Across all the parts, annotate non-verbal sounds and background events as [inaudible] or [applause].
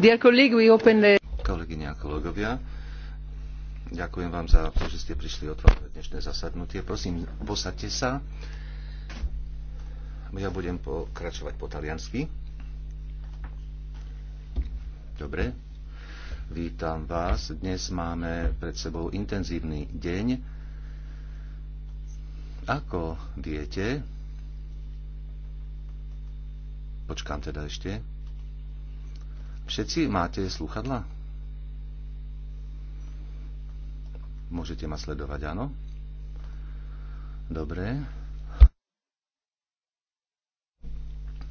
Kolegyne a kolegovia, ďakujem vám za to, že ste prišli otvárať dnešné zasadnutie. Prosím, posaďte sa. Ja budem pokračovať po taliansky. Dobre. Vítam vás. Dnes máme pred sebou intenzívny deň. Ako viete, počkám teda ešte, Všetci máte sluchadla? Môžete ma sledovať, áno? Dobre.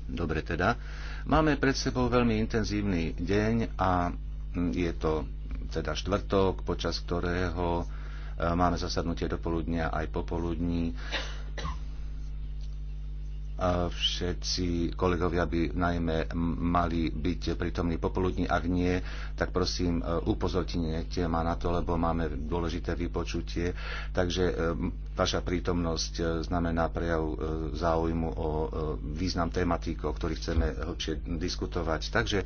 Dobre teda. Máme pred sebou veľmi intenzívny deň a je to teda štvrtok, počas ktorého e, máme zasadnutie poludnia aj popoludní Všetci kolegovia by najmä mali byť prítomní popoludní. Ak nie, tak prosím e, upozornite ma na to, lebo máme dôležité vypočutie. Takže e, vaša prítomnosť e, znamená prejav záujmu o význam tematík, o ktorých chceme hlbšie diskutovať. Takže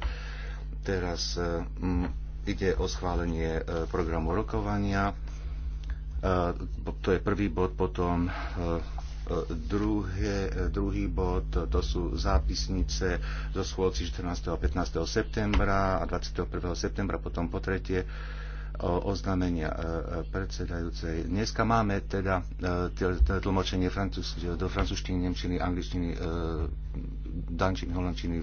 teraz ide o schválenie programu rokovania. To je prvý bod, potom Druhé, druhý bod to sú zápisnice zo schôdci 14. a 15. septembra a 21. septembra, potom po tretie oznámenia e, predsedajúcej. Dneska máme teda e, tlmočenie e, do francúzštiny, nemčiny, angličtiny, dančiny, holandčiny,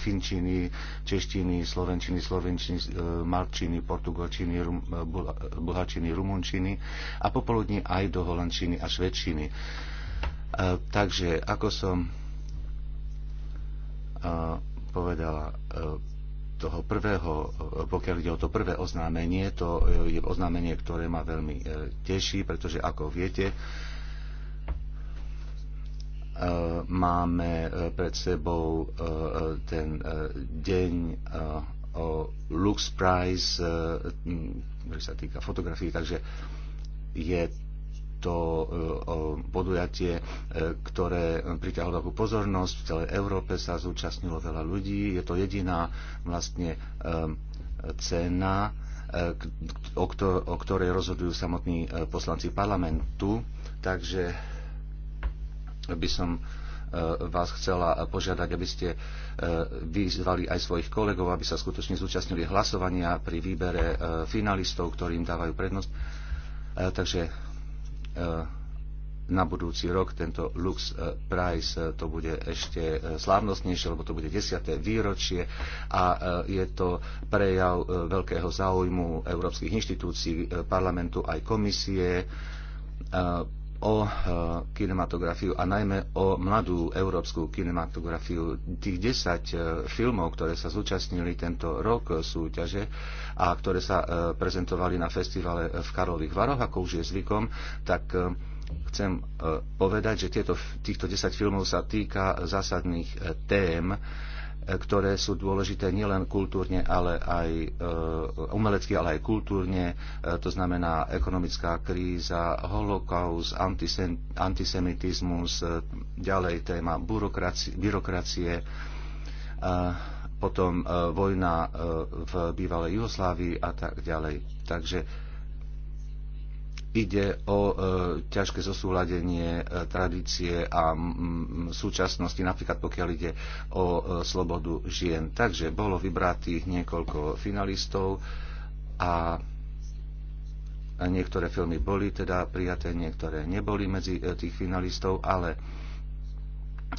finčiny, češtiny, slovenčiny, slovenčiny, malčiny, portugalčiny, rum, bulhačiny, rumunčiny a popoludní aj do holandčiny a švedčiny E, takže, ako som e, povedala, e, toho prvého, pokiaľ ide o to prvé oznámenie, to je oznámenie, ktoré ma veľmi teší, pretože ako viete, máme pred sebou ten deň o Lux Prize, ktorý sa týka fotografie, takže je to e, podujatie, e, ktoré priťahlo takú pozornosť. V celej Európe sa zúčastnilo veľa ľudí. Je to jediná vlastne e, cena, o ktorej rozhodujú samotní poslanci parlamentu. Takže by som vás chcela požiadať, aby ste vyzvali aj svojich kolegov, aby sa skutočne zúčastnili hlasovania pri výbere finalistov, ktorým dávajú prednosť. Takže Eh, na budúci rok tento Lux eh, Prize eh, to bude ešte slávnostnejšie, lebo to bude 10. výročie a je to prejav veľkého záujmu európskych inštitúcií, parlamentu aj komisie o e, kinematografiu a najmä o mladú európsku kinematografiu. Tých 10 e, filmov, ktoré sa zúčastnili tento rok súťaže a ktoré sa e, prezentovali na festivale v Karlových Varoch, ako už je zvykom, tak chcem povedať, že tieto, týchto 10 filmov sa týka zásadných tém, ktoré sú dôležité nielen kultúrne, ale aj e, umelecky, ale aj kultúrne. E, to znamená ekonomická kríza, holokaust, antisemitizmus, e, ďalej téma byrokracie, byrokracie potom vojna v bývalej Jugoslávii a tak ďalej. Takže Ide o e, ťažké zosúladenie e, tradície a súčasnosti, napríklad pokiaľ ide o e, slobodu žien. Takže bolo vybratých niekoľko finalistov a niektoré filmy boli teda prijaté, niektoré neboli medzi tých finalistov, ale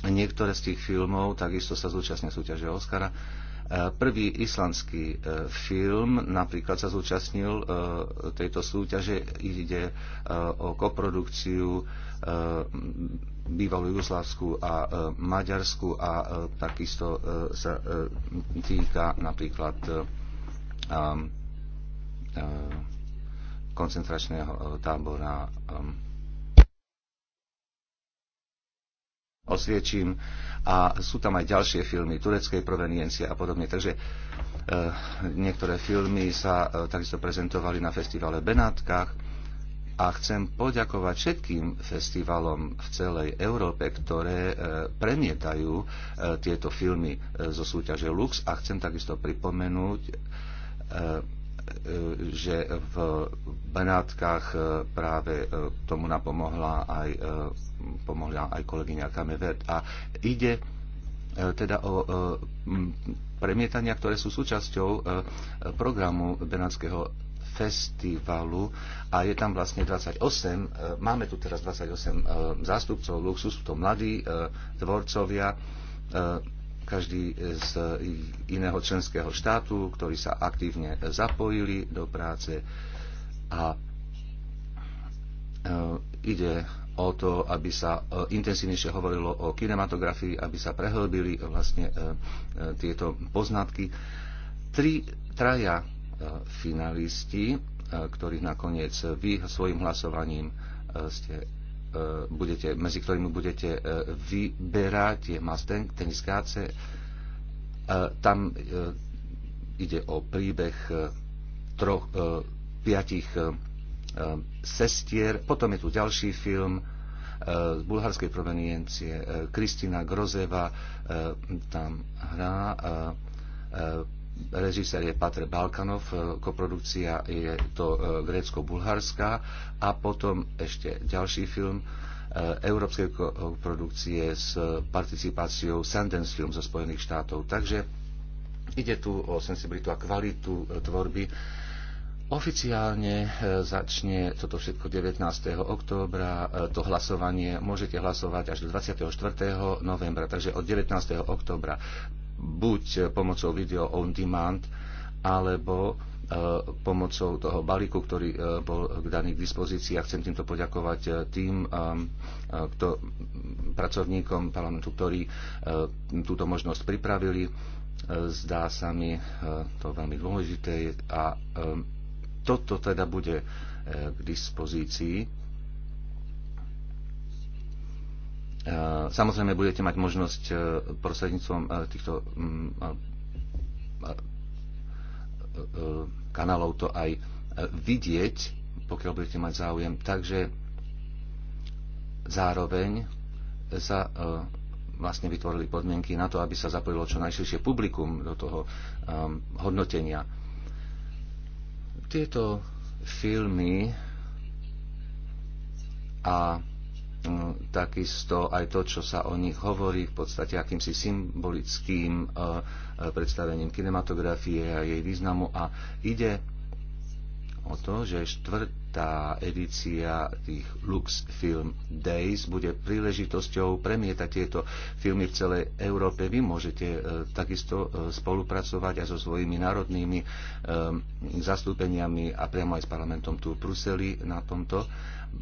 niektoré z tých filmov takisto sa zúčastnia súťaže Oscara Prvý islandský e, film napríklad sa zúčastnil e, tejto súťaže. Ide e, o koprodukciu bývalú Jugoslávsku a Maďarsku a takisto sa týka napríklad koncentračného tábora osviečím a sú tam aj ďalšie filmy tureckej proveniencie a podobne. Takže e, niektoré filmy sa e, takisto prezentovali na festivale Benátkach a chcem poďakovať všetkým festivalom v celej Európe, ktoré e, premietajú e, tieto filmy e, zo súťaže Lux a chcem takisto pripomenúť e, že v Benátkach práve tomu napomohla aj pomohla aj kolegyňa Kamevert. A ide e, teda o e, premietania, ktoré sú súčasťou e, programu Benátskeho festivalu a je tam vlastne 28, máme tu teraz 28 zástupcov Luxus, sú to mladí tvorcovia, každý z iného členského štátu, ktorí sa aktívne zapojili do práce a ide o to, aby sa e, intenzívnejšie hovorilo o kinematografii, aby sa prehlbili e, vlastne e, tieto poznatky. Tri, traja finalisti, ktorých nakoniec vy svojim hlasovaním ste budete, medzi ktorými budete vyberať, je Mustang, tenis káce. Tam ide o príbeh troch, piatich E, sestier. Potom je tu ďalší film e, z bulharskej proveniencie e, Kristina Grozeva tam hrá režisér je Patr Balkanov, koprodukcia je to grécko-bulharská a potom ešte ďalší film európskej produkcie s participáciou Sundance Film zo Spojených štátov. Takže ide tu o sensibilitu a kvalitu tvorby Oficiálne e, začne toto všetko 19. októbra. E, to hlasovanie môžete hlasovať až do 24. novembra, takže od 19. októbra buď e, pomocou video on demand, alebo pomocou toho balíku, ktorý bol daný k dispozícii. A chcem týmto poďakovať tým kto, pracovníkom parlamentu, ktorí túto možnosť pripravili. Zdá sa mi to veľmi dôležité a toto teda bude e, k dispozícii. E, samozrejme, budete mať možnosť e, prostredníctvom týchto mm, kanálov to aj vidieť, pokiaľ budete mať záujem. Takže zároveň sa vlastne vytvorili podmienky na to, aby sa zapojilo čo najširšie publikum do toho hodnotenia. Tieto filmy a mm, takisto aj to, čo sa o nich hovorí, v podstate akýmsi symbolickým e, e, predstavením kinematografie a jej významu. A ide o to, že štvrt tá edícia tých Lux Film Days bude príležitosťou premietať tieto filmy v celej Európe. Vy môžete e, takisto e, spolupracovať aj so svojimi národnými e, zastúpeniami a priamo aj s parlamentom tu v Bruseli na tomto.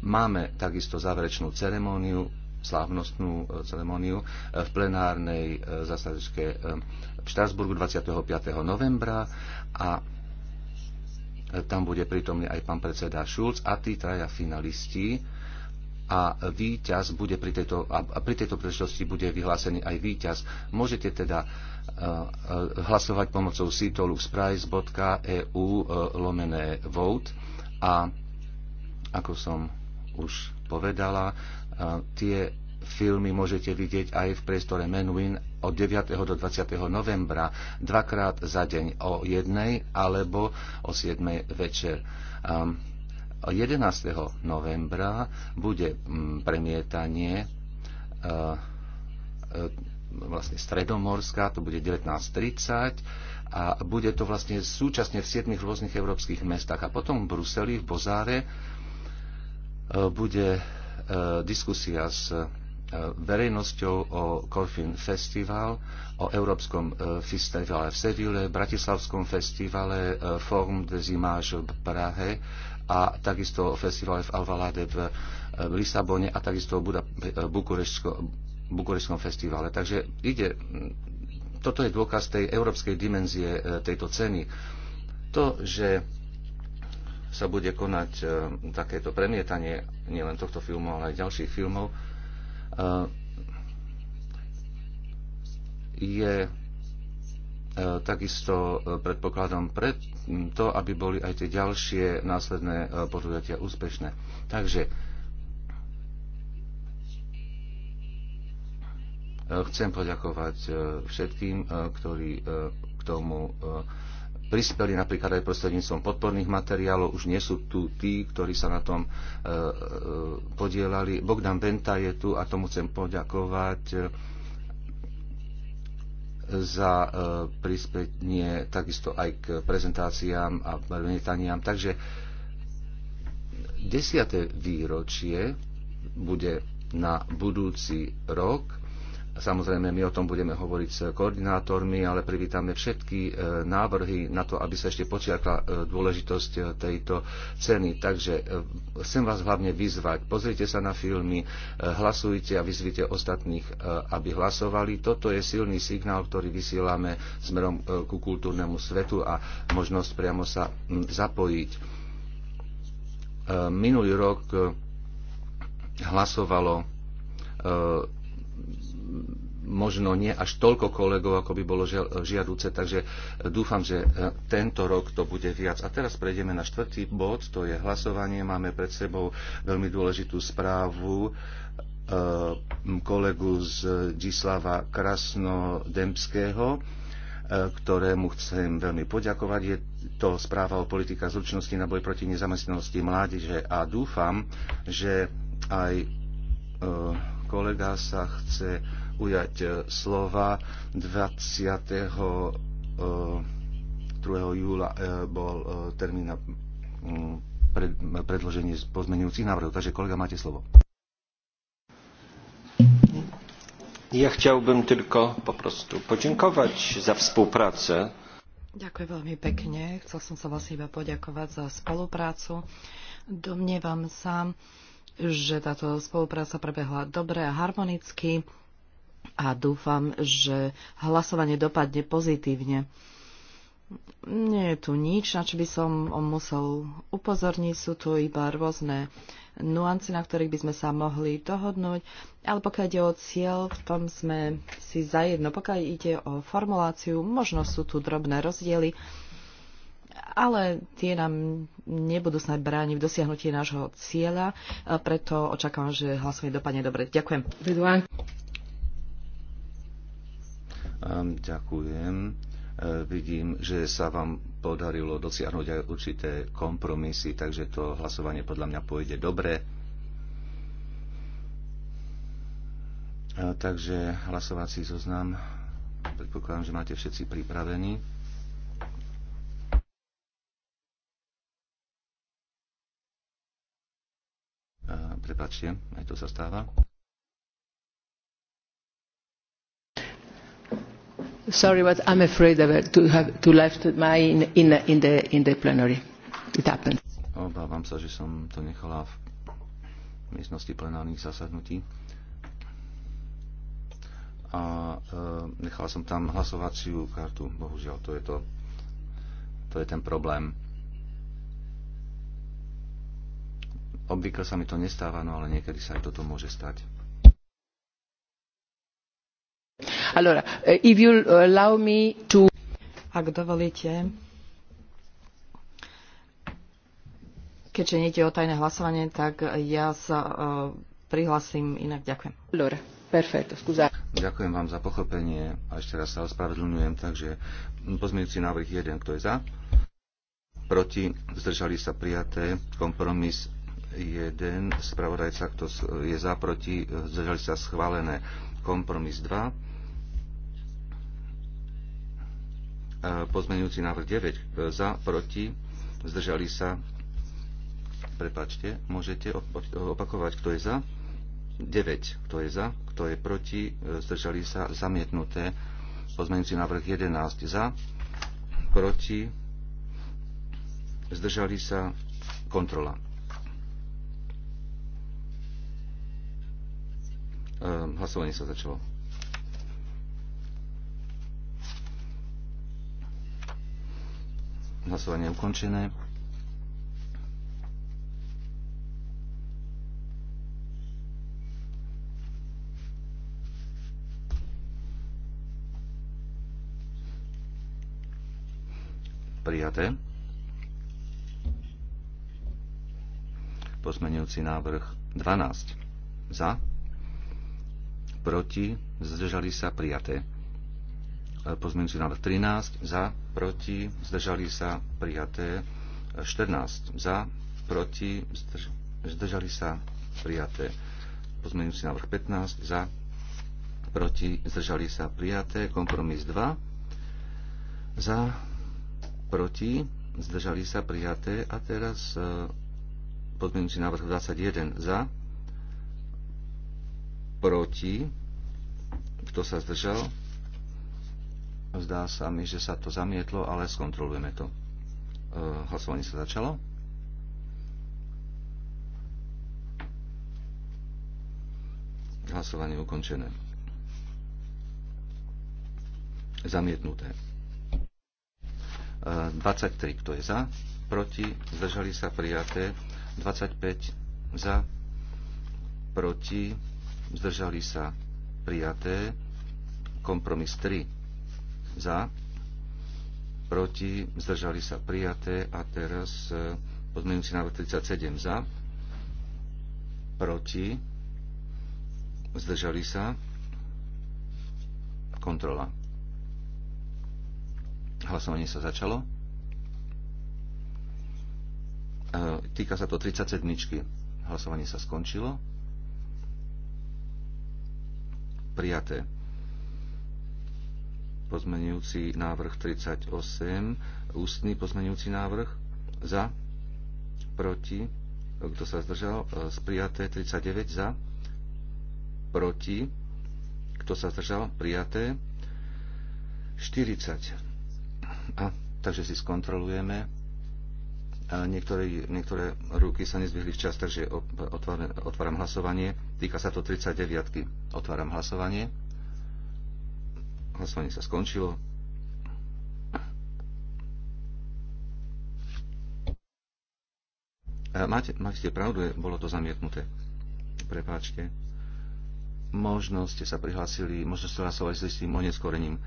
Máme takisto záverečnú ceremóniu, slávnostnú ceremóniu v plenárnej zastavečke v Štrasburgu 25. novembra a tam bude prítomný aj pán predseda Šulc a tí traja finalisti a víťaz bude pri tejto, a pri tejto príležitosti bude vyhlásený aj víťaz. Môžete teda e, e, hlasovať pomocou sprice.eu e, lomené vote a ako som už povedala, tie filmy môžete vidieť aj v priestore Menwin od 9. do 20. novembra dvakrát za deň o 1. alebo o 7. večer. 11. novembra bude mm, premietanie e, e, vlastne stredomorská, to bude 19.30 a bude to vlastne súčasne v 7 rôznych európskych mestách. A potom v Bruseli, v Bozáre, e, bude diskusia s verejnosťou o Corfin Festival, o Európskom e, festivale v Seville, Bratislavskom festivale e, Forum des Images v Prahe a takisto o festivale v Alvalade v e, Lisabone a takisto o Bukureštskom festivale. Takže ide, mm, toto je dôkaz tej európskej dimenzie tejto ceny. To, že sa bude konať takéto premietanie nielen tohto filmu, ale aj ďalších filmov, Eh, je eh, takisto eh, predpokladom pre to, aby boli aj tie ďalšie následné podujatia úspešné. Takže chcem poďakovať všetkým, ktorí k tomu prispeli napríklad aj prostredníctvom podporných materiálov, už nie sú tu tí, ktorí sa na tom e, e, podielali. Bogdan Benta je tu a tomu chcem poďakovať e, za e, prispenie takisto aj k prezentáciám a lietaniam. Takže desiate výročie bude na budúci rok Samozrejme, my o tom budeme hovoriť s koordinátormi, ale privítame všetky e, návrhy na to, aby sa ešte počiakla e, dôležitosť e, tejto ceny. Takže chcem vás hlavne vyzvať. Pozrite sa na filmy, hlasujte a vyzvite ostatných, aby hlasovali. Toto je silný signál, ktorý vysielame smerom ku kultúrnemu svetu a možnosť priamo sa zapojiť. Minulý rok hlasovalo možno nie až toľko kolegov, ako by bolo žiaduce, takže e, dúfam, že e, tento rok to bude viac. A teraz prejdeme na štvrtý bod, to je hlasovanie. Máme pred sebou veľmi dôležitú správu e, kolegu z Dislava Krasnodemského, ktorému chcem veľmi poďakovať. Je to správa o politika zručnosti na boj proti nezamestnanosti mládeže a dúfam, že aj kolega sa chce ujať e, slova. 20. 2. E, júla e, bol termín na mm, predloženie pozmenujúcich návrhov. Takže kolega, máte slovo. Ja chciałbym tylko po prostu podziękować za współpracę. Ďakujem veľmi pekne. Chcel som sa vás vlastne iba poďakovať za spoluprácu. Domnievam sa, že táto spolupráca prebehla dobre a harmonicky a dúfam, že hlasovanie dopadne pozitívne. Nie je tu nič, na čo by som musel upozorniť. Sú tu iba rôzne nuance, na ktorých by sme sa mohli dohodnúť. Ale pokiaľ ide o cieľ, v tom sme si zajedno. Pokiaľ ide o formuláciu, možno sú tu drobné rozdiely, ale tie nám nebudú snať bráni v dosiahnutí nášho cieľa, preto očakávam, že hlasovanie dopadne dobre. Ďakujem. Ďakujem. E, vidím, že sa vám podarilo dosiahnuť aj určité kompromisy, takže to hlasovanie podľa mňa pôjde dobre. E, takže hlasovací zoznam. Predpokladám, že máte všetci pripravení. Prepačte, aj to sa stáva. Sorry, but I'm afraid of uh, to have to left my in, in, in, the, in the plenary. It happened. Obávam sa, že som to nechala v miestnosti plenárnych zasadnutí. A e, nechala som tam hlasovaciu kartu. Bohužiaľ, to je to. To je ten problém. Obvykle sa mi to nestáva, no ale niekedy sa aj toto môže stať. Allora, eh, if you eh, allow me to... Ak dovolíte, keďže nejde o tajné hlasovanie, tak ja sa uh, prihlasím inak. Ďakujem. Allora, perfetto, scusa. Ďakujem vám za pochopenie a ešte raz sa ospravedlňujem. Takže pozmeňujúci návrh 1, kto je za? Proti, zdržali sa prijaté. Kompromis 1, spravodajca, kto je za, proti, zdržali sa schválené. Kompromis 2, pozmenujúci návrh 9, za, proti, zdržali sa, prepačte, môžete opakovať, kto je za, 9, kto je za, kto je proti, zdržali sa, zamietnuté, pozmenujúci návrh 11, za, proti, zdržali sa, kontrola. Ehm, hlasovanie sa začalo. Hlasovanie je ukončené. Prijaté. Posmenujúci návrh 12. Za proti, zdržali sa prijaté. Pozmeňujúci návrh 13 za, proti, zdržali sa prijaté. 14 za, proti, zdržali sa prijaté. Pozmeňujúci návrh 15 za, proti, zdržali sa prijaté. Kompromis 2 za, proti, zdržali sa prijaté. A teraz eh, pozmeňujúci návrh 21 za, proti, kto sa zdržal. Zdá sa mi, že sa to zamietlo, ale skontrolujeme to. E, hlasovanie sa začalo. Hlasovanie ukončené. Zamietnuté. 23, e, kto je za, proti, zdržali sa prijaté. 25 za, proti, zdržali sa prijaté, kompromis 3 za, proti, zdržali sa prijaté a teraz e, pozmeňujúci návrh 37 za, proti, zdržali sa, kontrola. Hlasovanie sa začalo. E, týka sa to 37. Hlasovanie sa skončilo prijaté. Pozmenujúci návrh 38, ústny pozmenujúci návrh za, proti, kto sa zdržal, e, Sprijaté 39 za, proti, kto sa zdržal, prijaté 40. A, takže si skontrolujeme Niektoré, niektoré ruky sa nezvyhli včas, takže otváram hlasovanie. Týka sa to 39. -ky. Otváram hlasovanie. Hlasovanie sa skončilo. Máte, máte pravdu, bolo to zamietnuté. Prepáčte. Možno ste sa prihlásili, možno ste hlasovali s tým oneskorením. E,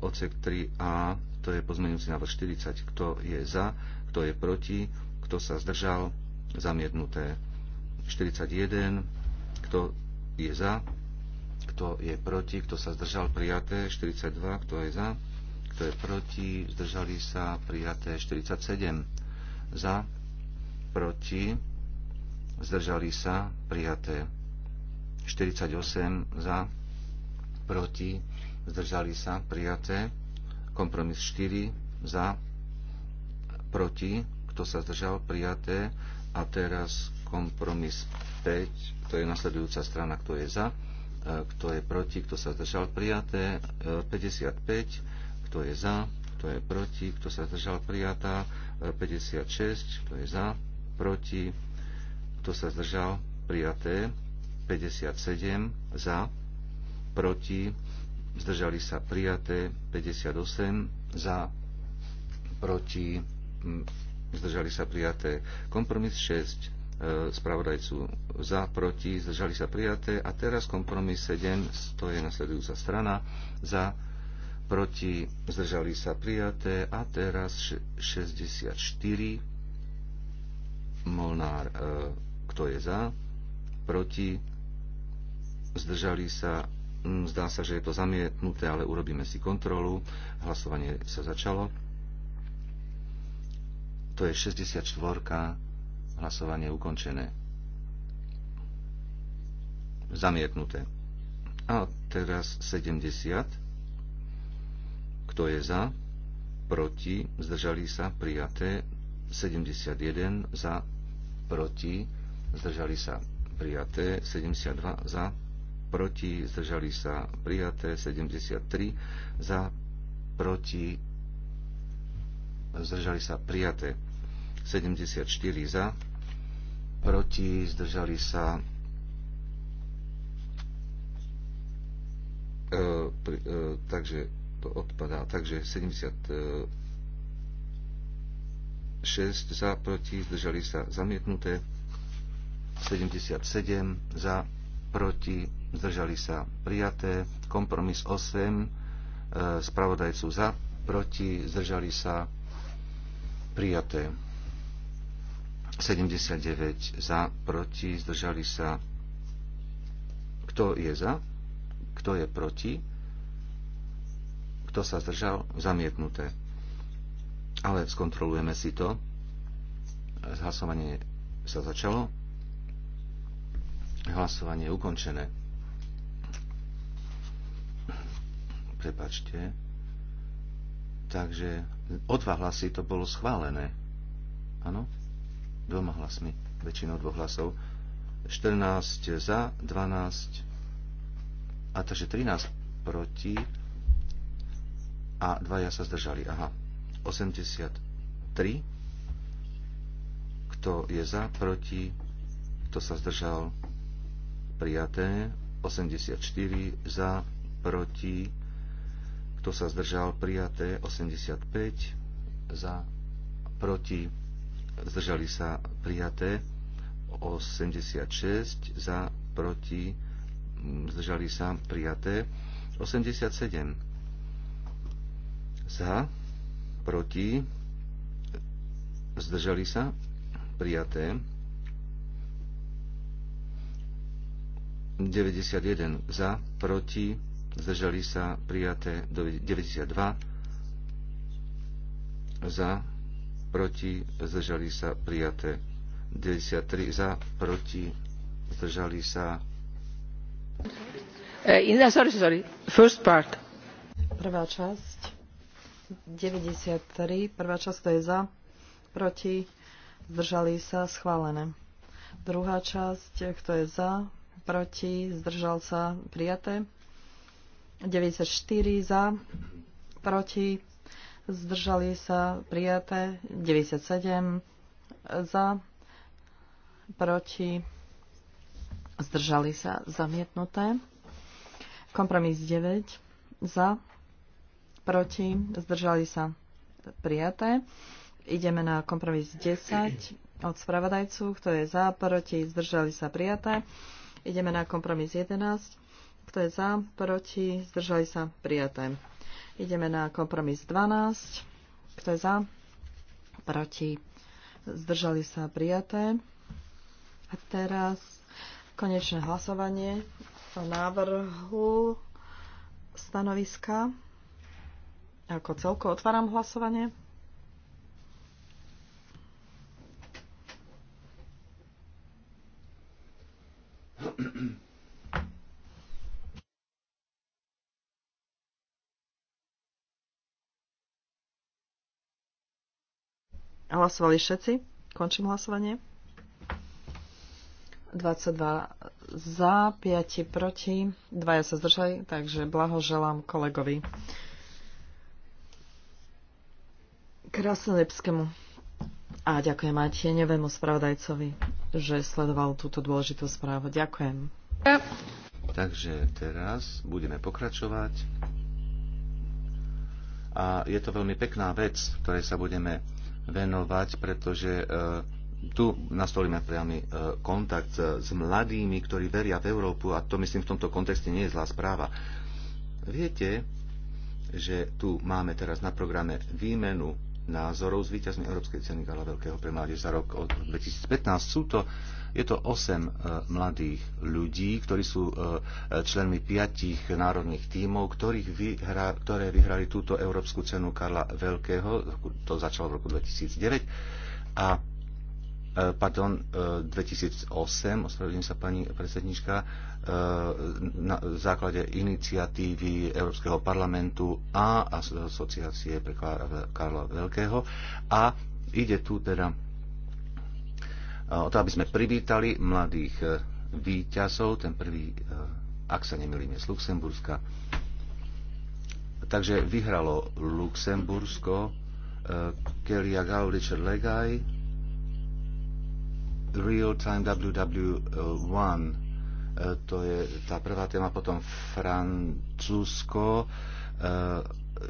odsek 3a to je pozmeňujúci návrh 40. Kto je za, kto je proti, kto sa zdržal, zamietnuté. 41. Kto je za, kto je proti, kto sa zdržal, prijaté. 42. Kto je za, kto je proti, zdržali sa, prijaté. 47. Za, proti, zdržali sa, prijaté. 48. Za, proti, zdržali sa, prijaté. Kompromis 4 za, proti, kto sa zdržal, prijaté. A teraz kompromis 5, to je nasledujúca strana, kto je za, e, kto je proti, kto sa zdržal, prijaté. 55, e, kto je za, kto je proti, kto sa zdržal, prijatá. 56, e, kto je za, proti, kto sa zdržal, prijaté. 57 za, proti, zdržali sa prijaté 58 za, proti, zdržali sa prijaté kompromis 6 e, spravodajcu za, proti, zdržali sa prijaté a teraz kompromis 7, to je nasledujúca strana, za, proti, zdržali sa prijaté a teraz 64 Molnár, e, kto je za, proti, zdržali sa Mm, zdá sa, že je to zamietnuté, ale urobíme si kontrolu. Hlasovanie sa začalo. To je 64. Hlasovanie je ukončené. Zamietnuté. A teraz 70. Kto je za? Proti? Zdržali sa? Prijaté. 71 za, proti, zdržali sa prijaté, 72 za, proti, zdržali sa prijaté, 73 za, proti, zdržali sa prijaté, 74 za, proti, zdržali sa e, pri, e, takže to odpadá, takže 76 za, proti, zdržali sa zamietnuté, 77 za, proti, zdržali sa prijaté, kompromis 8, e, spravodajcu za, proti, zdržali sa prijaté. 79 za, proti, zdržali sa. Kto je za? Kto je proti? Kto sa zdržal? Zamietnuté. Ale skontrolujeme si to. E, hlasovanie sa začalo. Hlasovanie je ukončené. Prepačte. Takže o dva hlasy to bolo schválené. Áno? Dvoma hlasmi. Väčšinou dvoch hlasov. 14 za, 12 a takže 13 proti a dvaja sa zdržali. Aha. 83 kto je za, proti, kto sa zdržal, prijaté, 84 za, proti, kto sa zdržal, prijaté, 85 za, proti, zdržali sa, prijaté, 86 za, proti, zdržali sa, prijaté, 87 za, proti, zdržali sa, prijaté, 91 za, proti, zdržali sa prijaté 92 za, proti, zdržali sa prijaté 93 za, proti, zdržali sa. Eh, In, sorry, sorry. First part. Prvá časť 93, prvá časť to je za, proti, zdržali sa schválené. Druhá časť, kto je za, proti, zdržal sa, prijaté. 94 za, proti, zdržali sa, prijaté. 97 za, proti, zdržali sa, zamietnuté. Kompromis 9 za, proti, zdržali sa, prijaté. Ideme na kompromis 10 od spravodajcu, kto je za, proti, zdržali sa, prijaté. Ideme na kompromis 11. Kto je za? Proti? Zdržali sa? Prijaté. Ideme na kompromis 12. Kto je za? Proti? Zdržali sa? Prijaté. A teraz konečné hlasovanie o návrhu stanoviska. Ako celko otváram hlasovanie. Hlasovali všetci? Končím hlasovanie. 22 za, 5 proti, 2 sa zdržali, takže blahoželám kolegovi Krasnodebskému. A ďakujem aj tieňovému spravodajcovi, že sledoval túto dôležitú správu. Ďakujem. Takže teraz budeme pokračovať. A je to veľmi pekná vec, ktorej sa budeme venovať, pretože eh, tu nastolíme priamy eh, kontakt eh, s mladými, ktorí veria v Európu a to myslím v tomto kontexte nie je zlá správa. Viete, že tu máme teraz na programe výmenu názorov s víťazmi Európskej ceny Gala Veľkého pre mládež za rok od 2015. Sú to je to 8 e, mladých ľudí, ktorí sú e, e, členmi piatich národných tímov, ktorých vyhra, ktoré vyhrali túto európsku cenu Karla Veľkého. To začalo v roku 2009. A pardon, 2008, ospravedlňujem sa pani predsednička, na základe iniciatívy Európskeho parlamentu a asociácie pre Karla Veľkého. A ide tu teda o to, aby sme privítali mladých e, výťazov. Ten prvý, e, ak sa nemýlim, je z Luxemburska. Takže vyhralo Luxembursko, e, Kelia Gauličer Legaj, Real Time WW1, to je tá prvá téma, potom Francúzsko,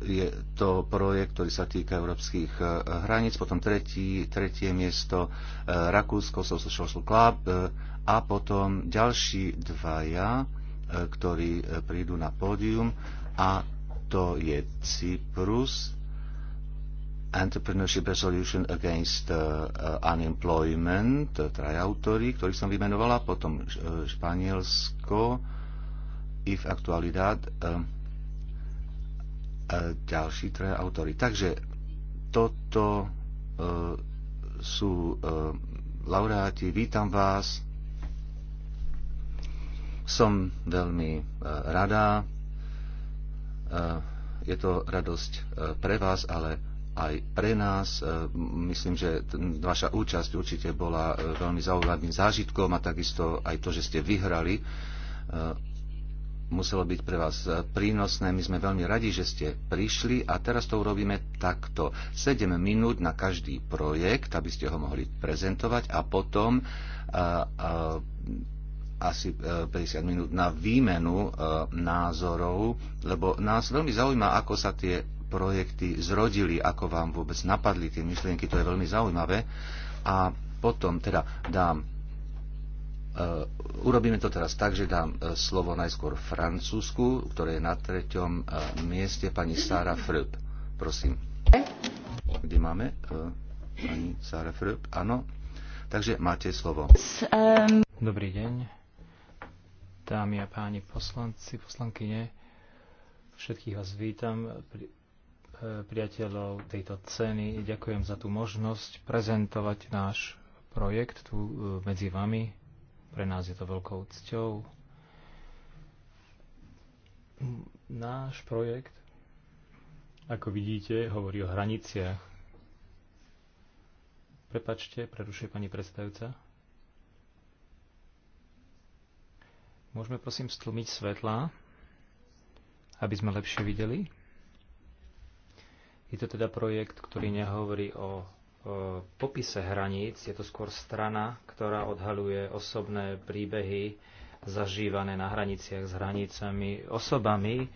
je to projekt, ktorý sa týka európskych eh, hraníc, potom tretí, tretie miesto eh, Rakúsko, Social Club eh, a potom ďalší dvaja, ktorí prídu na pódium a to je Cyprus, Entrepreneurship Resolution Against Unemployment, traja autory, ktorých som vymenovala, potom Španielsko, If Actualidad, ďalší traja autory. Takže toto e, sú e, laureáti. Vítam vás. Som veľmi e, rada. Je to radosť pre vás, ale aj pre nás. Myslím, že vaša účasť určite bola veľmi zaujímavým zážitkom a takisto aj to, že ste vyhrali muselo byť pre vás eh, prínosné. My sme veľmi radi, že ste prišli a teraz to urobíme takto. 7 minút na každý projekt, aby ste ho mohli prezentovať a potom a, eh, a, eh, asi 50 minút na výmenu názorov, lebo nás veľmi zaujíma, ako sa tie projekty zrodili, ako vám vôbec napadli tie myšlienky, to je veľmi zaujímavé. A potom teda dám Eh, urobíme to teraz tak, že dám eh, slovo najskôr Francúzsku, ktoré je na treťom eh, mieste pani Sara Fröb. Prosím. Kde máme pani Sara Fröb? Áno. Takže máte slovo. Dobrý deň, dámy a páni poslanci, poslankyne. Všetkých vás vítam, pri, priateľov tejto ceny. Ďakujem za tú možnosť prezentovať náš projekt tu medzi vami pre nás je to veľkou cťou. Náš projekt, ako vidíte, hovorí o hraniciach. Prepačte, prerušuje pani predstavujúca. Môžeme prosím stlmiť svetla, aby sme lepšie videli. Je to teda projekt, ktorý nehovorí o popise hraníc. Je to skôr strana, ktorá odhaluje osobné príbehy zažívané na hraniciach s hranicami osobami,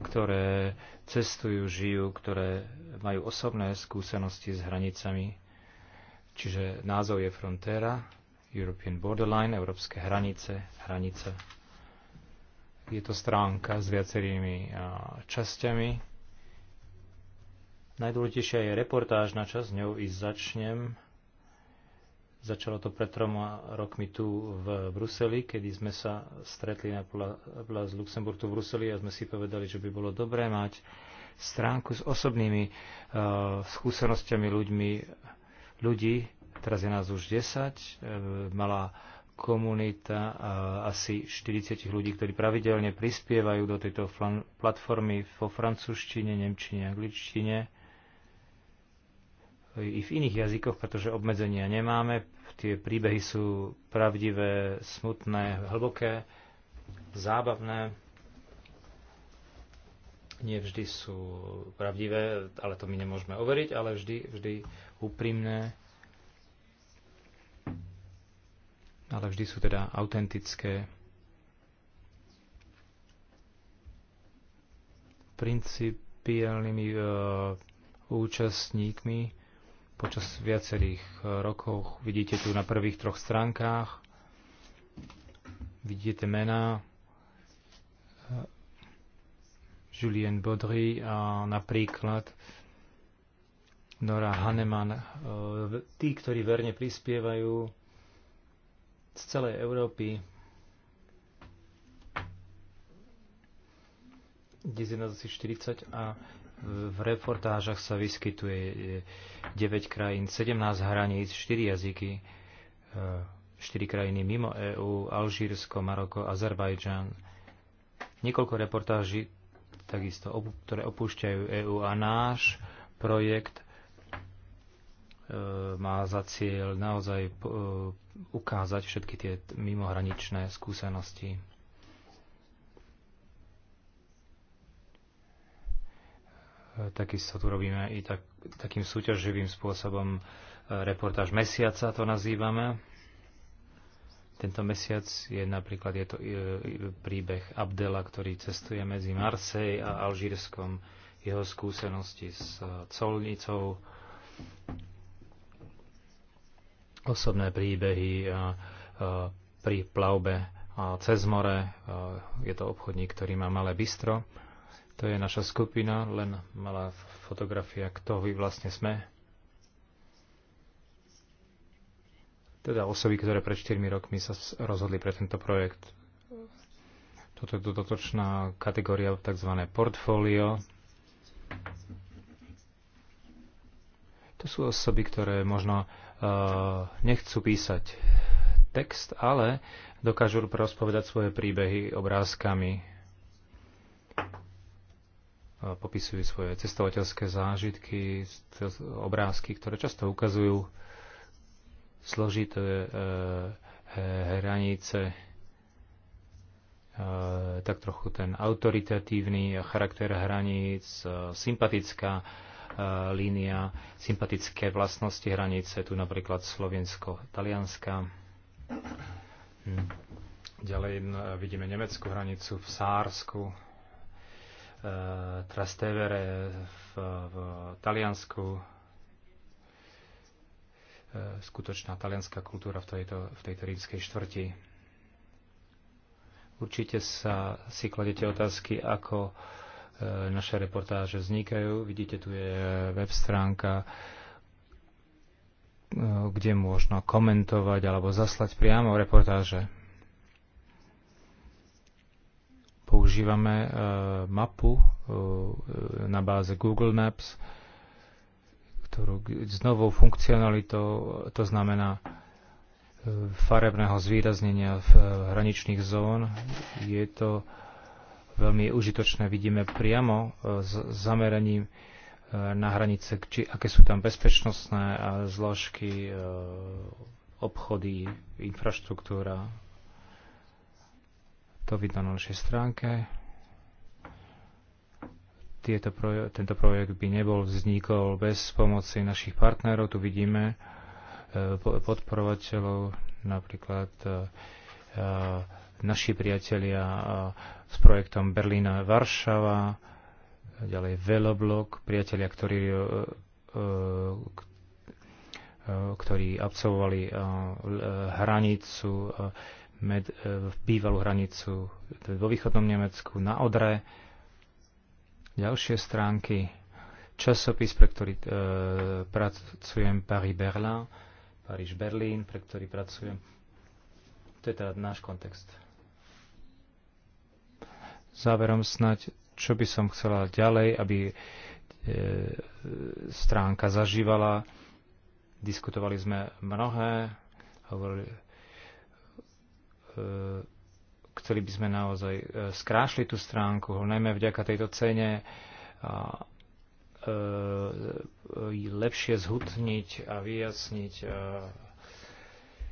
ktoré cestujú, žijú, ktoré majú osobné skúsenosti s hranicami. Čiže názov je Frontera, European Borderline, Európske hranice, hranice. Je to stránka s viacerými časťami, Najdôležitejšia je reportáž na časť, ňou i začnem. Začalo to pred troma rokmi tu v Bruseli, kedy sme sa stretli na Plaza z Luxemburtu v Bruseli a sme si povedali, že by bolo dobré mať stránku s osobnými uh, skúsenostiami ľuďmi, ľudí, teraz je nás už 10, uh, malá komunita uh, asi 40 ľudí, ktorí pravidelne prispievajú do tejto platformy vo francúzštine, nemčine, angličtine i v iných jazykoch, pretože obmedzenia nemáme. Tie príbehy sú pravdivé, smutné, hlboké, zábavné. Nie vždy sú pravdivé, ale to my nemôžeme overiť, ale vždy, vždy úprimné. Ale vždy sú teda autentické. Principiálnymi uh, účastníkmi počas viacerých e, rokov. Vidíte tu na prvých troch stránkách. Vidíte mená e, Julien Baudry a napríklad Nora Hanneman, e, tí, ktorí verne prispievajú z celej Európy, kde 40 a v reportážach sa vyskytuje 9 e, krajín, 17 hraníc, 4 jazyky, 4 e, krajiny mimo EÚ, Alžírsko, Maroko, Azerbajdžan. Niekoľko reportáží takisto, ktoré opúšťajú EÚ a náš projekt e, má za cieľ naozaj ukázať všetky tie mimohraničné skúsenosti. Takisto tu robíme i tak, takým súťaživým spôsobom e, reportáž mesiaca, to nazývame. Tento mesiac je napríklad je to e, príbeh Abdela, ktorý cestuje medzi Marsej a Alžírskom, jeho skúsenosti s e, colnicou, osobné príbehy a, a, pri plavbe a cez more. A, je to obchodník, ktorý má malé bistro to je naša skupina, len malá fotografia, kto vy vlastne sme. Teda osoby, ktoré pred 4 rokmi sa rozhodli pre tento projekt. Toto je dodatočná kategória, tzv. portfólio. To sú osoby, ktoré možno uh, nechcú písať text, ale dokážu rozpovedať svoje príbehy obrázkami, popisujú svoje cestovateľské zážitky, obrázky, ktoré často ukazujú složité e, e, hranice, e, tak trochu ten autoritatívny charakter hraníc, sympatická línia, sympatické vlastnosti hranice, tu napríklad slovensko-talianská. Hm. Ďalej vidíme nemeckú hranicu v Sársku, Eh, Trastevere v, v Taliansku. Eh, skutočná talianská kultúra v tejto, v tejto rímskej štvrti. Určite sa si kladete otázky, ako eh, naše reportáže vznikajú. Vidíte, tu je web stránka, kde možno komentovať alebo zaslať priamo reportáže. Používame eh, mapu eh, na báze Google Maps, ktorú s novou funkcionalitou, to znamená eh, farebného zvýraznenia v hraničných zón. Je to veľmi užitočné. Vidíme priamo s zameraním na hranice, či, aké sú tam bezpečnostné zložky, obchody, infraštruktúra, to vidno na našej stránke. Tieto proje- tento projekt by nebol vznikol bez pomoci našich partnerov. Tu vidíme e, podporovateľov, napríklad e, e, naši priatelia s projektom Berlína Varšava, ďalej Veloblok, priatelia, ktorí, ktorí absolvovali hranicu med, e, v bývalú hranicu vo východnom Nemecku na Odre. Ďalšie stránky, časopis, pre ktorý e, pracujem, Paris-Berlin, Paríž-Berlín, pre ktorý pracujem. To je teda náš kontext. Záverom snať, čo by som chcela ďalej, aby e, stránka zažívala. Diskutovali sme mnohé, hovorili, E, chceli by sme naozaj e, skrášli tú stránku, najmä vďaka tejto cene a e, lepšie zhutniť a vyjasniť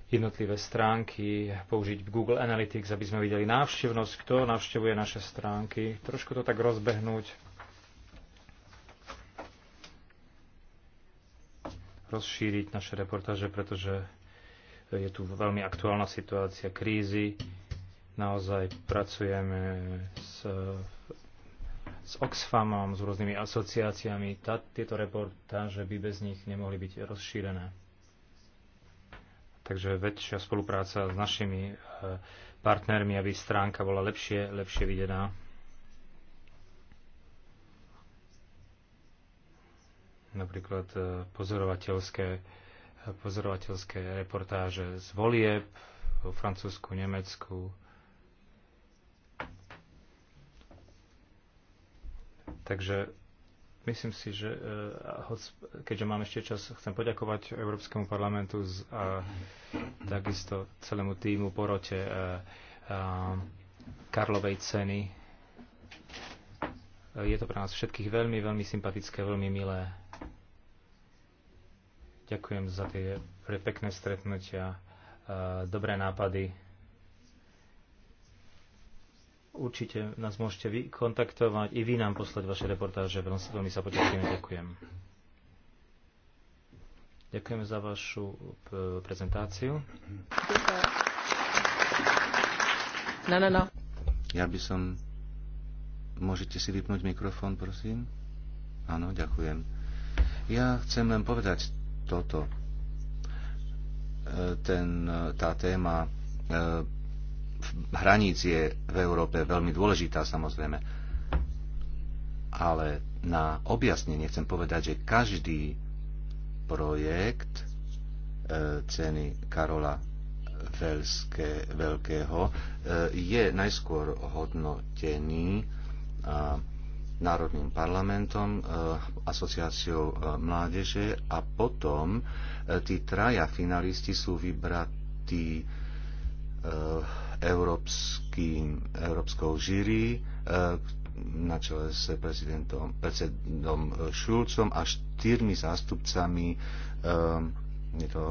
jednotlivé stránky, použiť Google Analytics, aby sme videli návštevnosť, kto navštevuje naše stránky, trošku to tak rozbehnúť, rozšíriť naše reportáže, pretože je tu veľmi aktuálna situácia krízy. Naozaj pracujeme s, s Oxfamom, s rôznymi asociáciami. Tá, tieto reportáže by bez nich nemohli byť rozšírené. Takže väčšia spolupráca s našimi e, partnermi, aby stránka bola lepšie, lepšie videná. napríklad e, pozorovateľské pozorovateľské reportáže z volieb vo Francúzsku, Nemecku. Takže myslím si, že e, keďže mám ešte čas, chcem poďakovať Európskemu parlamentu a takisto celému týmu porote e, e, Karlovej ceny. Je to pre nás všetkých veľmi, veľmi sympatické, veľmi milé. Ďakujem za tie pekné stretnutia, dobré nápady. Určite nás môžete vy kontaktovať i vy nám poslať vaše reportáže. Veľmi sa potešíme. Ďakujem. Ďakujeme za vašu prezentáciu. No, no, no. Ja by som... Môžete si vypnúť mikrofón, prosím? Áno, ďakujem. Ja chcem len povedať toto. E, ten, e, tá téma e, hraníc je v Európe veľmi dôležitá samozrejme. Ale na objasnenie chcem povedať, že každý projekt ceny Karola Velské, Veľkého je najskôr hodnotený Národným parlamentom, e, asociáciou e, mládeže a potom e, tí traja finalisti sú vybratí európskym, európskou žíri na čele s prezidentom, predsedom Šulcom a štyrmi zástupcami je to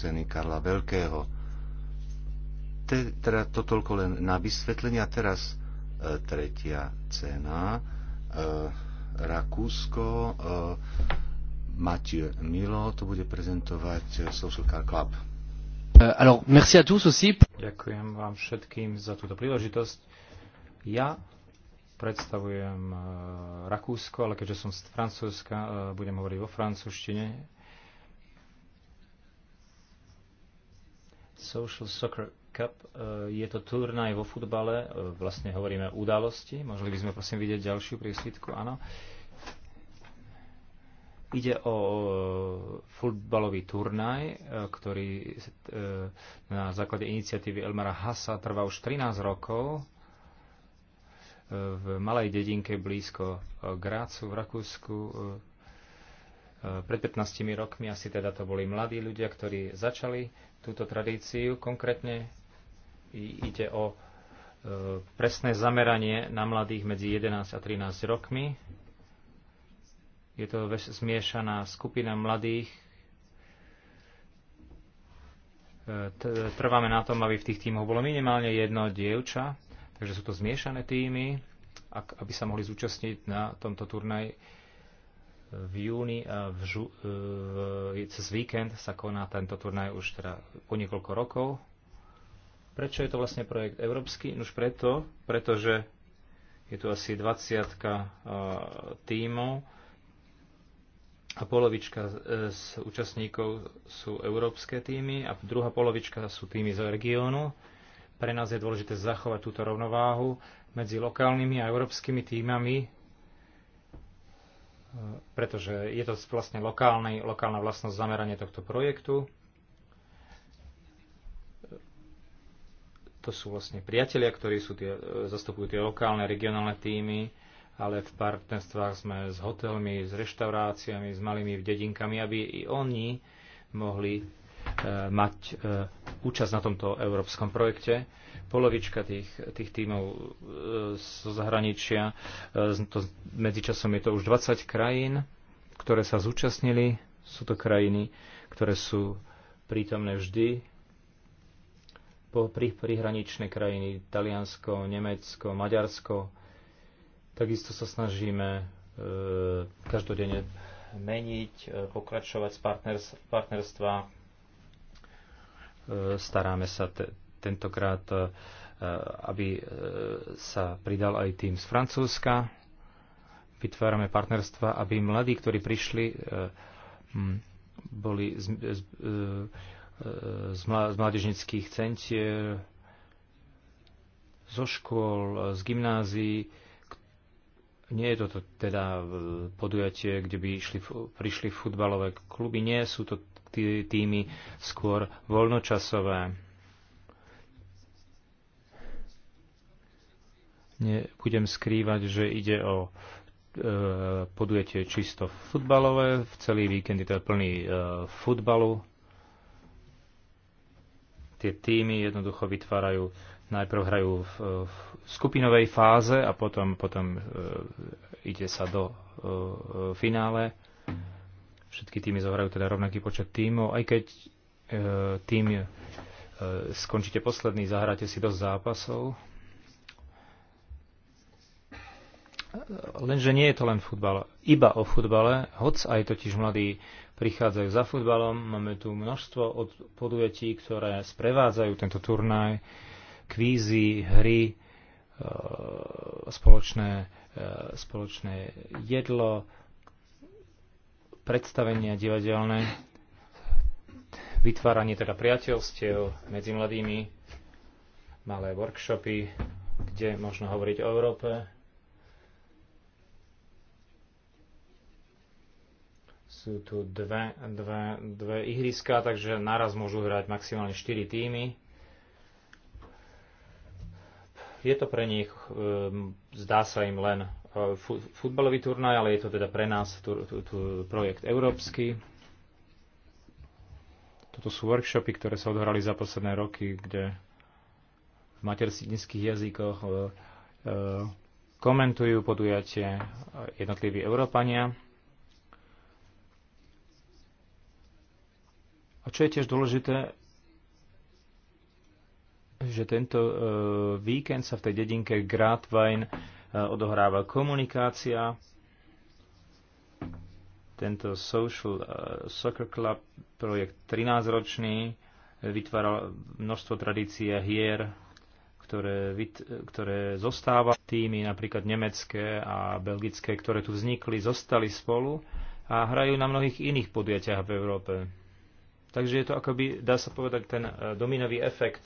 ceny Karla Veľkého. Te, teda to toľko len na vysvetlenie a teraz tretia cena. Eh, Rakúsko. Eh, Mathieu Milo to bude prezentovať eh, Social Car Club. Alors, merci à tous aussi. Ďakujem vám všetkým za túto príležitosť. Ja predstavujem Rakúsko, ale keďže som z Francúzska, budem hovoriť vo francúzštine. Social Soccer Cup. E, je to turnaj vo futbale, e, vlastne hovoríme o udalosti. Mohli by sme prosím vidieť ďalšiu prísvitku, áno. Ide o futbalový turnaj, e, ktorý na základe iniciatívy Elmara Hasa trvá už 13 rokov v malej dedinke blízko Grácu v Rakúsku. Pred 15 rokmi asi teda to boli mladí ľudia, ktorí začali túto tradíciu. Konkrétne Ide o e, presné zameranie na mladých medzi 11 a 13 rokmi. Je to zmiešaná skupina mladých. E, trváme na tom, aby v tých tímoch bolo minimálne jedno dievča, takže sú to zmiešané týmy, aby sa mohli zúčastniť na tomto turnaj v júni a v žu, e, cez víkend sa koná tento turnaj už teda po niekoľko rokov. Prečo je to vlastne projekt európsky? Už preto, pretože je tu asi 20 e, tímov a polovička e, z účastníkov sú európske týmy a druhá polovička sú týmy z regiónu. Pre nás je dôležité zachovať túto rovnováhu medzi lokálnymi a európskymi týmami, e, pretože je to vlastne lokálny, lokálna vlastnosť zameranie tohto projektu. to sú vlastne priatelia, ktorí sú tie, e, zastupujú tie lokálne, regionálne týmy, ale v partnerstvách sme s hotelmi, s reštauráciami, s malými dedinkami, aby i oni mohli e, mať e, účasť na tomto európskom projekte. Polovička tých, tých tímov e, zo zahraničia, e, to, medzičasom je to už 20 krajín, ktoré sa zúčastnili. Sú to krajiny, ktoré sú prítomné vždy po, pri, prihraničné krajiny Taliansko, Nemecko, Maďarsko. Takisto sa snažíme e, každodenne meniť, e, pokračovať z partners, partnerstva. E, staráme sa te, tentokrát, e, aby e, sa pridal aj tým z Francúzska. Vytvárame partnerstva, aby mladí, ktorí prišli, e, m, boli z, z, e, z mládežnických centier, zo škôl, z gymnázií. Nie je to teda e, podujatie, kde by išli, prišli futbalové kluby. Nie sú to týmy skôr voľnočasové. Nebudem skrývať, že ide o e, podujatie čisto futbalové. V celý víkend je to plný e, futbalu Tie týmy jednoducho vytvárajú, najprv hrajú v, v skupinovej fáze a potom, potom e, ide sa do e, e finále. Všetky týmy zohrajú teda rovnaký počet týmov, aj keď e, tým e, skončíte posledný, zahráte si dosť zápasov, Lenže nie je to len futbal. Iba o futbale, hoc aj totiž mladí prichádzajú za futbalom. Máme tu množstvo od podujatí, ktoré sprevádzajú tento turnaj. Kvízy, hry, e, spoločné, e, spoločné jedlo, predstavenia divadelné, vytváranie teda priateľstiev medzi mladými, malé workshopy, kde možno hovoriť o Európe, sú tu dve, dve, dve ihriska, takže naraz môžu hrať maximálne 4 týmy. Je to pre nich, ehm, zdá sa im len e, futbalový turnaj, ale je to teda pre nás tu, tu, tu projekt európsky. Toto sú workshopy, ktoré sa odhrali za posledné roky, kde v materských jazykoch e, e, komentujú podujatie jednotliví Európania A čo je tiež dôležité, že tento e, víkend sa v tej dedinke Gratwein e, odohráva komunikácia. Tento Social e, Soccer Club, projekt 13-ročný, vytváral množstvo tradície hier, ktoré, ktoré zostáva. Týmy napríklad nemecké a belgické, ktoré tu vznikli, zostali spolu a hrajú na mnohých iných podujatiach v Európe Takže je to akoby, dá sa povedať, ten e, dominový efekt,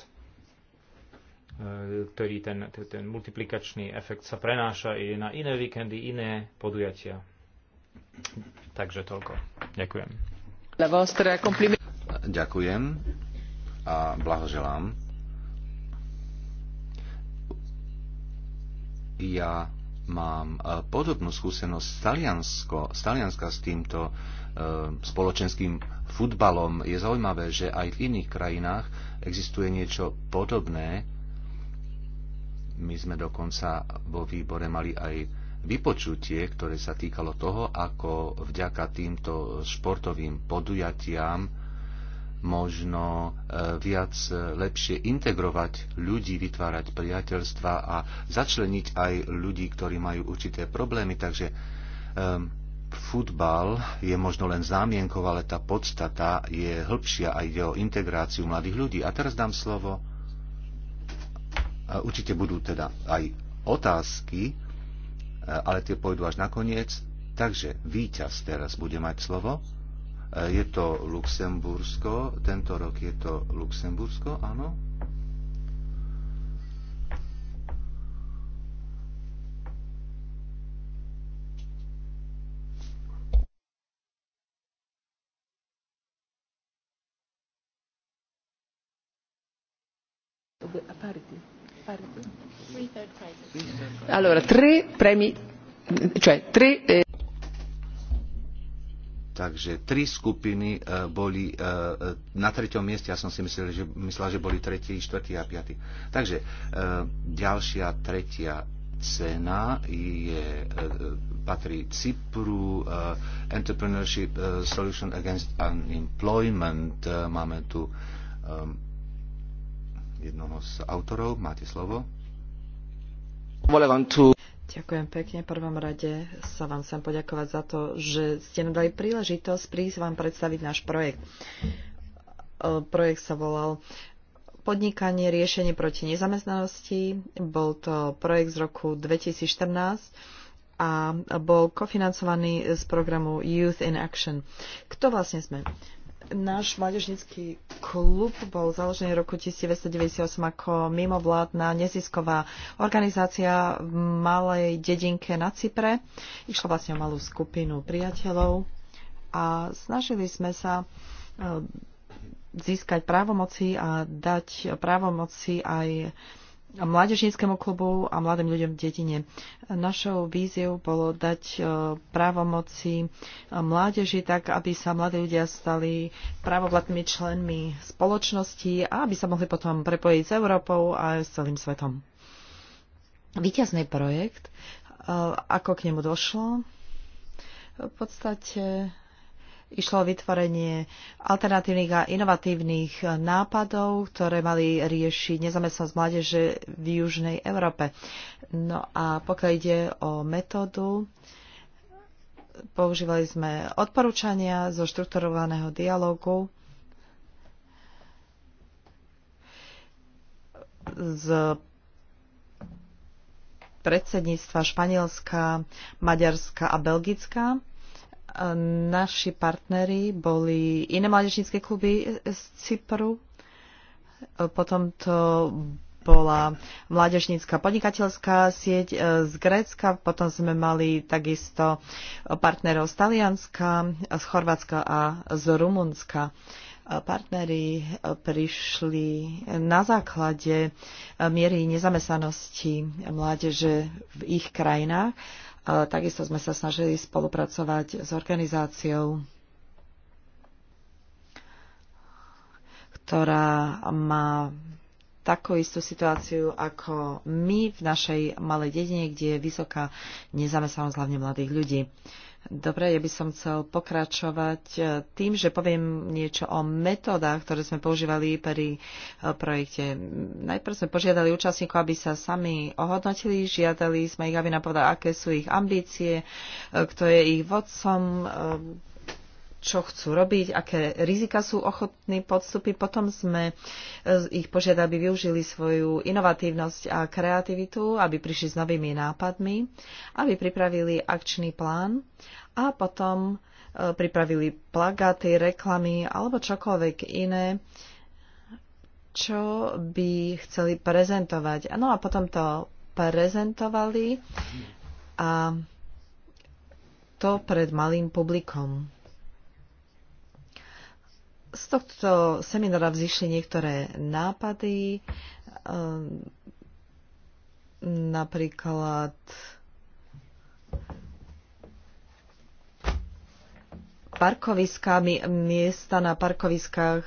e, ktorý ten, ten multiplikačný efekt sa prenáša i na iné víkendy, iné podujatia. Takže toľko. Ďakujem. Ďakujem a blahoželám. Ja mám e, podobnú skúsenosť z, Talianska s týmto spoločenským futbalom. Je zaujímavé, že aj v iných krajinách existuje niečo podobné. My sme dokonca vo výbore mali aj vypočutie, ktoré sa týkalo toho, ako vďaka týmto športovým podujatiam možno e, viac e, lepšie integrovať ľudí, vytvárať priateľstva a začleniť aj ľudí, ktorí majú určité problémy. Takže e, futbal je možno len zámienkou, ale tá podstata je hĺbšia a ide o integráciu mladých ľudí. A teraz dám slovo. Určite budú teda aj otázky, e, ale tie pôjdu až nakoniec. Takže víťaz teraz bude mať slovo. E, je to Luxembursko, tento rok je to Luxembursko, áno? Allora, tre premi, cioè tre... Eh, Takže tri skupiny uh, boli uh, na treťom mieste, ja som si myslel, že, myslel, že boli tretí, štvrtý a piatý. Takže uh, ďalšia, tretia cena je, uh, patrí Cypru, uh, Entrepreneurship uh, Solution Against Unemployment, uh, máme tu um, jednoho z autorov. Máte slovo. Ďakujem pekne. V prvom rade sa vám chcem poďakovať za to, že ste nám dali príležitosť prísť vám predstaviť náš projekt. E, projekt sa volal Podnikanie, riešenie proti nezamestnanosti. Bol to projekt z roku 2014 a bol kofinancovaný z programu Youth in Action. Kto vlastne sme? Náš mládežnický klub bol založený v roku 1998 ako mimovládna nezisková organizácia v malej dedinke na Cypre. Išlo vlastne o malú skupinu priateľov a snažili sme sa eh, získať právomoci a dať právomoci aj mládežníckému klubu a mladým ľuďom v dedine. Našou víziou bolo dať e, právomoci e, mládeži tak, aby sa mladí ľudia stali právovlatnými členmi spoločnosti a aby sa mohli potom prepojiť s Európou a s celým svetom. Výťazný projekt, e, ako k nemu došlo, v podstate išlo o vytvorenie alternatívnych a inovatívnych nápadov, ktoré mali riešiť nezamestnosť mládeže v Južnej Európe. No a pokiaľ ide o metódu, používali sme odporúčania zo štrukturovaného dialogu z predsedníctva Španielska, Maďarska a Belgická naši partneri boli iné mládežnícke kluby z Cypru, potom to bola mládežnícka podnikateľská sieť e, z Grécka, potom sme mali takisto partnerov z Talianska, z Chorvátska a z Rumunska. E, partneri e, prišli na základe miery nezamestnanosti mládeže v ich krajinách Takisto sme sa snažili spolupracovať s organizáciou, ktorá má takú istú situáciu ako my v našej malej dedine, kde je vysoká nezamestnanosť hlavne mladých ľudí. Dobre, ja by som chcel pokračovať eh, tým, že poviem niečo o metodách, ktoré sme používali pri eh, projekte. Najprv sme požiadali účastníkov, aby sa sami ohodnotili, žiadali sme ich, aby nám povedali, aké sú ich ambície, eh, kto je ich vodcom, čo chcú robiť, aké rizika sú ochotní podstúpiť. Potom sme e, ich požiadali, aby využili svoju inovatívnosť a kreativitu, aby prišli s novými nápadmi, aby pripravili akčný plán a potom e, pripravili plagáty, reklamy alebo čokoľvek iné, čo by chceli prezentovať. No a potom to prezentovali a to pred malým publikom. Z tohto seminára vzýšli niektoré nápady, ehm, napríklad parkoviskami, miesta na parkoviskách,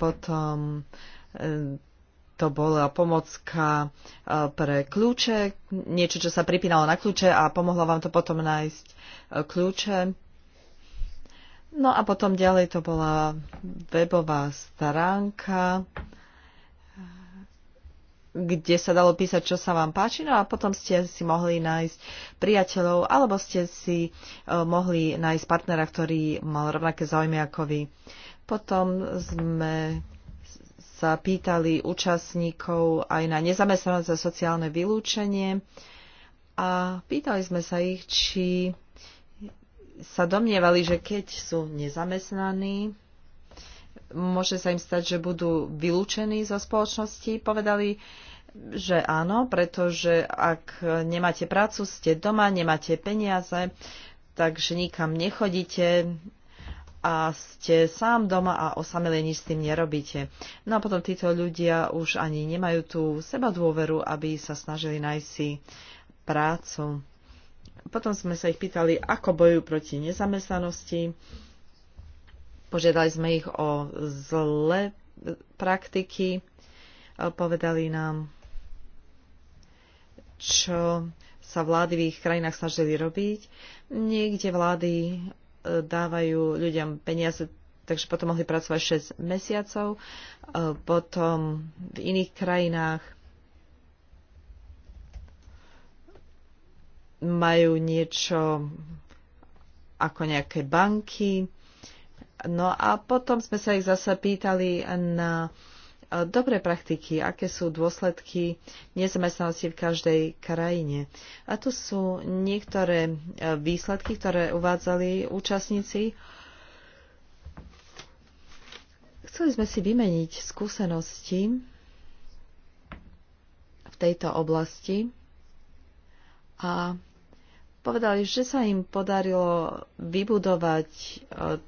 potom ehm, to bola pomocka e, pre kľúče, niečo, čo sa pripínalo na kľúče a pomohlo vám to potom nájsť e, kľúče. No a potom ďalej to bola webová stránka, kde sa dalo písať, čo sa vám páči, no a potom ste si mohli nájsť priateľov, alebo ste si e, mohli nájsť partnera, ktorý mal rovnaké záujmy ako vy. Potom sme sa pýtali účastníkov aj na nezamestnanosť a sociálne vylúčenie a pýtali sme sa ich, či sa domnievali, že keď sú nezamestnaní, môže sa im stať, že budú vylúčení zo spoločnosti, povedali, že áno, pretože ak nemáte prácu, ste doma, nemáte peniaze, takže nikam nechodíte a ste sám doma a osamele nič s tým nerobíte. No a potom títo ľudia už ani nemajú tú seba dôveru, aby sa snažili nájsť si prácu. Potom sme sa ich pýtali, ako bojujú proti nezamestnanosti. Požiadali sme ich o zlé praktiky. Povedali nám, čo sa vlády v ich krajinách snažili robiť. Niekde vlády e, dávajú ľuďom peniaze, takže potom mohli pracovať 6 mesiacov. E, potom v iných krajinách majú niečo ako nejaké banky. No a potom sme sa ich zase pýtali na eh, dobré praktiky, aké sú dôsledky nezamestnanosti v každej krajine. A tu sú niektoré eh, výsledky, ktoré uvádzali účastníci. Chceli sme si vymeniť skúsenosti v tejto oblasti a povedali, že sa im podarilo vybudovať e,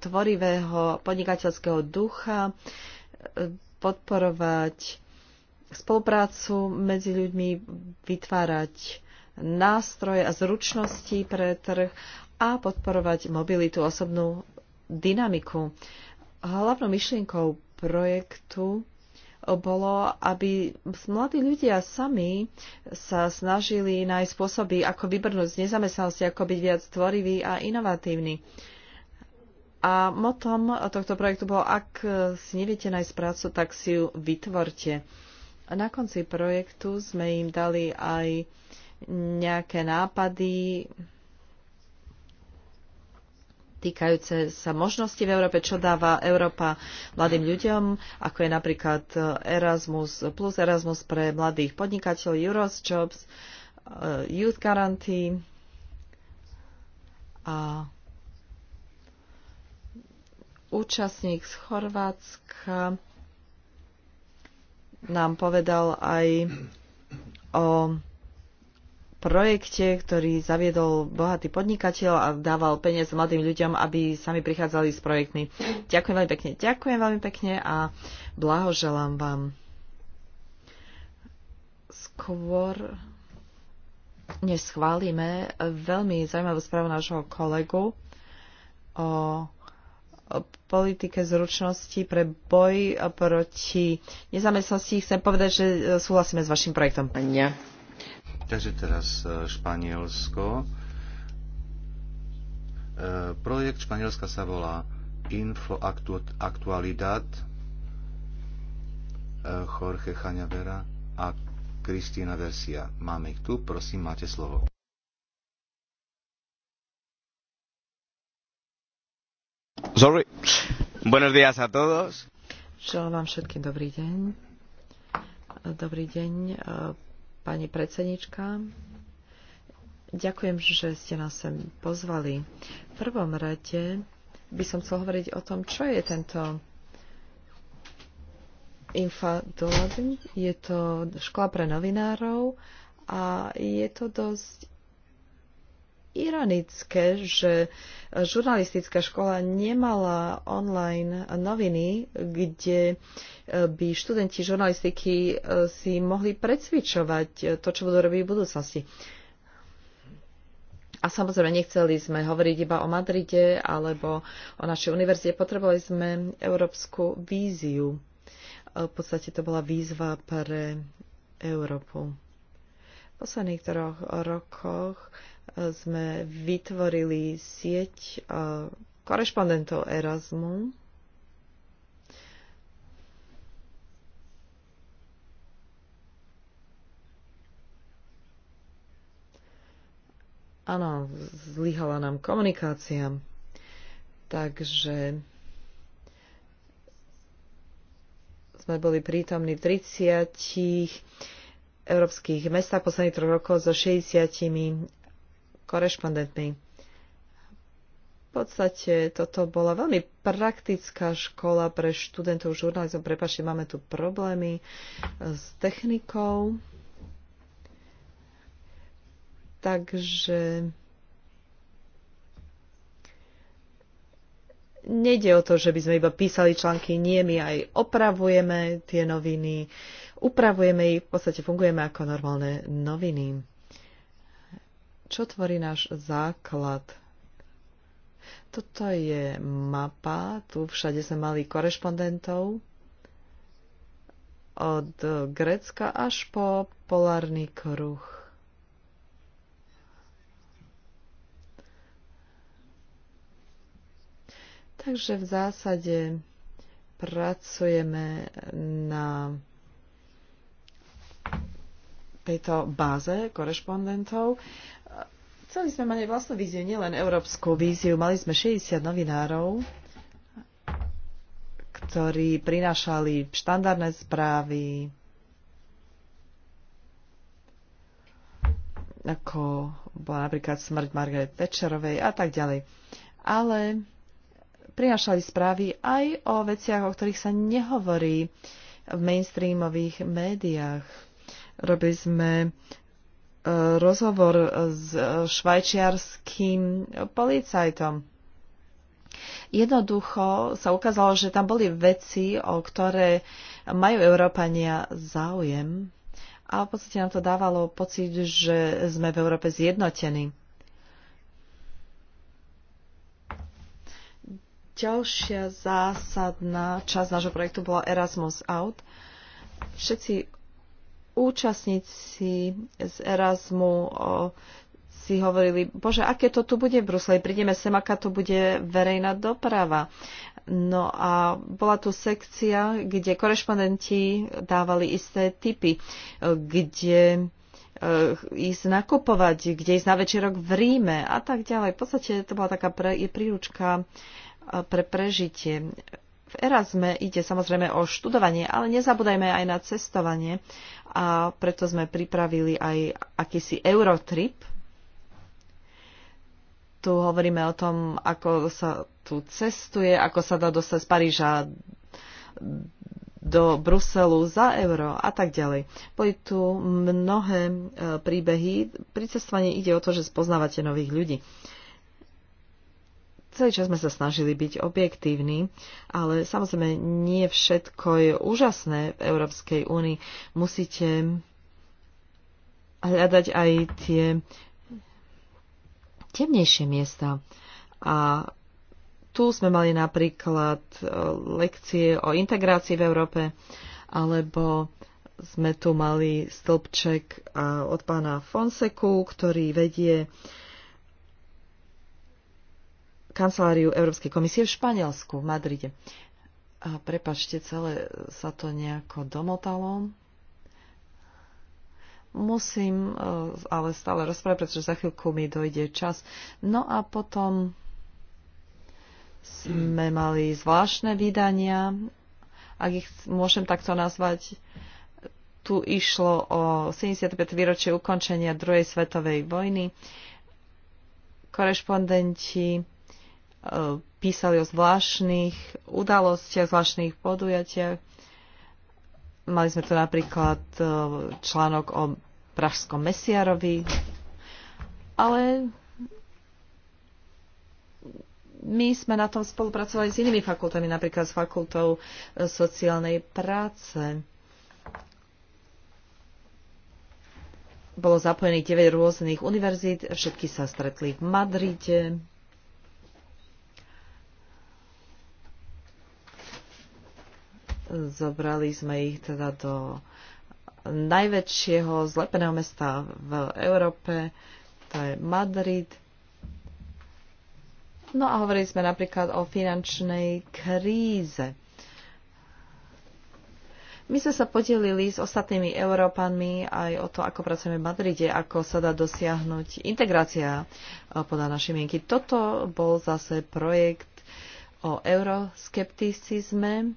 tvorivého podnikateľského ducha, e, podporovať spoluprácu medzi ľuďmi, vytvárať nástroje a zručnosti pre trh a podporovať mobilitu, osobnú dynamiku. Hlavnou myšlienkou projektu bolo, aby mladí ľudia sami sa snažili nájsť spôsoby, ako vybrnúť z nezamestnanosti, ako byť viac tvoriví a inovatívni. A motom tohto projektu bolo, ak si neviete nájsť prácu, tak si ju vytvorte. A na konci projektu sme im dali aj nejaké nápady, týkajúce sa možnosti v Európe, čo dáva Európa mladým ľuďom, ako je napríklad Erasmus plus Erasmus pre mladých podnikateľov, Jobs, eh, Youth Guarantee a účastník z Chorvátska nám povedal aj o projekte, ktorý zaviedol bohatý podnikateľ a dával peniaze mladým ľuďom, aby sami prichádzali s projektmi. Ďakujem veľmi pekne. Ďakujem veľmi pekne a blahoželám vám. Skôr než schválime veľmi zaujímavú správu nášho kolegu o politike zručnosti pre boj proti nezamestnosti. Chcem povedať, že súhlasíme s vašim projektom. Nie. Takže teraz e, Španielsko. E, projekt Španielska sa volá Info Actualidad e, Jorge Chaňavera a Kristína Versia. Máme ich tu, prosím, máte slovo. Sorry. Buenos días a todos. Želám vám všetkým dobrý deň. Dobrý deň pani predsednička. Ďakujem, že ste nás sem pozvali. V prvom rade by som chcel hovoriť o tom, čo je tento Infadolabin. Je to škola pre novinárov a je to dosť ironické, že žurnalistická škola nemala online noviny, kde eh, by študenti žurnalistiky eh, si mohli precvičovať eh, to, čo budú robiť v budúcnosti. A samozrejme, nechceli sme hovoriť iba o Madride alebo o našej univerzite. Potrebovali sme európsku víziu. V podstate to bola výzva pre Európu. V posledných troch rokoch sme vytvorili sieť e, korešpondentov Erasmu. Áno, zlyhala nám komunikácia. Takže sme boli prítomní v 30 európskych mestách posledných troch rokov so 60 korešpondentmi. V podstate toto bola veľmi praktická škola pre študentov žurnalizmu. Prepašte, máme tu problémy s technikou. Takže nejde o to, že by sme iba písali články, nie, my aj opravujeme tie noviny, upravujeme ich, v podstate fungujeme ako normálne noviny čo tvorí náš základ? Toto je mapa, tu všade sme mali korešpondentov od Grécka až po polárny kruh. Takže v zásade pracujeme na tejto báze korešpondentov. Chceli sme mať vlastnú víziu, nielen európsku víziu. Mali sme 60 novinárov, ktorí prinášali štandardné správy, ako bola napríklad smrť Margaret Thatcherovej a tak ďalej. Ale prinášali správy aj o veciach, o ktorých sa nehovorí v mainstreamových médiách. Robili sme rozhovor s švajčiarským policajtom. Jednoducho sa ukázalo, že tam boli veci, o ktoré majú Európania záujem a v podstate nám to dávalo pocit, že sme v Európe zjednotení. Ďalšia zásadná časť nášho projektu bola Erasmus Out. Všetci účastníci z Erasmu o, si hovorili, bože, aké to tu bude v Bruseli, prídeme sem, aká to bude verejná doprava. No a bola tu sekcia, kde korešpondenti dávali isté typy, kde e, ísť nakupovať, kde ísť na večerok v Ríme a tak ďalej. V podstate to bola taká pre, príručka e, pre prežitie. V Erasme ide samozrejme o študovanie, ale nezabúdajme aj na cestovanie a preto sme pripravili aj akýsi Eurotrip. Tu hovoríme o tom, ako sa tu cestuje, ako sa dá dostať z Paríža do Bruselu za euro a tak ďalej. Boli tu mnohé e, príbehy. Pri cestovaní ide o to, že spoznávate nových ľudí. Celý čas sme sa snažili byť objektívni, ale samozrejme nie všetko je úžasné v Európskej únii. Musíte hľadať aj tie temnejšie miesta. A tu sme mali napríklad e, lekcie o integrácii v Európe, alebo sme tu mali stĺpček e, od pána Fonseku, ktorý vedie kanceláriu Európskej komisie v Španielsku, v Madride. A prepačte, celé sa to nejako domotalo. Musím eh, ale stále rozprávať, pretože za chvíľku mi dojde čas. No a potom sme mali zvláštne vydania, ak ich môžem takto nazvať. Tu išlo o 75. výročie ukončenia druhej svetovej vojny. Korešpondenti písali o zvláštnych udalostiach, zvláštnych podujatiach. Mali sme tu napríklad e, článok o pražskom mesiarovi, ale my sme na tom spolupracovali s inými fakultami, napríklad s fakultou e, sociálnej práce. Bolo zapojených 9 rôznych univerzít, všetky sa stretli v Madride. Zobrali sme ich teda do najväčšieho zlepeného mesta v Európe, to je Madrid. No a hovorili sme napríklad o finančnej kríze. My sme sa podelili s ostatnými Európanmi aj o to, ako pracujeme v Madride, ako sa dá dosiahnuť integrácia eh, podľa našej mienky. Toto bol zase projekt o euroskepticizme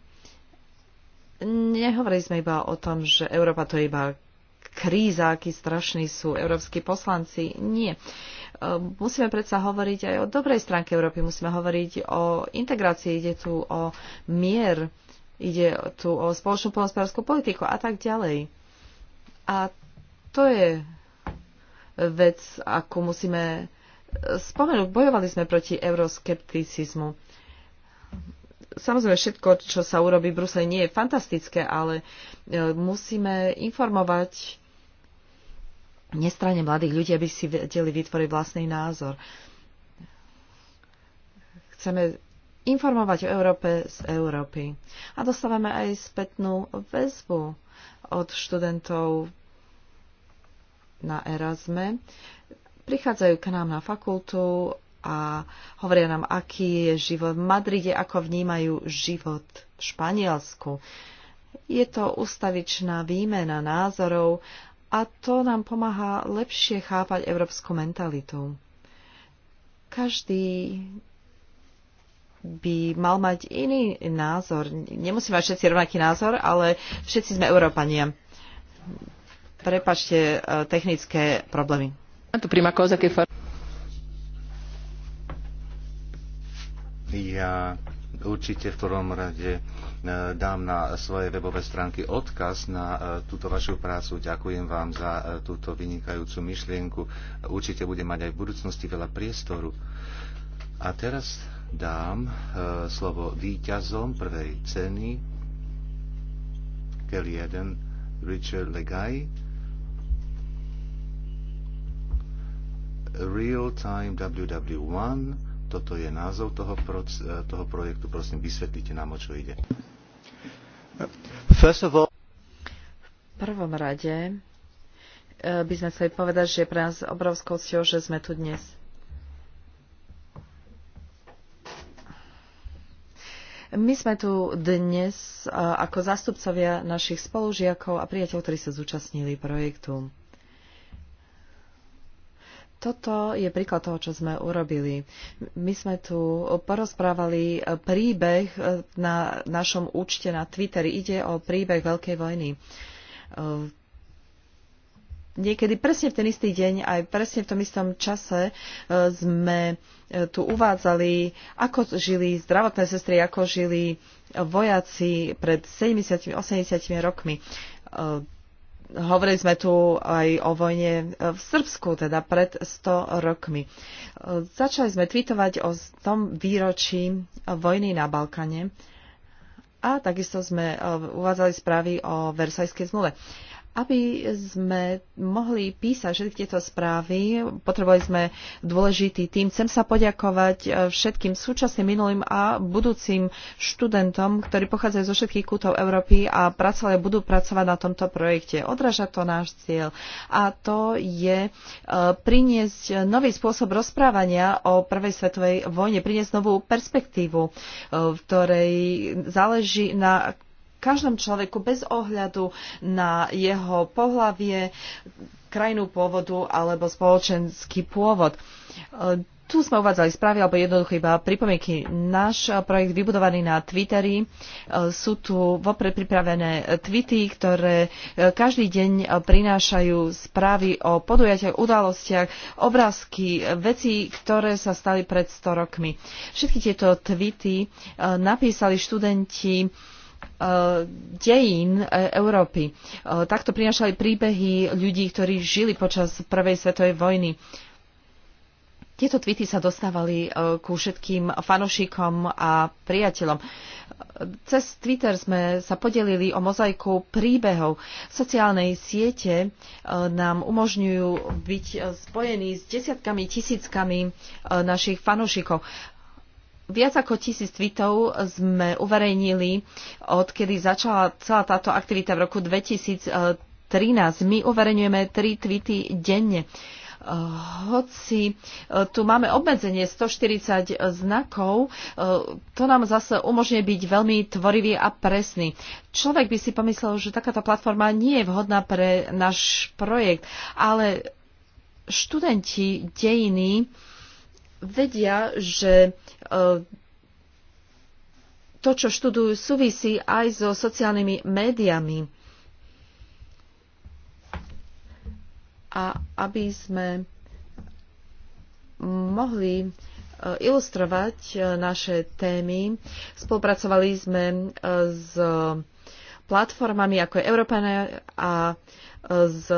Nehovorili sme iba o tom, že Európa to je iba kríza, akí strašní sú európsky poslanci. Nie. E, musíme predsa hovoriť aj o dobrej stránke Európy. Musíme hovoriť o integrácii. Ide tu o mier, ide tu o spoločnú polnospodárskú politiku a tak ďalej. A to je vec, ako musíme spomenúť. Bojovali sme proti euroskepticizmu Samozrejme, všetko, čo sa urobí v Bruseli, nie je fantastické, ale e, musíme informovať nestranne mladých ľudí, aby si vedeli vytvoriť vlastný názor. Chceme informovať o Európe z Európy. A dostávame aj spätnú väzbu od študentov na Erasme. Prichádzajú k nám na fakultu a hovoria nám, aký je život v Madride, ako vnímajú život v Španielsku. Je to ustavičná výmena názorov a to nám pomáha lepšie chápať európsku mentalitu. Každý by mal mať iný názor. Nemusí mať všetci rovnaký názor, ale všetci sme Európania. Prepačte eh, technické problémy. Tu prima cosa che farò. Ja určite v prvom rade e, dám na svoje webové stránky odkaz na e, túto vašu prácu. Ďakujem vám za e, túto vynikajúcu myšlienku. Určite bude mať aj v budúcnosti veľa priestoru. A teraz dám slovo víťazom prvej ceny Kelly 1 Richard Legay Real Time WW1 toto je názov toho, eh, toho projektu. Prosím, vysvetlite nám, o čo ide. V prvom rade eh, by sme chceli povedať, že je pre nás obrovskou cťou, že sme tu dnes. My sme tu dnes eh, ako zástupcovia našich spolužiakov a priateľov, ktorí sa zúčastnili projektu. Toto je príklad toho, čo sme urobili. My sme tu porozprávali príbeh na našom účte na Twitter. Ide o príbeh Veľkej vojny. Niekedy presne v ten istý deň, aj presne v tom istom čase e, sme e, tu uvádzali, ako žili zdravotné sestry, ako žili vojaci pred 70-80 rokmi e, hovorili sme tu aj o vojne v Srbsku, teda pred 100 rokmi. Začali sme tweetovať o tom výročí vojny na Balkane a takisto sme eh, uvádzali správy o Versajskej zmluve. Aby sme mohli písať všetky tieto správy, potrebovali sme dôležitý tým. Chcem sa poďakovať e, všetkým súčasným, minulým a budúcim študentom, ktorí pochádzajú zo všetkých kútov Európy a pracovali budú pracovať na tomto projekte. Odraža to náš cieľ. A to je e, priniesť nový spôsob rozprávania o Prvej svetovej vojne, priniesť novú perspektívu, e, v ktorej záleží na každom človeku bez ohľadu na jeho pohlavie, krajinu pôvodu alebo spoločenský pôvod. E, tu sme uvádzali správy alebo jednoducho iba pripomienky. Náš projekt vybudovaný na Twitteri. E, sú tu vopred pripravené tweety, ktoré e, každý deň prinášajú správy o podujatiach, udalostiach, obrázky, veci, ktoré sa stali pred 100 rokmi. Všetky tieto tweety napísali študenti E, dejín e, Európy. E, takto prinašali príbehy ľudí, ktorí žili počas Prvej svetovej vojny. Tieto tweety sa dostávali ku všetkým fanošikom a priateľom. Cez Twitter sme sa podelili o mozaiku príbehov. Sociálnej siete nám umožňujú byť spojení s desiatkami, tisíckami našich fanúšikov. Viac ako tisíc tweetov sme uverejnili, odkedy začala celá táto aktivita v roku 2013. My uverejňujeme tri tweety denne. Hoci e, tu máme obmedzenie 140 znakov, e, to nám zase umožňuje byť veľmi tvorivý a presný. Človek by si pomyslel, že takáto platforma nie je vhodná pre náš projekt, ale študenti dejiny vedia, že e, to, čo študujú, súvisí aj so sociálnymi médiami. A aby sme mohli e, ilustrovať e, naše témy, spolupracovali sme s platformami ako je Európane a s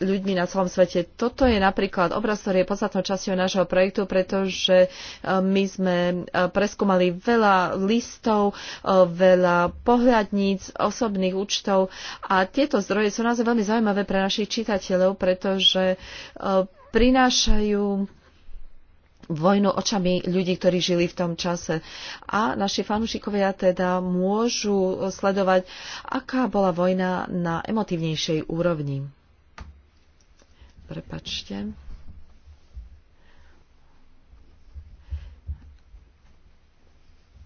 ľuďmi na celom svete. Toto je napríklad obraz, ktorý je podstatnou časťou nášho projektu, pretože e, my sme e, preskúmali veľa listov, e, veľa pohľadníc, osobných účtov a tieto zdroje sú naozaj veľmi zaujímavé pre našich čitateľov, pretože prinášajú vojnu očami ľudí, ktorí žili v tom čase. A naši fanúšikovia teda môžu sledovať, aká bola vojna na emotívnejšej úrovni. Prepačte.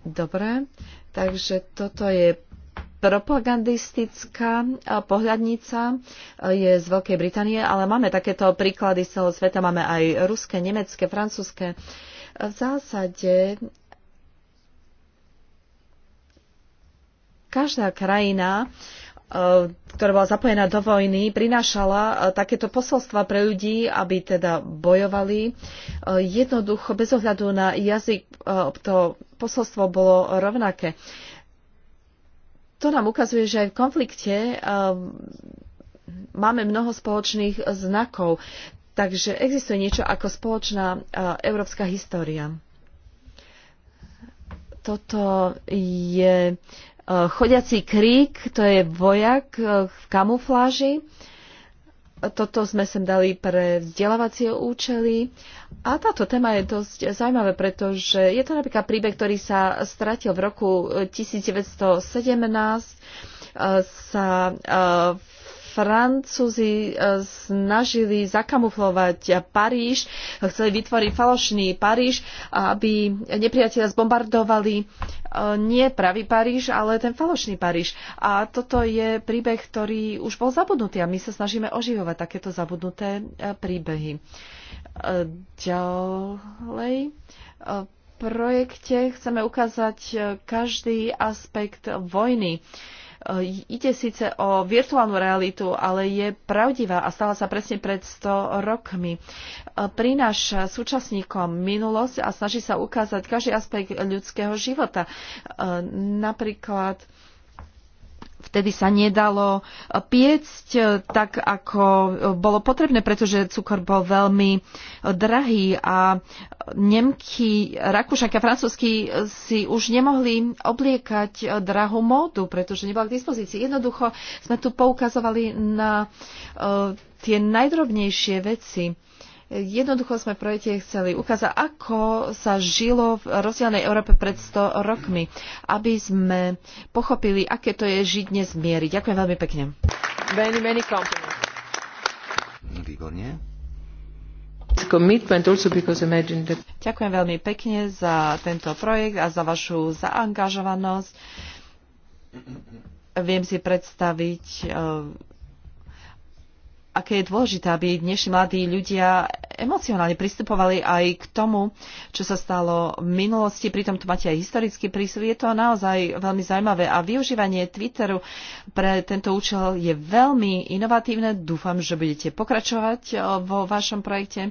Dobre, takže toto je propagandistická pohľadnica je z Veľkej Británie, ale máme takéto príklady z celého sveta. Máme aj ruské, nemecké, francúzske. V zásade každá krajina E, ktorá bola zapojená do vojny, prinášala e, takéto posolstva pre ľudí, aby teda bojovali. E, jednoducho, bez ohľadu na jazyk, to posolstvo bolo rovnaké. To nám ukazuje, že aj v konflikte máme mnoho spoločných znakov. Takže existuje niečo ako spoločná európska história. Toto je uh, E, Chodiací krík, to je vojak e, v kamufláži. Toto sme sem dali pre vzdelávacie účely. A táto téma je dosť zaujímavá, pretože je to napríklad príbeh, ktorý sa stratil v roku 1917 e, sa v Francúzi e, snažili zakamuflovať Paríž, chceli vytvoriť falošný Paríž, aby nepriatelia zbombardovali e, nie pravý Paríž, ale ten falošný Paríž. A toto je príbeh, ktorý už bol zabudnutý a my sa snažíme oživovať takéto zabudnuté e, príbehy. Ďalej. projekte chceme ukázať každý aspekt vojny E, ide síce o virtuálnu realitu, ale je pravdivá a stala sa presne pred 100 rokmi. E, Prináša súčasníkom minulosť a snaží sa ukázať každý aspekt ľudského života. E, napríklad vtedy sa nedalo eh, piecť eh, tak, ako eh, bolo potrebné, pretože cukor bol veľmi drahý a Nemky, Rakúšanky a Francúzsky si už nemohli obliekať drahú módu, pretože nebola k dispozícii. Jednoducho sme tu poukazovali na tie najdrobnejšie veci. Jednoducho sme projekte chceli ukázať, ako sa žilo v rozdielnej Európe pred 100 rokmi, aby sme pochopili, aké to je žiť dnes miery. Ďakujem veľmi pekne. Many, many Výborne. Ďakujem veľmi pekne za tento projekt a za vašu zaangažovanosť. Viem si predstaviť eh, aké je dôležité, aby dnešní mladí ľudia emocionálne pristupovali aj k tomu, čo sa stalo v minulosti. Pritom tu máte aj historický prístup. Je to naozaj veľmi zaujímavé a využívanie Twitteru pre tento účel je veľmi inovatívne. Dúfam, že budete pokračovať eh, vo vašom projekte.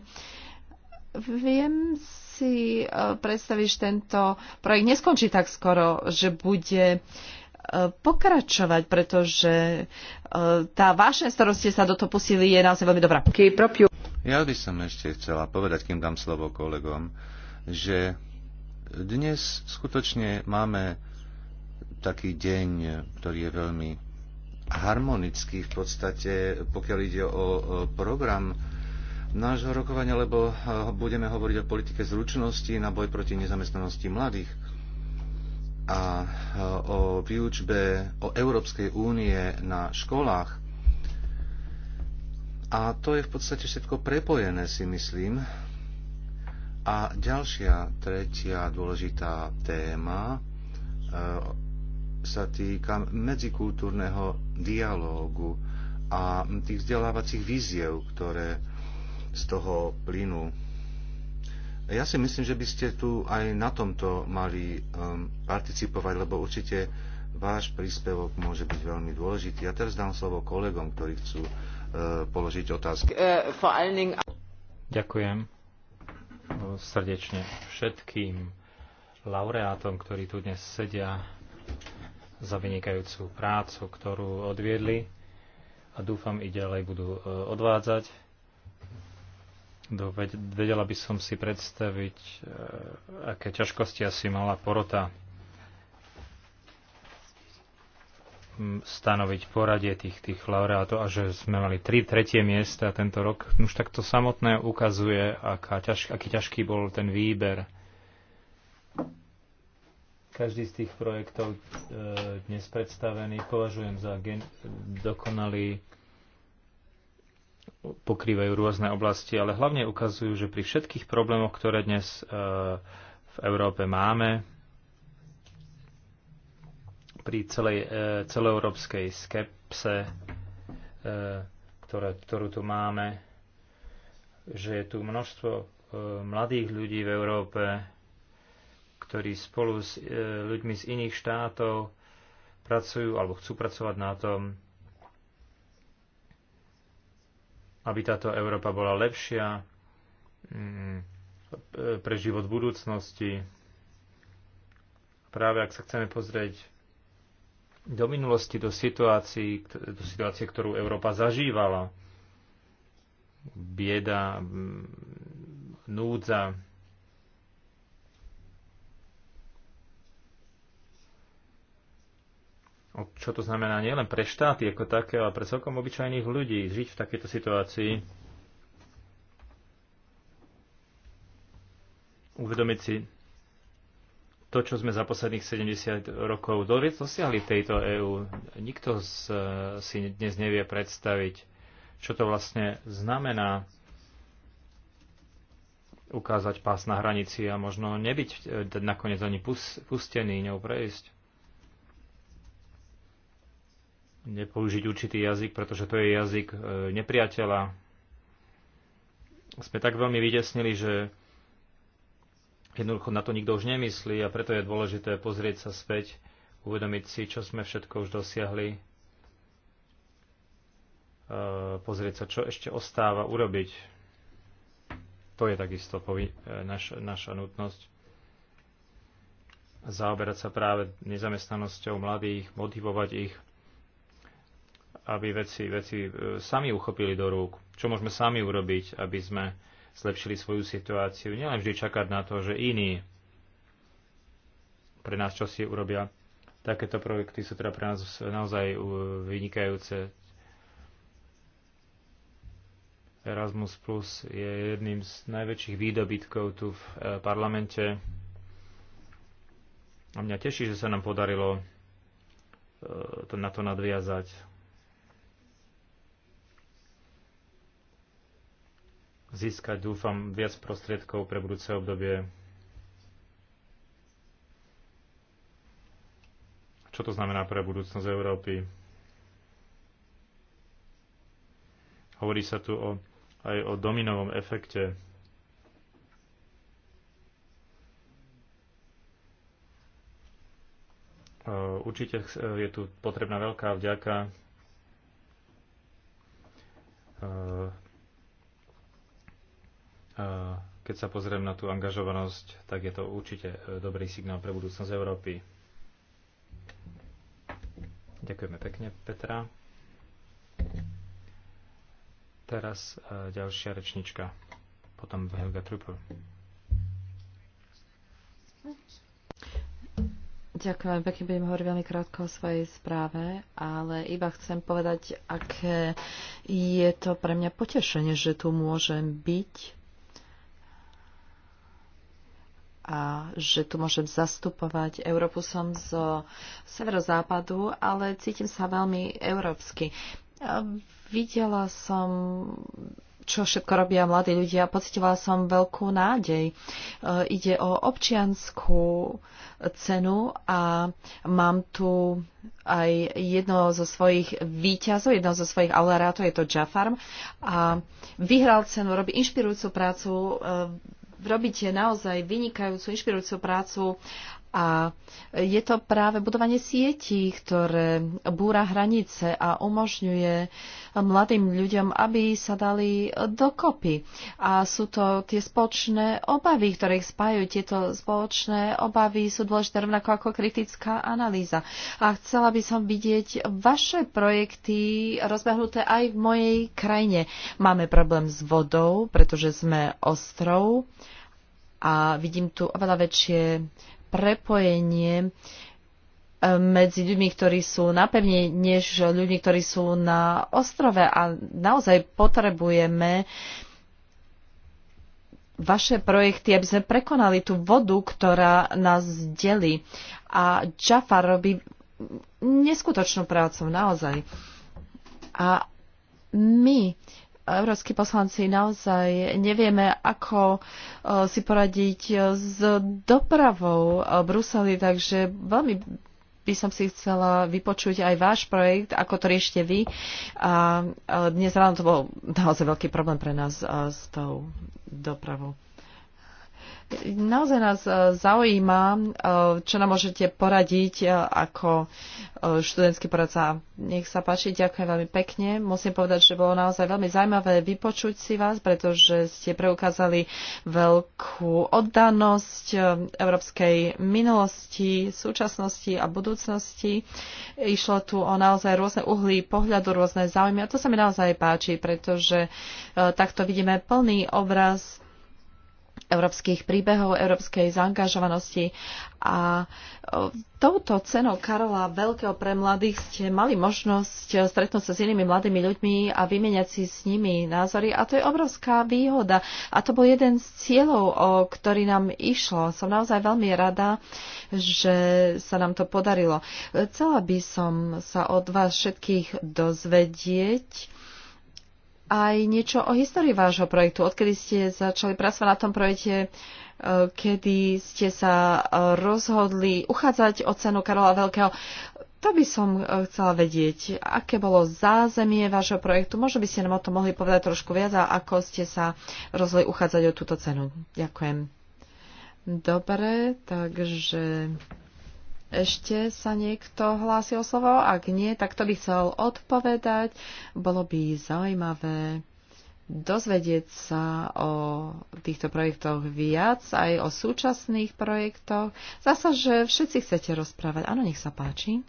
Viem si eh, predstaviť, že tento projekt neskončí tak skoro, že bude uh, pokračovať, pretože e, tá vaša starosti ste sa do toho pustili, je naozaj veľmi dobrá. Ja by som ešte chcela povedať, kým dám slovo kolegom, že dnes skutočne máme taký deň, ktorý je veľmi harmonický v podstate, pokiaľ ide o program nášho rokovania, lebo e, budeme hovoriť o politike zručnosti na boj proti nezamestnanosti mladých a e, o výučbe o Európskej únie na školách. A to je v podstate všetko prepojené, si myslím. A ďalšia, tretia dôležitá téma e, sa týka medzikultúrneho dialógu a tých vzdelávacích víziev, ktoré z toho plynú ja si myslím, že by ste tu aj na tomto mali um, participovať, lebo určite váš príspevok môže byť veľmi dôležitý. Ja teraz dám slovo kolegom, ktorí chcú uh, položiť otázky. Äh, Ďakujem srdečne všetkým laureátom, ktorí tu dnes sedia za vynikajúcu prácu, ktorú odviedli a dúfam i ďalej budú e, odvádzať. Vedela by som si predstaviť, e, aké ťažkosti asi mala porota stanoviť poradie tých, tých laureátov a že sme mali tri tretie miesta tento rok. No už tak to samotné ukazuje, aká ťaž, aký ťažký bol ten výber. Každý z tých projektov e, dnes predstavený považujem za gen, dokonalý pokrývajú rôzne oblasti, ale hlavne ukazujú, že pri všetkých problémoch, ktoré dnes e, v Európe máme, pri celej e, celoeurópskej skepse, e, ktoré, ktorú tu máme, že je tu množstvo mladých ľudí v Európe, ktorí spolu s ľuďmi z iných štátov pracujú alebo chcú pracovať na tom, aby táto Európa bola lepšia mm, pre život budúcnosti. Práve ak sa chceme pozrieť do minulosti, do situácií, do situácie, ktorú Európa zažívala, bieda, mm, núdza, čo to znamená nielen pre štáty ako také, ale pre celkom obyčajných ľudí žiť v takejto situácii. Uvedomiť si to, čo sme za posledných 70 rokov dosiahli v tejto EÚ. Nikto z, si dnes nevie predstaviť, čo to vlastne znamená ukázať pás na hranici a možno nebyť e, nakoniec ani pustený ňou prejsť. nepoužiť určitý jazyk, pretože to je jazyk e, nepriateľa. Sme tak veľmi vydesnili, že jednoducho na to nikto už nemyslí a preto je dôležité pozrieť sa späť, uvedomiť si, čo sme všetko už dosiahli, e, pozrieť sa, čo ešte ostáva urobiť. To je takisto e, naš, naša nutnosť zaoberať sa práve nezamestnanosťou mladých, motivovať ich, aby veci, veci e, sami uchopili do rúk. Čo môžeme sami urobiť, aby sme zlepšili svoju situáciu. Nielen vždy čakať na to, že iní pre nás čosi urobia. Takéto projekty sú teda pre nás naozaj e, vynikajúce. Erasmus Plus je jedným z najväčších výdobytkov tu v e, parlamente. A mňa teší, že sa nám podarilo to na to nadviazať získať, dúfam, viac prostriedkov pre budúce obdobie. Čo to znamená pre budúcnosť Európy? Hovorí sa tu o, aj o dominovom efekte. E, určite e, je tu potrebná veľká vďaka e, keď sa pozriem na tú angažovanosť, tak je to určite e, dobrý signál pre budúcnosť Európy. Ďakujeme pekne, Petra. Teraz e, ďalšia rečnička, potom Helga Trupel. Ďakujem pekne, budem hovoriť veľmi krátko o svojej správe, ale iba chcem povedať, aké je to pre mňa potešenie, že tu môžem byť a že tu môžem zastupovať Európu. Som zo severozápadu, ale cítim sa veľmi európsky. Videla som čo všetko robia mladí ľudia. Pocitila som veľkú nádej. E, ide o občianskú cenu a mám tu aj jedno zo svojich výťazov, jedno zo svojich alarátov, je to Jafarm. A vyhral cenu, robí inšpirujúcu prácu, e, robíte naozaj vynikajúcu, inšpirujúcu prácu a je to práve budovanie sietí, ktoré búra hranice a umožňuje mladým ľuďom, aby sa dali dokopy. A sú to tie spoločné obavy, ktoré ich spájajú. Tieto spoločné obavy sú dôležité rovnako ako kritická analýza. A chcela by som vidieť vaše projekty rozbehnuté aj v mojej krajine. Máme problém s vodou, pretože sme ostrov a vidím tu oveľa väčšie prepojenie eh, medzi ľuďmi, ktorí sú na pevne, než ľuďmi, ktorí sú na ostrove. A naozaj potrebujeme vaše projekty, aby sme prekonali tú vodu, ktorá nás delí. A Jaffa robí neskutočnú prácu, naozaj. A my európsky poslanci naozaj nevieme, ako e, si poradiť e, s dopravou Bruseli, takže veľmi by som si chcela vypočuť aj váš projekt, ako to riešite vy. A e, dnes ráno to bol naozaj veľký problém pre nás s tou dopravou. Naozaj nás e, zaujíma, e, čo nám môžete poradiť e, ako študentský poradca. Nech sa páči, ďakujem veľmi pekne. Musím povedať, že bolo naozaj veľmi zaujímavé vypočuť si vás, pretože ste preukázali veľkú oddanosť európskej minulosti, súčasnosti a budúcnosti. Išlo tu o naozaj rôzne uhly pohľadu, rôzne záujmy a to sa mi naozaj páči, pretože takto vidíme plný obraz európskych príbehov, európskej zaangažovanosti. A e, touto cenou Karola Veľkého pre mladých ste mali možnosť stretnúť sa s inými mladými ľuďmi a vymeniať si s nimi názory. A to je obrovská výhoda. A to bol jeden z cieľov, o ktorý nám išlo. Som naozaj veľmi rada, že sa nám to podarilo. E, chcela by som sa od vás všetkých dozvedieť, aj niečo o histórii vášho projektu. Odkedy ste začali pracovať na tom projekte, e, kedy ste sa e, rozhodli uchádzať o cenu Karola Veľkého. To by som e, chcela vedieť, aké bolo zázemie vášho projektu. Možno by ste nám o tom mohli povedať trošku viac a ako ste sa rozhodli uchádzať o túto cenu. Ďakujem. Dobre, takže ešte sa niekto hlási o slovo? Ak nie, tak to by chcel odpovedať. Bolo by zaujímavé dozvedieť sa o týchto projektoch viac, aj o súčasných projektoch. Zasa, že všetci chcete rozprávať. Áno, nech sa páči.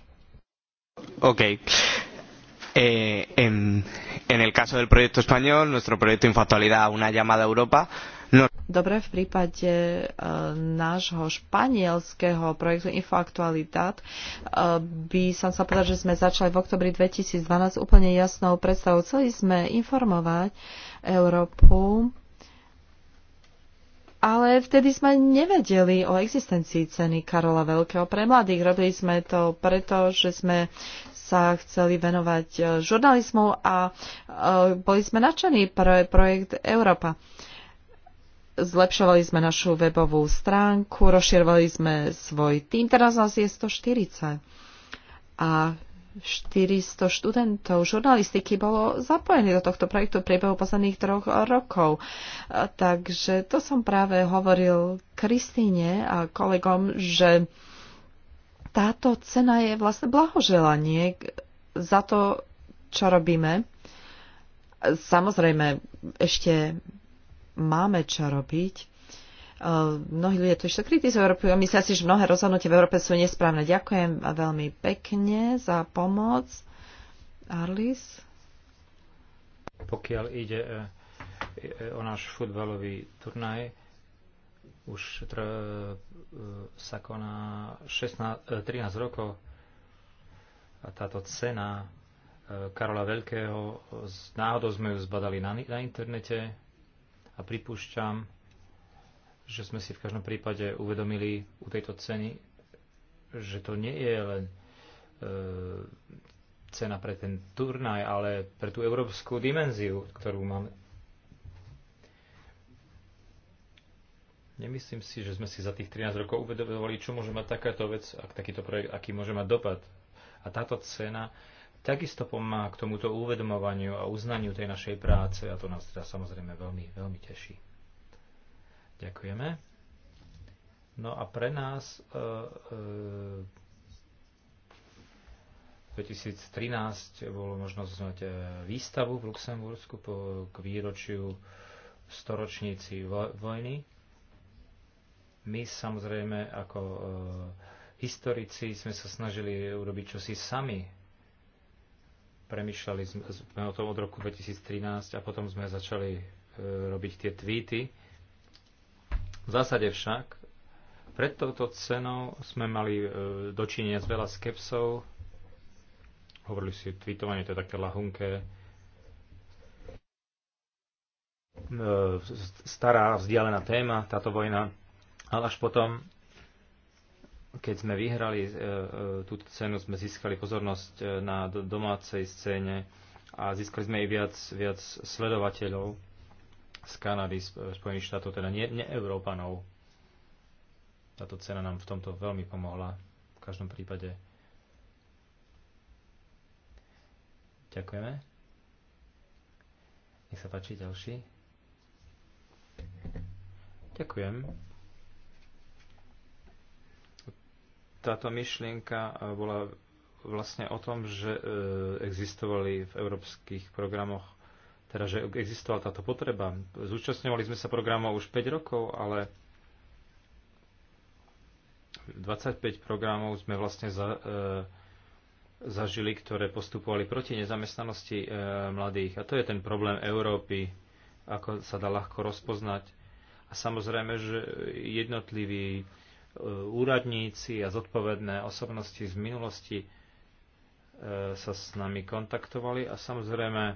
OK. Eh, en, en el caso del proyecto español, nuestro proyecto Infactualidad, una llamada a Europa, No. Dobre, v prípade uh, nášho španielského projektu Infoaktualitat uh, e, by som sa povedal, že sme začali v oktobri 2012 úplne jasnou predstavou. Chceli sme informovať Európu, ale vtedy sme nevedeli o existencii ceny Karola Veľkého pre mladých. Robili sme to preto, že sme sa chceli venovať e, žurnalizmu a uh, boli sme nadšení pre projekt Európa. Uh, zlepšovali sme našu webovú stránku, rozširovali sme svoj tým, teraz nás je 140. A 400 študentov žurnalistiky bolo zapojených do tohto projektu v priebehu posledných troch rokov. Takže to som práve hovoril Kristine a kolegom, že táto cena je vlastne blahoželanie za to, čo robíme. Samozrejme, ešte máme čo robiť. E, mnohí ľudia tu ešte kritizujú Európu a myslia si, že mnohé rozhodnutia v Európe sú nesprávne. Ďakujem veľmi pekne za pomoc. Arlis? Pokiaľ ide e, e, o náš futbalový turnaj, už sa koná 16, 13 rokov a táto cena Karola Veľkého, náhodou sme ju zbadali na, na internete, a pripúšťam, že sme si v každom prípade uvedomili u tejto ceny, že to nie je len e, cena pre ten turnaj, ale pre tú európsku dimenziu, ktorú máme. Nemyslím si, že sme si za tých 13 rokov uvedomovali, čo môže mať takáto vec, ak takýto projekt, aký môže mať dopad. A táto cena takisto pomáha k tomuto uvedomovaniu a uznaniu tej našej práce a to nás teda samozrejme veľmi, veľmi teší. Ďakujeme. No a pre nás e, e, 2013 bolo možnosť e, výstavu v Luxembursku po, k výročiu storočníci vojny. My samozrejme ako e, historici sme sa snažili urobiť čosi sami Premýšľali sme o tom od roku 2013 a potom sme začali e, robiť tie tweety. V zásade však pred touto cenou sme mali e, dočinenia s veľa skepsov. Hovorili si, tweetovanie to je také lahunké. E, stará, vzdialená téma, táto vojna. Ale až potom keď sme vyhrali e, e, túto cenu, sme získali pozornosť e, na domácej scéne a získali sme aj viac, viac sledovateľov z Kanady, z e, Spojených štátov, teda nie, nie Európanov. Táto cena nám v tomto veľmi pomohla v každom prípade. Ďakujeme. Nech sa páči ďalší. Ďakujem. Táto myšlienka eh, bola vlastne o tom, že eh, existovali v európskych programoch, teda že existovala táto potreba. Zúčastňovali sme sa programov už 5 rokov, ale 25 programov sme vlastne za, e, zažili, ktoré postupovali proti nezamestnanosti e, mladých. A to je ten problém Európy, ako sa dá ľahko rozpoznať. A samozrejme, že jednotliví úradníci a zodpovedné osobnosti z minulosti e, sa s nami kontaktovali a samozrejme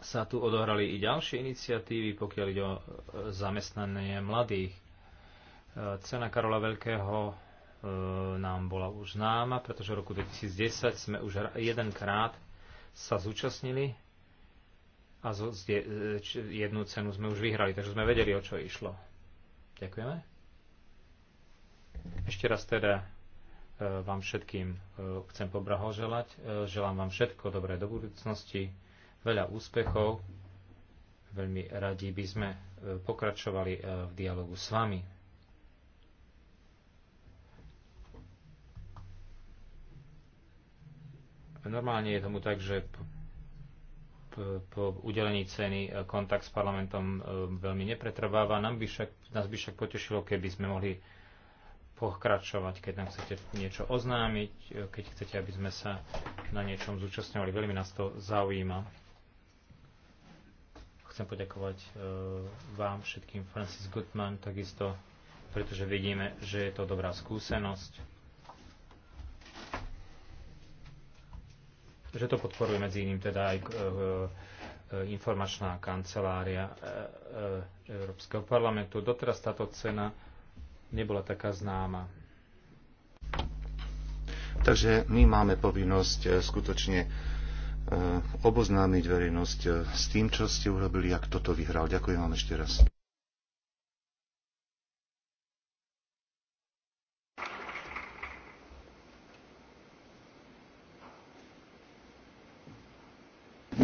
sa tu odohrali i ďalšie iniciatívy, pokiaľ ide o e, zamestnanie mladých. E, cena Karola Veľkého nám bola už známa, pretože v roku 2010 sme už jedenkrát sa zúčastnili a jednu cenu sme už vyhrali, takže sme vedeli, o čo išlo. Ďakujeme. Ešte raz teda e, vám všetkým e, chcem poblahoželať. E, želám vám všetko dobré do budúcnosti, veľa úspechov. Veľmi radi by sme pokračovali v dialogu s vami. Normálne je tomu tak, že po udelení ceny e, kontakt s parlamentom e, veľmi nepretrváva. Nám by však, nás by však potešilo, keby sme mohli pokračovať, keď nám chcete niečo oznámiť, e, keď chcete, aby sme sa na niečom zúčastňovali. Veľmi nás to zaujíma. Chcem poďakovať vám všetkým, Francis Goodman, takisto, pretože vidíme, že je to dobrá skúsenosť že to podporuje medzi iným teda aj e, e, e, informačná kancelária Európskeho parlamentu. Doteraz táto cena nebola taká známa. Takže my máme povinnosť skutočne oboznámiť verejnosť s tým, čo ste urobili ak toto vyhral. Ďakujem vám ešte raz.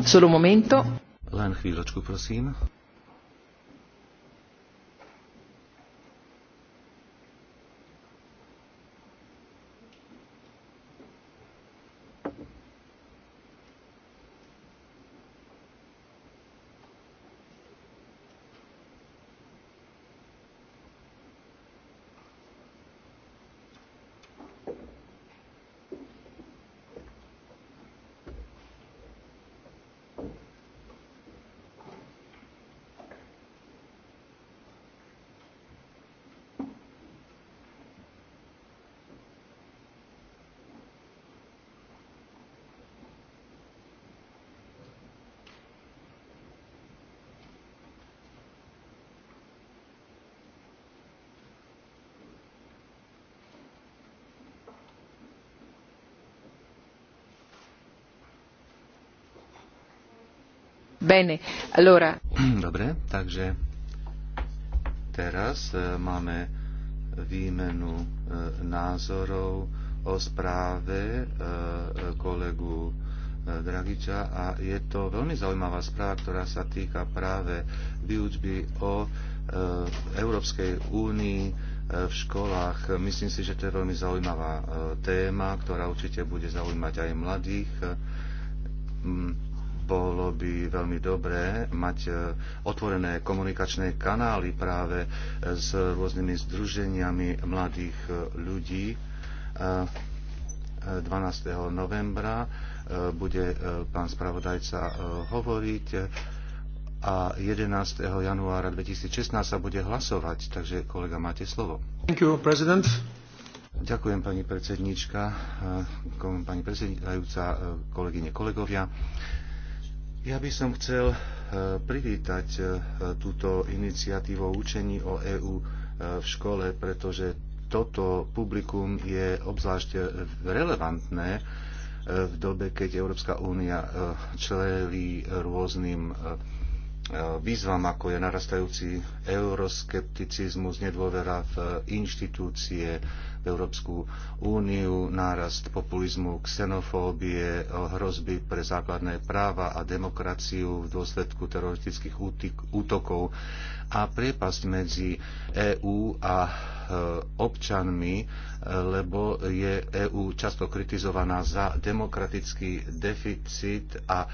Solo momento. Len chvíľočku, prosím. Bene, allora. Dobre, takže teraz e, máme výmenu e, názorov o správe e, kolegu Dragiča a je to veľmi zaujímavá správa, ktorá sa týka práve výučby o Európskej únii v školách. Myslím si, že to je veľmi zaujímavá téma, ktorá určite bude zaujímať aj mladých mm, bolo by veľmi dobré mať e, otvorené komunikačné kanály práve e, s rôznymi združeniami mladých e, ľudí. 12. novembra bude pán spravodajca hovoriť a 11. januára 2016 sa bude hlasovať. Takže kolega, máte slovo. Thank you, president. Ďakujem pani predsednička, pani predsedajúca, kolegyne, kolegovia. Ja by som chcel eh, privítať eh, túto iniciatívu o učení o EÚ eh, v škole, pretože toto publikum je obzvlášť relevantné v dobe, keď Európska únia čelí rôznym E, výzvam, ako je narastajúci euroskepticizmus, nedôvera v inštitúcie, v Európsku úniu, nárast populizmu, xenofóbie, e, hrozby pre základné práva a demokraciu v dôsledku teroristických útokov a priepasť medzi EÚ a Eh, občanmi, eh, lebo je EÚ často kritizovaná za demokratický deficit a eh,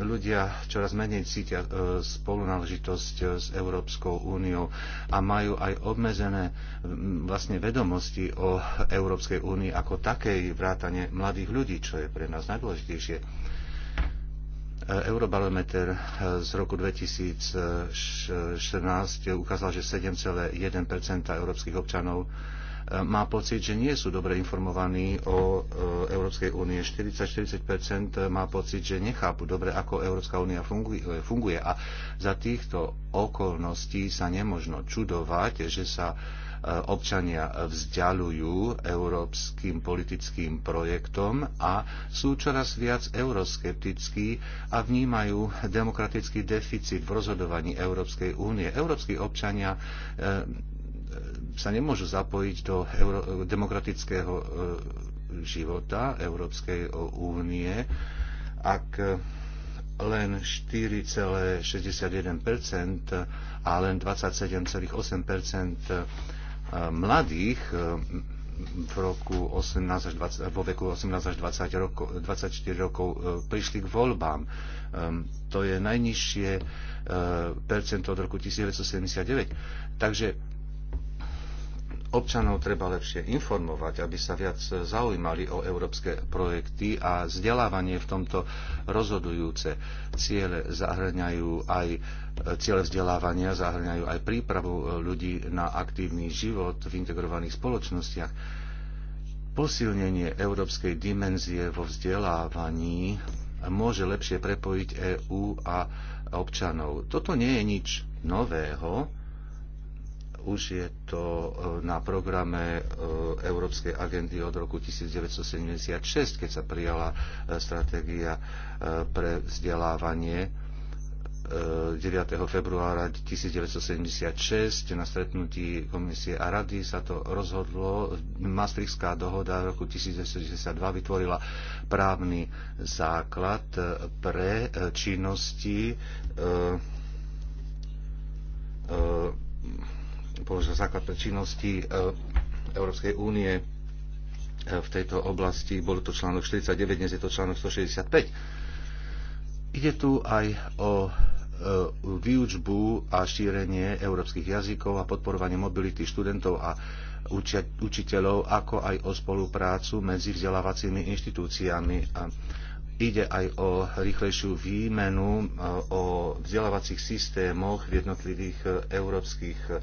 ľudia čoraz menej cítia spolunáležitosť s Európskou úniou a majú aj obmedzené mm, vlastne vedomosti o Európskej únii ako takej vrátane mladých ľudí, čo je pre nás najdôležitejšie. Eurobarometer eh, z roku 2014 ukázal, že 7,1 európskych občanov eh, má pocit, že nie sú dobre informovaní o eh, Európskej únie. 40-40% má pocit, že nechápu dobre, ako Európska únia funguje. A za týchto okolností sa nemožno čudovať, že sa Eh, občania vzdialujú európskym politickým projektom a sú čoraz viac euroskeptickí a vnímajú demokratický deficit v rozhodovaní Európskej únie. Európsky občania eh, sa nemôžu zapojiť do demokratického eh, života Európskej únie, ak len 4,61% a len 27,8% mladých e, v roku 18 až 20, vo veku 18 až 20 roko, 24 rokov e, prišli k voľbám. Ehm, to je najnižšie e, percento od roku 1979. Takže Občanov treba lepšie informovať, aby sa viac zaujímali o európske projekty a vzdelávanie v tomto rozhodujúce. Ciele zahrňajú aj ciele vzdelávania zahrňajú aj prípravu ľudí na aktívny život v integrovaných spoločnostiach. Posilnenie európskej dimenzie vo vzdelávaní môže lepšie prepojiť EÚ a občanov. Toto nie je nič nového, už je to e, na programe e, Európskej agendy od roku 1976, keď sa prijala e, stratégia pre vzdelávanie 9. februára 1976 na stretnutí komisie a rady sa to rozhodlo. Maastrichtská dohoda v roku 1962 vytvorila právny základ pre činnosti položil základ pre činnosti e, Európskej únie e, v tejto oblasti. Bol to článok 49, dnes je to článok 165. Ide tu aj o e, výučbu a šírenie európskych jazykov a podporovanie mobility študentov a učiteľov, ako aj o spoluprácu medzi vzdelávacími inštitúciami. A Ide aj o rýchlejšiu výmenu e, o vzdelávacích systémoch v jednotlivých e, európskych e,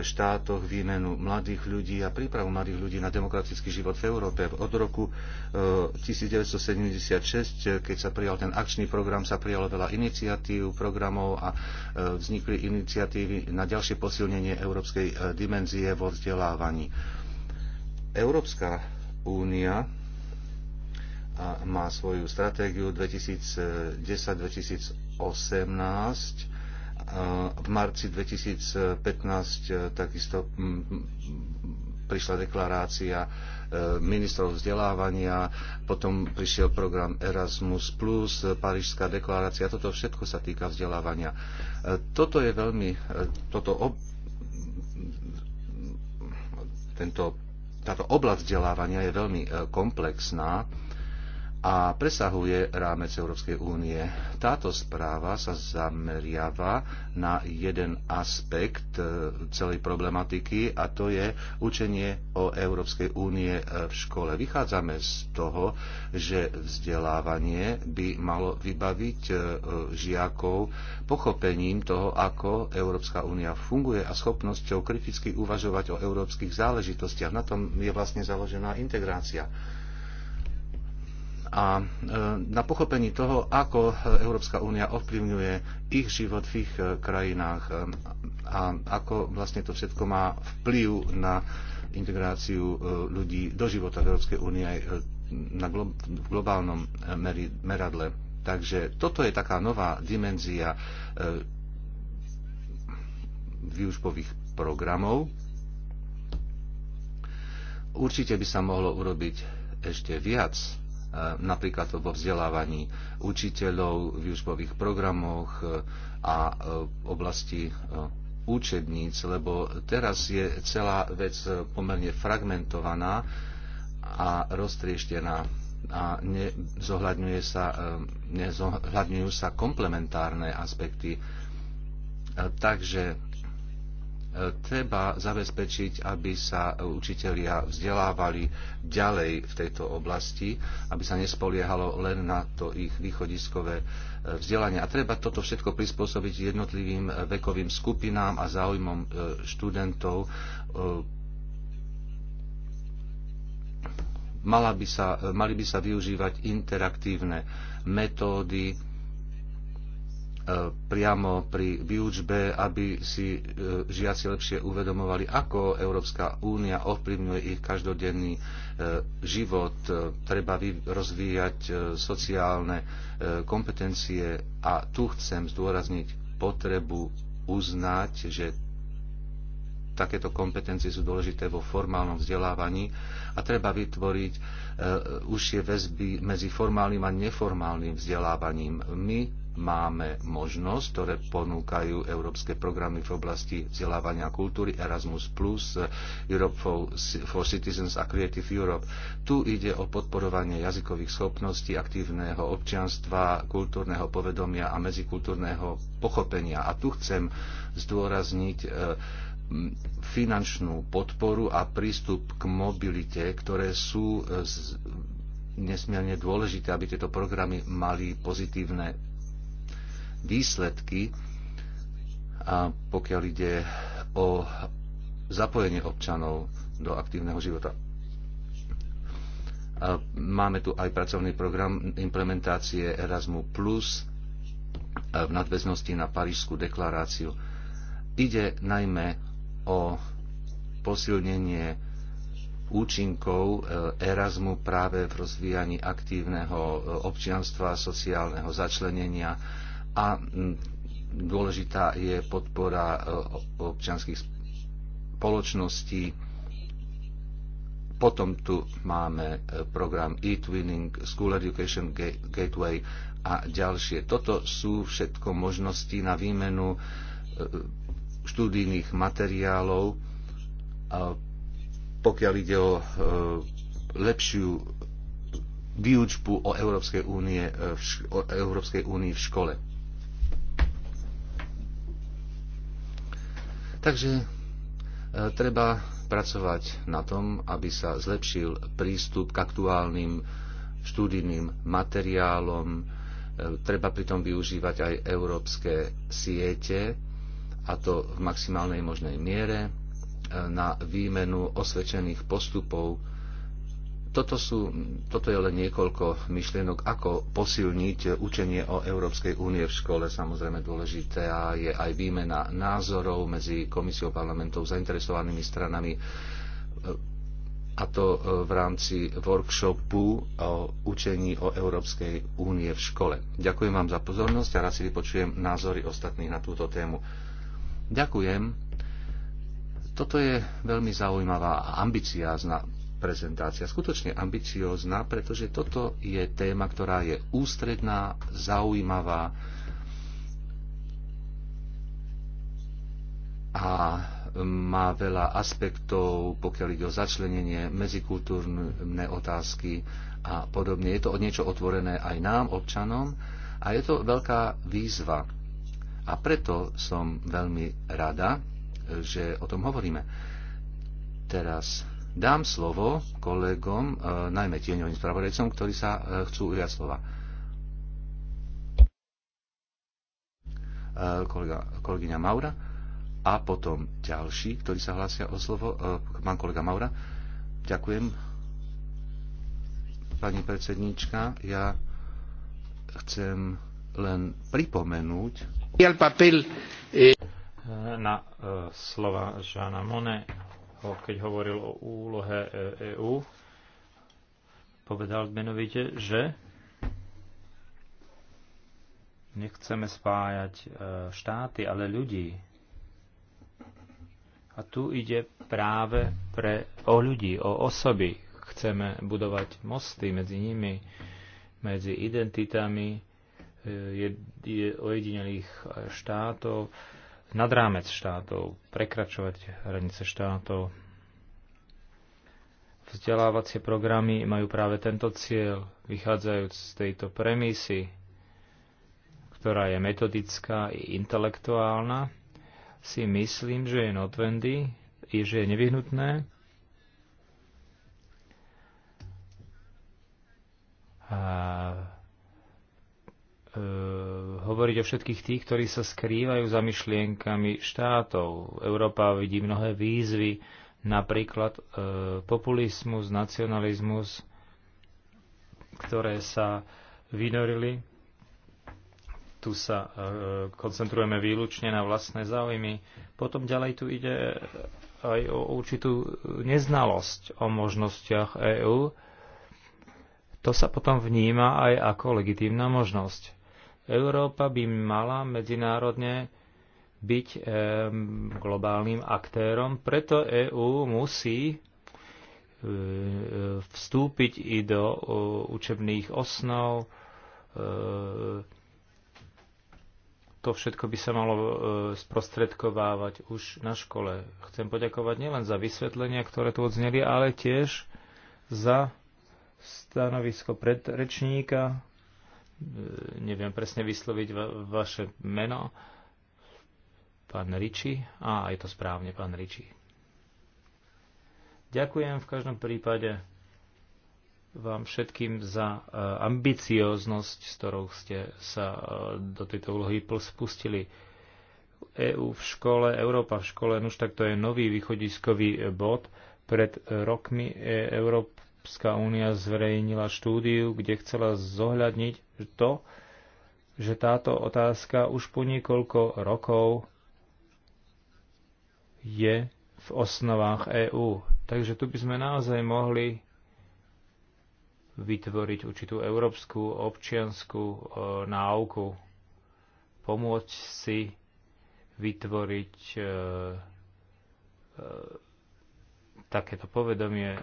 štátoch, výmenu mladých ľudí a prípravu mladých ľudí na demokratický život v Európe. Od roku 1976, keď sa prijal ten akčný program, sa prijalo veľa iniciatív, programov a vznikli iniciatívy na ďalšie posilnenie európskej dimenzie vo vzdelávaní. Európska únia a má svoju stratégiu 2010-2018. V marci 2015 e, takisto prišla deklarácia e, ministrov vzdelávania, potom prišiel program Erasmus+, Plus, e, Parížská deklarácia, toto všetko sa týka vzdelávania. Toto je veľmi, toto ob, tento, táto oblasť vzdelávania je veľmi komplexná a presahuje rámec Európskej únie. Táto správa sa zameriava na jeden aspekt e, celej problematiky a to je učenie o Európskej únie e, v škole. Vychádzame z toho, že vzdelávanie by malo vybaviť e, žiakov pochopením toho, ako Európska únia funguje a schopnosťou kriticky uvažovať o európskych záležitostiach. Na tom je vlastne založená integrácia a e, na pochopení toho, ako Európska únia ovplyvňuje ich život v ich e, krajinách e, a ako vlastne to všetko má vplyv na integráciu ľudí do života v Európskej únie aj na glo- v globálnom meradle. Takže toto je taká nová dimenzia výužbových programov. Určite by sa mohlo urobiť ešte viac napríklad vo vzdelávaní učiteľov, výužbových programoch e, a e, oblasti e, učebníc, lebo teraz je celá vec pomerne fragmentovaná a roztrieštená a nezohľadňuje sa, nezohľadňujú sa komplementárne aspekty. Takže treba zabezpečiť, aby sa učitelia vzdelávali ďalej v tejto oblasti, aby sa nespoliehalo len na to ich východiskové e, vzdelanie. A treba toto všetko prispôsobiť jednotlivým vekovým skupinám a záujmom e, študentov. E, mala by sa, mali by sa využívať interaktívne metódy, E, priamo pri výučbe, aby si e, žiaci lepšie uvedomovali, ako Európska únia ovplyvňuje ich každodenný e, život. Treba rozvíjať sociálne kompetencie a tu chcem zdôrazniť potrebu uznať, že takéto kompetencie sú dôležité vo formálnom vzdelávaní a treba vytvoriť užšie väzby medzi formálnym a neformálnym vzdelávaním. My máme možnosť, ktoré ponúkajú európske programy v oblasti vzdelávania kultúry Erasmus+, Europe for Citizens a Creative Europe. Tu ide o podporovanie jazykových schopností, aktívneho občianstva, kultúrneho povedomia a medzikultúrneho pochopenia. A tu chcem zdôrazniť e, finančnú podporu a prístup k mobilite, ktoré sú e, nesmierne dôležité, aby tieto programy mali pozitívne výsledky, a pokiaľ ide o zapojenie občanov do aktívneho života. A máme tu aj pracovný program implementácie Erasmu+, e, v nadväznosti na Parížskú deklaráciu. Ide najmä o posilnenie účinkov e, Erasmu práve v rozvíjaní aktívneho e, občianstva, sociálneho začlenenia, a mm, dôležitá je podpora e, občianských spoločností. Potom tu máme e, program e-twinning, School Education Gateway a ďalšie. Toto sú všetko možnosti na výmenu e, študijných materiálov, pokiaľ ide o lepšiu výučbu o Európskej, únie, o Európskej únii v škole. Takže e, treba pracovať na tom, aby sa zlepšil prístup k aktuálnym študijným materiálom. E, treba pritom využívať aj európske siete, a to v maximálnej možnej miere, e, na výmenu osvedčených postupov toto, sú, toto je len niekoľko myšlienok, ako posilniť učenie o Európskej únie v škole. Samozrejme dôležité a je aj výmena názorov medzi komisiou parlamentov, zainteresovanými stranami a to v rámci workshopu o učení o Európskej únie v škole. Ďakujem vám za pozornosť a rád si vypočujem názory ostatných na túto tému. Ďakujem. Toto je veľmi zaujímavá a ambiciázna prezentácia skutočne ambiciózna, pretože toto je téma, ktorá je ústredná, zaujímavá a má veľa aspektov, pokiaľ ide o začlenenie, medzikultúrne otázky a podobne. Je to od niečo otvorené aj nám, občanom, a je to veľká výzva. A preto som veľmi rada, že o tom hovoríme. Teraz Dám slovo kolegom, e, najmä tieňovým spravodajcom, ktorí sa e, chcú ujať slova. E, kolega, kolegyňa Maura a potom ďalší, ktorí sa hlásia o slovo. Pán kolega Maura, ďakujem. Pani predsedníčka, ja chcem len pripomenúť eh, na slova Žána Mone keď hovoril o úlohe EÚ, e povedal menovite, že nechceme spájať e, štáty, ale ľudí. A tu ide práve pre, o ľudí, o osoby. Chceme budovať mosty medzi nimi, medzi identitami e, je, je ojedinelých štátov, nad rámec štátov, prekračovať hranice štátov. Vzdelávacie programy majú práve tento cieľ, vychádzajúc z tejto premisy, ktorá je metodická i intelektuálna, si myslím, že je notvendy i že je nevyhnutné a Eh, hovoriť o všetkých tých, ktorí sa skrývajú za myšlienkami štátov. Európa vidí mnohé výzvy, napríklad e, eh, populizmus, nacionalizmus, ktoré sa vynorili. Tu sa e, koncentrujeme výlučne na vlastné záujmy. Potom ďalej tu ide aj o určitú neznalosť o možnostiach EÚ. To sa potom vníma aj ako legitímna možnosť Európa by mala medzinárodne byť e, globálnym aktérom, preto EÚ musí e, vstúpiť i do e, učebných osnov. E, to všetko by sa malo e, sprostredkovávať už na škole. Chcem poďakovať nielen za vysvetlenia, ktoré tu odzneli, ale tiež za stanovisko predrečníka, E, neviem presne vysloviť va- vaše meno. Pán Riči. Á, je to správne, pán Riči. Ďakujem v každom prípade vám všetkým za e, ambicióznosť, s ktorou ste sa e, do tejto úlohy spustili. EU v škole, Európa v škole, už tak to je nový východiskový bod. Pred rokmi Európska únia zverejnila štúdiu, kde chcela zohľadniť to, že táto otázka už po niekoľko rokov je v osnovách EÚ. Takže tu by sme naozaj mohli vytvoriť určitú európsku občianskú e, náuku, pomôcť si vytvoriť e, e, takéto povedomie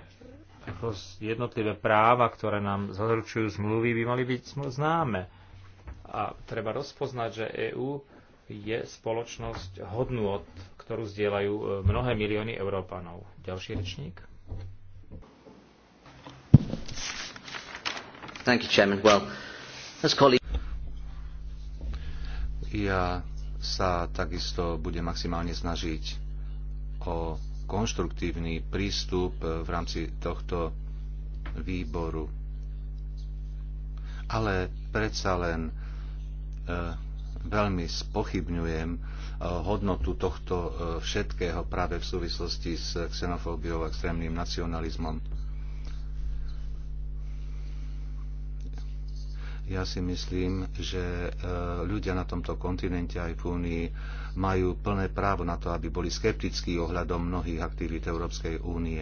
jednotlivé práva, ktoré nám zaručujú zmluvy, by mali byť známe. A treba rozpoznať, že EÚ je spoločnosť hodnú od, ktorú zdieľajú e, mnohé milióny Európanov. Ďalší rečník. Thank you, Chairman. Well, as colleague... Ja sa takisto budem maximálne snažiť o konštruktívny prístup e, v rámci tohto výboru. Ale predsa len e, veľmi spochybňujem e, hodnotu tohto všetkého práve v súvislosti s xenofóbiou a extrémnym nacionalizmom Ja si myslím, že e, ľudia na tomto kontinente aj v Únii majú plné právo na to, aby boli skeptickí ohľadom mnohých aktivít Európskej únie.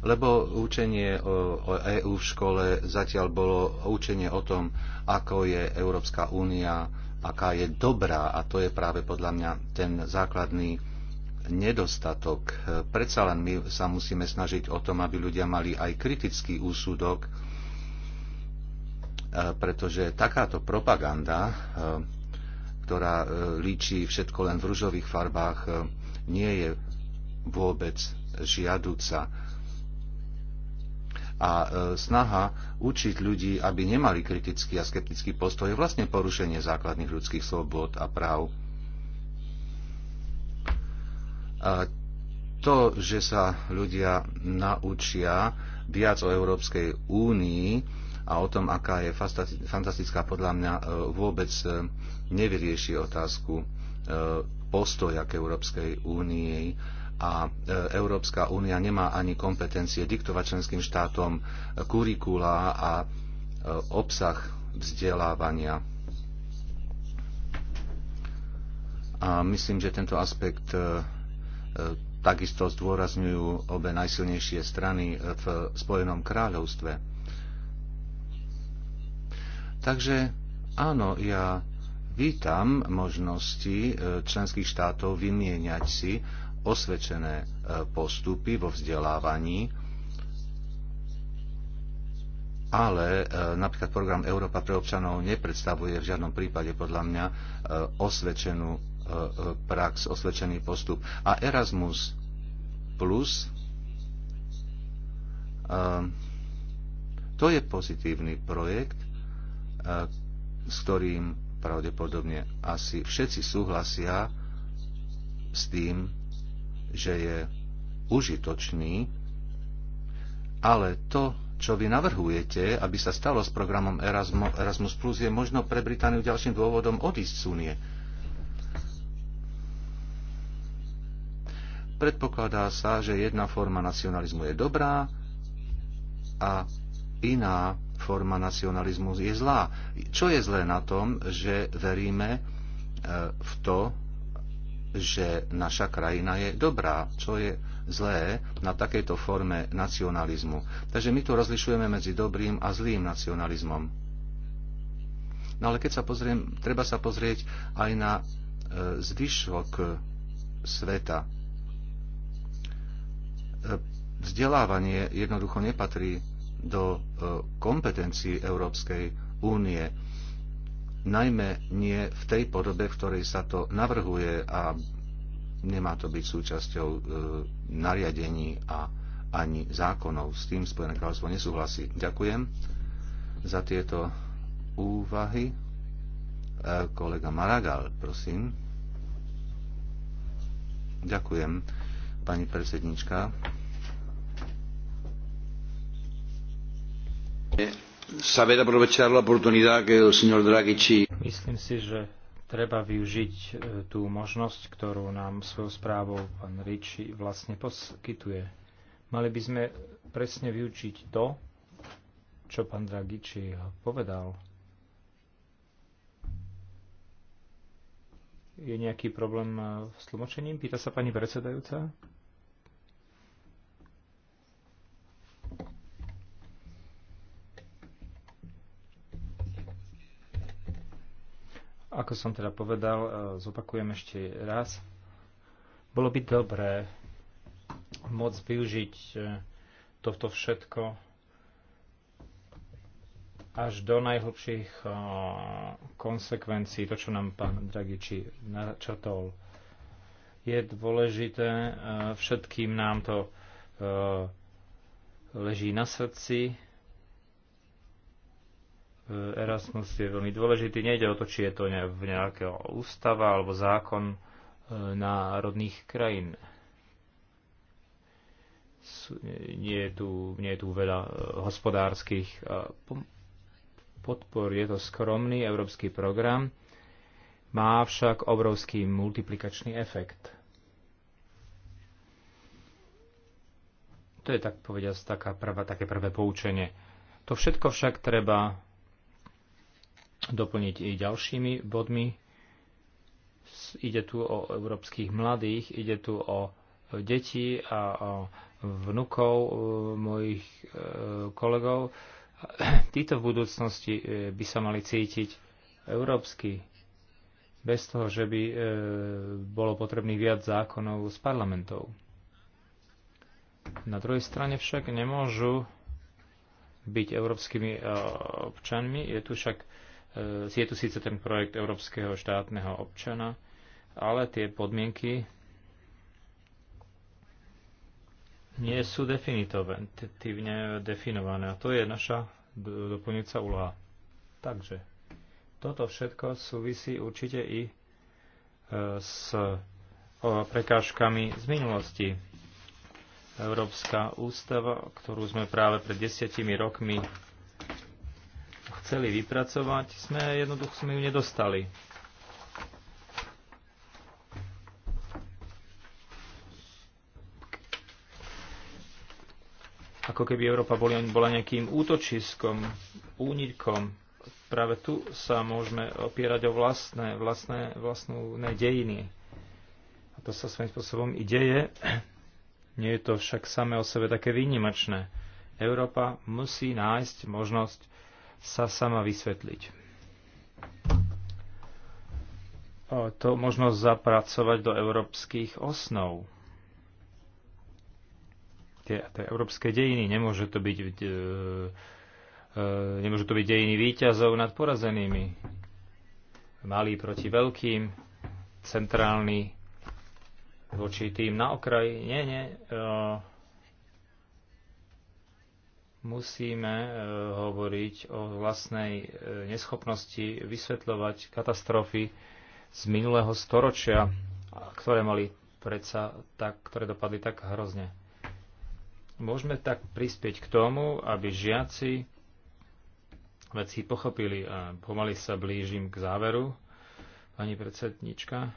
Lebo učenie o, EÚ v škole zatiaľ bolo učenie o tom, ako je Európska únia, aká je dobrá a to je práve podľa mňa ten základný nedostatok. Predsa len my sa musíme snažiť o tom, aby ľudia mali aj kritický úsudok, e, pretože takáto propaganda, e, ktorá e, líči všetko len v ružových farbách, nie je vôbec žiaduca. A snaha učiť ľudí, aby nemali kritický a skeptický postoj, je vlastne porušenie základných ľudských slobod a práv to, že sa ľudia naučia viac o Európskej únii a o tom, aká je fantastická, podľa mňa e, vôbec e, nevyrieši otázku e, postoja k Európskej únii a Európska únia nemá ani kompetencie diktovať členským štátom kurikula a obsah vzdelávania. A myslím, že tento aspekt E, takisto zdôrazňujú obe najsilnejšie strany v Spojenom kráľovstve. Takže áno, ja vítam možnosti e, členských štátov vymieňať si osvedčené e, postupy vo vzdelávaní, ale napríklad program Európa pre občanov nepredstavuje v žiadnom prípade podľa mňa osvedčenú prax, osvedčený postup. A Erasmus plus ehm, to je pozitívny projekt, ehm, s ktorým pravdepodobne asi všetci súhlasia s tým, že je užitočný, ale to, čo vy navrhujete, aby sa stalo s programom Erasmus, Erasmus Plus, je možno pre Britániu ďalším dôvodom odísť z únie. Predpokladá sa, že jedna forma nacionalizmu je dobrá a iná forma nacionalizmu je zlá. Čo je zlé na tom, že veríme e, v to, že naša krajina je dobrá, čo je zlé na takejto forme nacionalizmu. Takže my tu rozlišujeme medzi dobrým a zlým nacionalizmom. No ale keď sa pozriem, treba sa pozrieť aj na e, zvyšok sveta. E, vzdelávanie jednoducho nepatrí do e, kompetencií Európskej únie. Najmä nie v tej podobe, v ktorej sa to navrhuje a nemá to byť súčasťou e, nariadení a ani zákonov. S tým Spojené kráľovstvo nesúhlasí. Ďakujem za tieto úvahy. Kolega Maragal, prosím. Ďakujem pani predsednička. Myslím si, že treba využiť e, tú možnosť, ktorú nám svojou správou pán Riči vlastne poskytuje. Mali by sme presne vyučiť to, čo pán Dragiči povedal. Je nejaký problém e, s tlmočením? Pýta sa pani predsedajúca. Ako som teda povedal, e, zopakujem ešte raz. Bolo by dobré môcť využiť e, toto všetko až do najhlbších e, konsekvencií, to, čo nám pán Dragiči načrtol. Je dôležité, všetkým nám to leží na srdci, Erasmus je veľmi dôležitý. Nejde o to, či je to v nejakého ústava alebo zákon e, národných krajín. Nie je tu, nie je tu veľa e, hospodárskych e, podpor. Je to skromný európsky program. Má však obrovský multiplikačný efekt. To je tak povediať také prvé poučenie. To všetko však treba doplniť i ďalšími bodmi. Ide tu o európskych mladých, ide tu o e, deti a o vnukov e, mojich e, kolegov. [clears throat] Títo v budúcnosti by sa mali cítiť európsky, bez toho, že by bolo potrebných viac zákonov z parlamentov. Na druhej strane však nemôžu byť európskymi občanmi. Je tu však E, je tu síce ten projekt Európskeho štátneho občana, ale tie podmienky nie sú definitívne definované. A to je naša doplňujúca úloha. Takže toto všetko súvisí určite i e, s prekážkami z minulosti. Európska ústava, ktorú sme práve pred desiatimi rokmi chceli vypracovať, sme jednoducho sme ju nedostali. Ako keby Európa bola nejakým útočiskom, únikom. Práve tu sa môžeme opierať o vlastné, vlastné, vlastné dejiny. A to sa svojím spôsobom i deje. Nie je to však samé o sebe také výnimočné. Európa musí nájsť možnosť sa sama vysvetliť. To možno zapracovať do európskych osnov. Tie, tie európske dejiny, nemôže to byť e, e, nemôžu to byť dejiny výťazov nad porazenými. Malý proti veľkým, centrálny voči tým na okraji. Nie, nie. E, musíme e, hovoriť o vlastnej e, neschopnosti vysvetľovať katastrofy z minulého storočia, ktoré mali predsa tak, ktoré dopadli tak hrozne. Môžeme tak prispieť k tomu, aby žiaci veci pochopili a pomaly sa blížim k záveru, pani predsednička.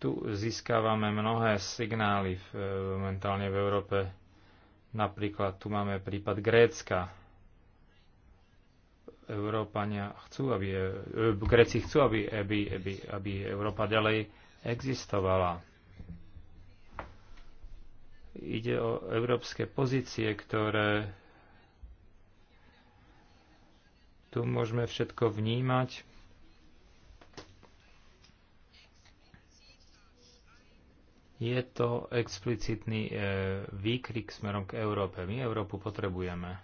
Tu získávame mnohé signály v, e, momentálne v Európe Napríklad tu máme prípad Grécka. Európania chcú, aby, e, e, Gréci chcú, aby, aby, aby, aby Európa ďalej existovala. Ide o európske pozície, ktoré tu môžeme všetko vnímať Je to explicitný e, výkrik smerom k Európe. My Európu potrebujeme.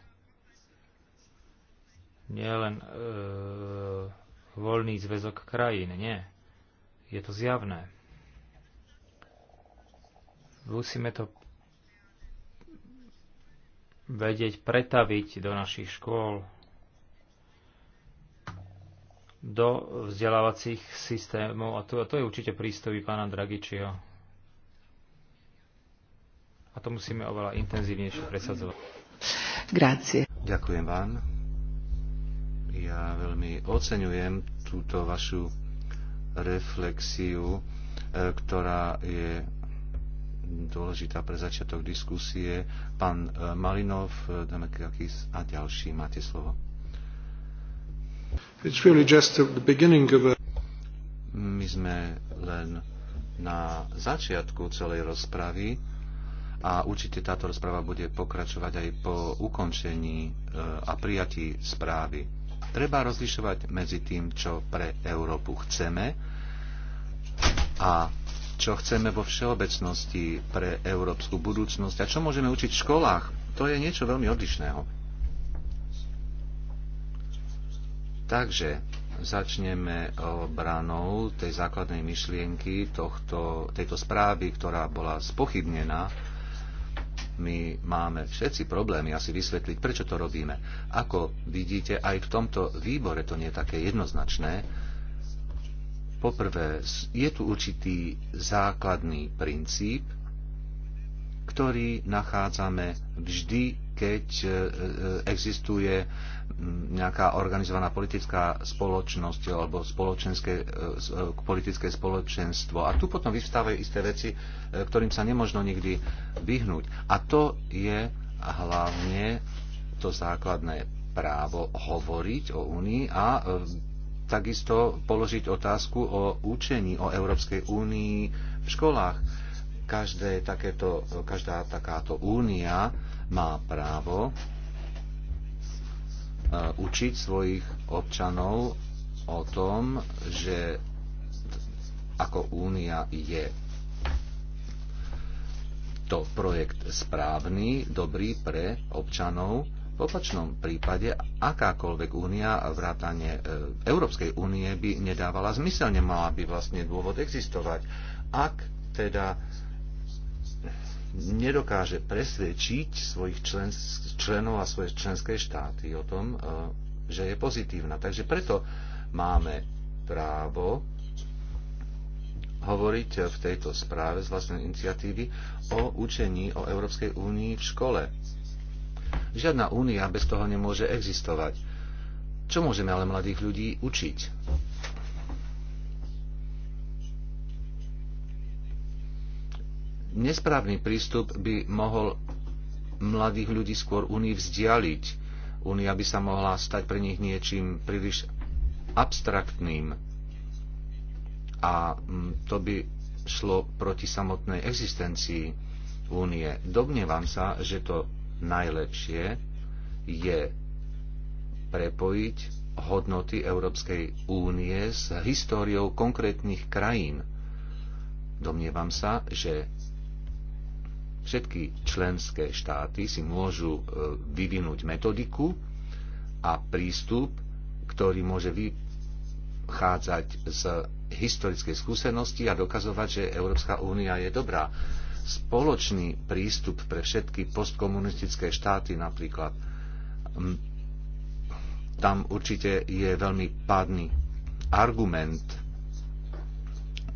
Nie len e, voľný zväzok krajín, nie. Je to zjavné. Musíme to vedieť pretaviť do našich škôl, do vzdelávacích systémov. A to, a to je určite prístupy pána Dragičiho. A to musíme oveľa intenzívnejšie presadzovať. Grazie. Ďakujem vám. Ja veľmi oceňujem túto vašu reflexiu, e, ktorá je dôležitá pre začiatok diskusie. Pán e, Malinov, e, Demekakis a ďalší, máte slovo. It's really just the beginning of a... My sme len na začiatku celej rozpravy a určite táto rozpráva bude pokračovať aj po ukončení e, a prijatí správy. Treba rozlišovať medzi tým, čo pre Európu chceme a čo chceme vo všeobecnosti pre európsku budúcnosť a čo môžeme učiť v školách. To je niečo veľmi odlišného. Takže začneme obranou tej základnej myšlienky tohto, tejto správy, ktorá bola spochybnená my máme všetci problémy asi vysvetliť, prečo to robíme. Ako vidíte, aj v tomto výbore to nie je také jednoznačné. Poprvé, je tu určitý základný princíp, ktorý nachádzame vždy keď e, e, existuje nejaká organizovaná politická spoločnosť alebo spoločenské, e, politické spoločenstvo. A tu potom vyvstávajú isté veci, ktorým sa nemožno nikdy vyhnúť. A to je hlavne to základné právo hovoriť o Únii a takisto položiť otázku o učení o Európskej únii v školách. Každé takéto, každá takáto únia má právo e, učiť svojich občanov o tom, že ako únia je to projekt správny, dobrý pre občanov. V opačnom prípade akákoľvek únia, vrátane e, Európskej únie by nedávala zmysel, nemala by vlastne dôvod existovať. Ak teda nedokáže presvedčiť svojich člen, členov a svoje členské štáty o tom, e, že je pozitívna. Takže preto máme právo hovoriť v tejto správe z vlastnej iniciatívy o učení o Európskej únii v škole. Žiadna únia bez toho nemôže existovať. Čo môžeme ale mladých ľudí učiť? nesprávny prístup by mohol mladých ľudí skôr Únii vzdialiť. Únia by sa mohla stať pre nich niečím príliš abstraktným. A mm, to by šlo proti samotnej existencii únie. Domnievam sa, že to najlepšie je prepojiť hodnoty Európskej únie s históriou konkrétnych krajín. Domnievam sa, že Všetky členské štáty si môžu e, vyvinúť metodiku a prístup, ktorý môže vychádzať z historickej skúsenosti a dokazovať, že Európska únia je dobrá. Spoločný prístup pre všetky postkomunistické štáty napríklad tam určite je veľmi pádny argument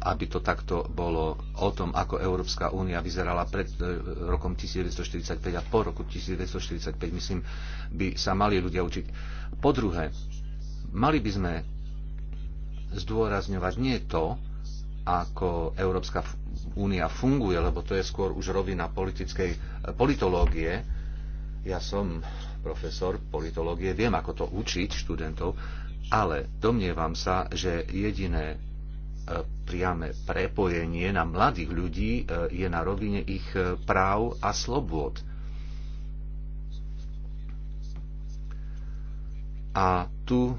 aby to takto bolo o tom, ako Európska únia vyzerala pred e, rokom 1945 a po roku 1945, myslím, by sa mali ľudia učiť. Po druhé, mali by sme zdôrazňovať nie to, ako Európska únia funguje, lebo to je skôr už rovina politickej e, politológie. Ja som profesor politológie, viem, ako to učiť študentov, ale domnievam sa, že jediné priame prepojenie na mladých ľudí e, je na rovine ich e, práv a slobôd. A tu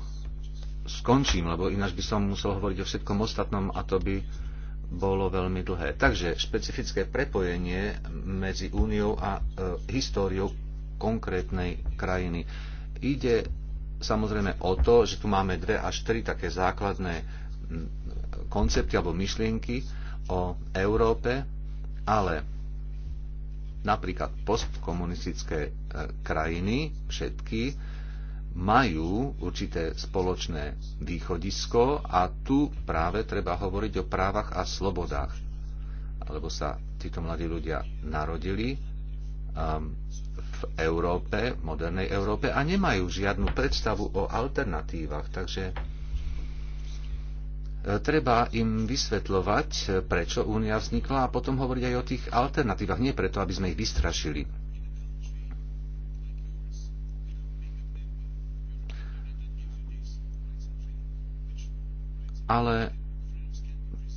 skončím, lebo ináč by som musel hovoriť o všetkom ostatnom a to by bolo veľmi dlhé. Takže špecifické prepojenie medzi úniou a e, históriou konkrétnej krajiny. Ide samozrejme o to, že tu máme dve až tri také základné koncepty alebo myšlienky o Európe, ale napríklad postkomunistické e, krajiny, všetky, majú určité spoločné východisko a tu práve treba hovoriť o právach a slobodách. alebo sa títo mladí ľudia narodili ehm, v Európe, modernej Európe a nemajú žiadnu predstavu o alternatívach. Takže E, treba im vysvetľovať, e, prečo únia vznikla a potom hovoriť aj o tých alternatívach, nie preto, aby sme ich vystrašili. Ale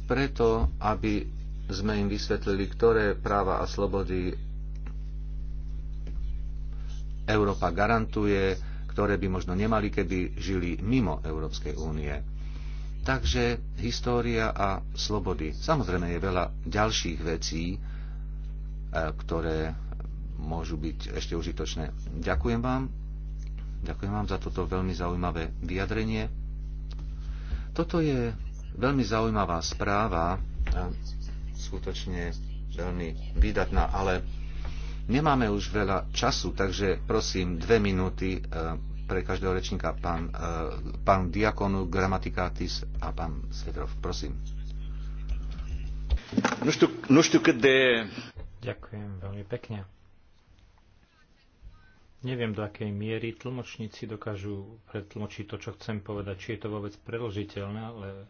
preto, aby sme im vysvetlili, ktoré práva a slobody Európa garantuje, ktoré by možno nemali, keby žili mimo Európskej únie. Takže história a slobody. Samozrejme je veľa ďalších vecí, e, ktoré môžu byť ešte užitočné. Ďakujem vám. Ďakujem vám za toto veľmi zaujímavé vyjadrenie. Toto je veľmi zaujímavá správa, skutočne veľmi výdatná, ale nemáme už veľa času, takže prosím dve minúty e, pre každého rečníka. Pán, eh, pán Diakonu, Gramatikátis a pán Svedrov. Prosím. Nu știu, Ďakujem veľmi pekne. Neviem, do akej miery tlmočníci dokážu pretlmočiť to, čo chcem povedať, či je to vôbec preložiteľné, ale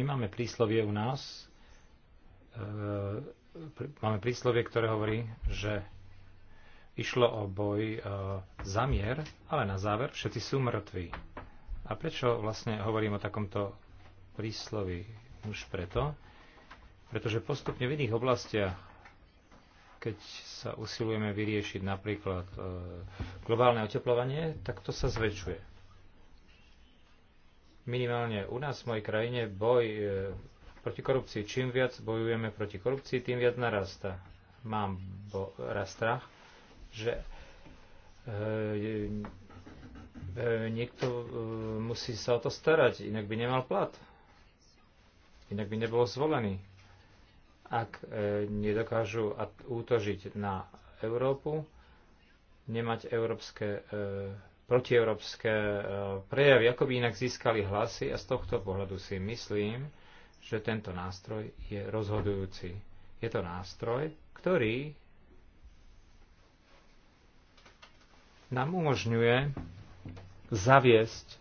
my máme príslovie u nás, e, máme príslovie, ktoré hovorí, že Išlo o boj e, za mier, ale na záver všetci sú mŕtvi. A prečo vlastne hovorím o takomto príslovi? Už preto, pretože postupne v iných oblastiach, keď sa usilujeme vyriešiť napríklad e, globálne oteplovanie, tak to sa zväčšuje. Minimálne u nás v mojej krajine boj e, proti korupcii. Čím viac bojujeme proti korupcii, tým viac narasta. Mám bo- raz strach, že eh, eh, niekto eh, musí sa o to starať, inak by nemal plat. Inak by nebol zvolený. Ak nedokážu útožiť na Európu, nemať európske, protieurópske prejavy, ako by inak získali hlasy a z tohto pohľadu si myslím, že tento nástroj je rozhodujúci. Je to nástroj, ktorý nám umožňuje zaviesť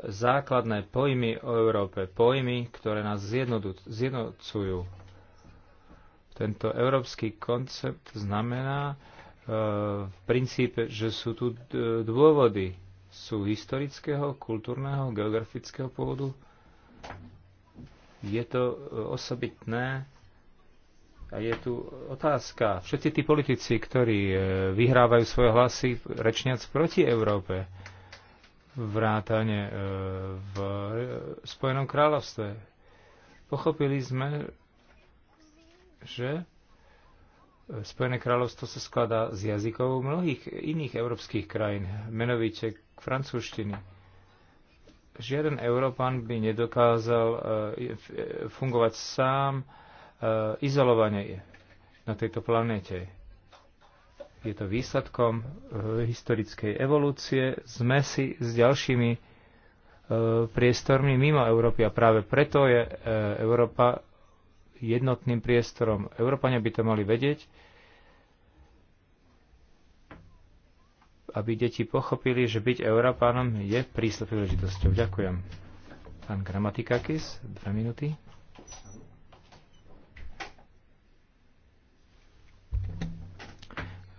základné pojmy o Európe, pojmy, ktoré nás zjednocujú. Tento európsky koncept znamená e, v princípe, že sú tu dôvody, sú historického, kultúrneho, geografického pôvodu. Je to e, osobitné je tu otázka. Všetci tí politici, ktorí e, vyhrávajú svoje hlasy rečniac proti Európe, vrátane e, v e, Spojenom kráľovstve, pochopili sme, že Spojené kráľovstvo sa skladá z jazykov mnohých iných európskych krajín, menovite francúzštiny. Žiaden Európan by nedokázal fungovať sám, E, izolovanie na tejto planéte. Je to výsledkom e, historickej evolúcie, zmesi s ďalšími e, priestormi mimo Európy a práve preto je Európa jednotným priestorom. Európania by to mali vedieť, aby deti pochopili, že byť Európánom je príslu príležitosťou. Ďakujem. Pán Gramatikakis, dve minúty.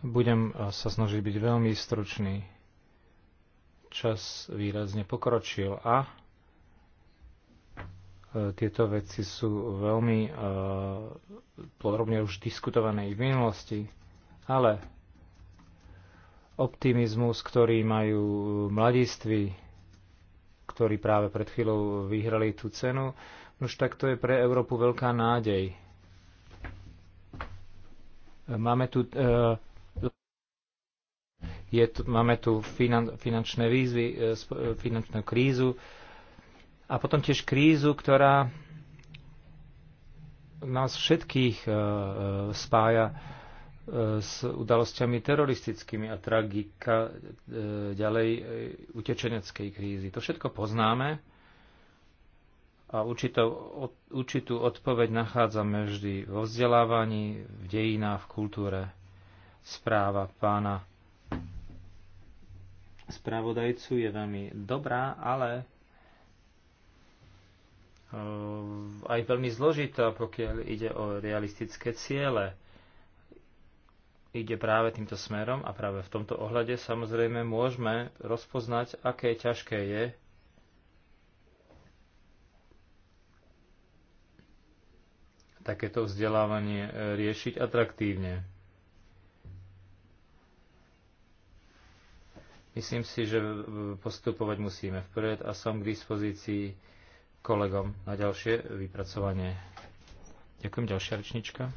Budem e, sa snažiť byť veľmi stručný. Čas výrazne pokročil a e, tieto veci sú veľmi e, podrobne už diskutované v minulosti, ale optimizmus, ktorý majú mladiství, ktorí práve pred chvíľou vyhrali tú cenu, už tak to je pre Európu veľká nádej. Máme tu uh, je tu, máme tu finan, finančné výzvy, e, e, finančnú krízu a potom tiež krízu, ktorá nás všetkých e, spája s udalosťami teroristickými a tragika ďalej utečeneckej krízy. To všetko poznáme a určitou, určitú odpoveď nachádzame vždy vo vzdelávaní, v dejinách, v kultúre. Správa pána spravodajcu je veľmi dobrá, ale e, aj veľmi zložitá, pokiaľ ide o realistické ciele. Ide práve týmto smerom a práve v tomto ohľade samozrejme môžeme rozpoznať, aké ťažké je takéto vzdelávanie e, riešiť atraktívne. Myslím si, že postupovať musíme vpred a som k dispozícii kolegom na ďalšie vypracovanie. Ďakujem, ďalšia rečnička.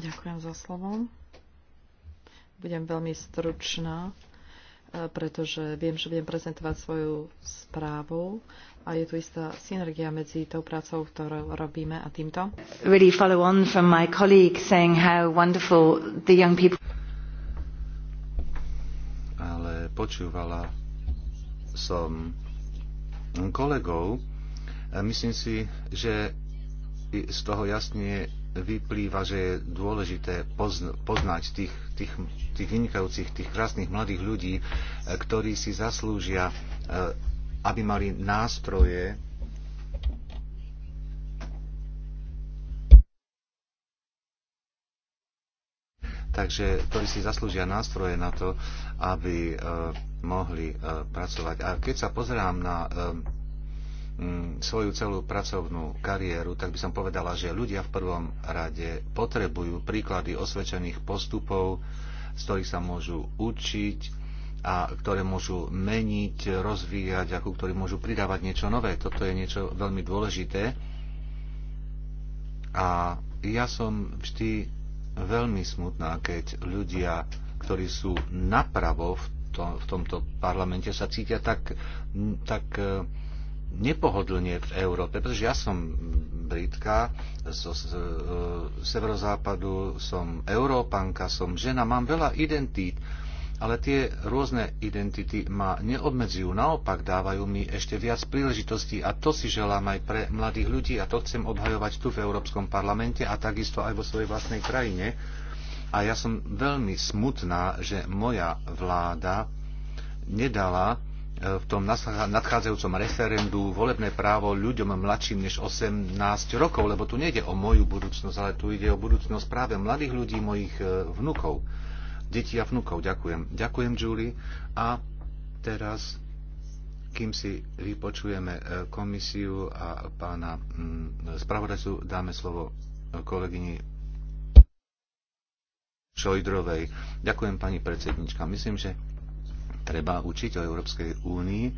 Ďakujem za slovo. Budem veľmi stručná. E, pretože viem, že viem prezentovať svoju správu a je tu istá synergia medzi tou prácou, ktorú robíme a týmto. Really follow on from my colleague saying how wonderful the young people ale počúvala som kolegov. Myslím si, že z toho jasne vyplýva, že je dôležité poznať tých, tých, tých vynikajúcich, tých krásnych mladých ľudí, e, ktorí si zaslúžia, e, aby mali nástroje, takže ktorí si zaslúžia nástroje na to, aby e, mohli pracovať. A keď sa pozerám na Mm, svoju celú pracovnú kariéru, tak by som povedala, že ľudia v prvom rade potrebujú príklady osvedčených postupov, z ktorých sa môžu učiť a ktoré môžu meniť, rozvíjať a ku ktorým môžu pridávať niečo nové. Toto je niečo veľmi dôležité. A ja som vždy veľmi smutná, keď ľudia, ktorí sú napravo v, to, v tomto parlamente, sa cítia tak, tak eh, nepohodlne v Európe, pretože ja som Britka zo z, e, severozápadu, som Európanka, som žena, mám veľa identít, ale tie rôzne identity ma neobmedzujú, naopak dávajú mi ešte viac príležitostí a to si želám aj pre mladých ľudí a to chcem obhajovať tu v Európskom parlamente a takisto aj vo svojej vlastnej krajine. A ja som veľmi smutná, že moja vláda nedala Eh, v tom nadchádzajúcom referendu volebné právo ľuďom mladším než 18 rokov, lebo tu nejde o moju budúcnosť, ale tu ide o budúcnosť práve mladých ľudí, mojich eh, vnukov, detí a vnukov. Ďakujem. Ďakujem, Julie. A teraz, kým si vypočujeme eh, komisiu a pána mm, spravodajcu, dáme slovo kolegyni Šojdrovej. Ďakujem, pani predsednička. Myslím, že treba učiť o Európskej únii. E,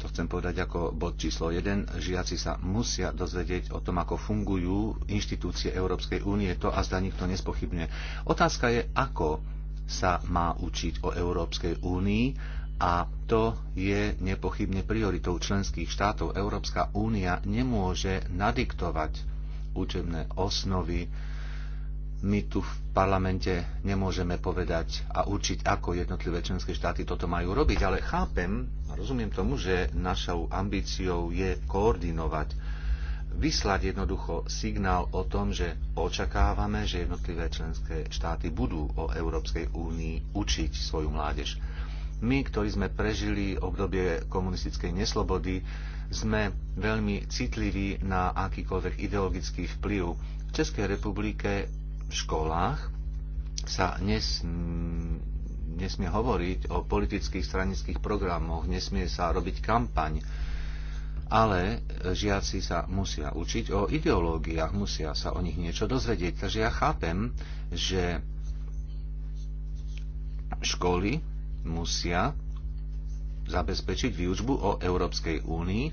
to chcem povedať ako bod číslo 1. Žiaci sa musia dozvedieť o tom, ako fungujú inštitúcie Európskej únie. To a zda nikto nespochybne. Otázka je, ako sa má učiť o Európskej únii a to je nepochybne prioritou členských štátov. Európska únia nemôže nadiktovať učebné osnovy my tu v parlamente nemôžeme povedať a určiť, ako jednotlivé členské štáty toto majú robiť, ale chápem a rozumiem tomu, že našou ambíciou je koordinovať, vyslať jednoducho signál o tom, že očakávame, že jednotlivé členské štáty budú o Európskej únii učiť svoju mládež. My, ktorí sme prežili obdobie komunistickej neslobody, sme veľmi citliví na akýkoľvek ideologický vplyv. V Českej republike školách sa nes, nesmie hovoriť o politických stranických programoch, nesmie sa robiť kampaň, ale žiaci sa musia učiť o ideológiách, musia sa o nich niečo dozvedieť. Takže ja chápem, že školy musia zabezpečiť výučbu o Európskej únii,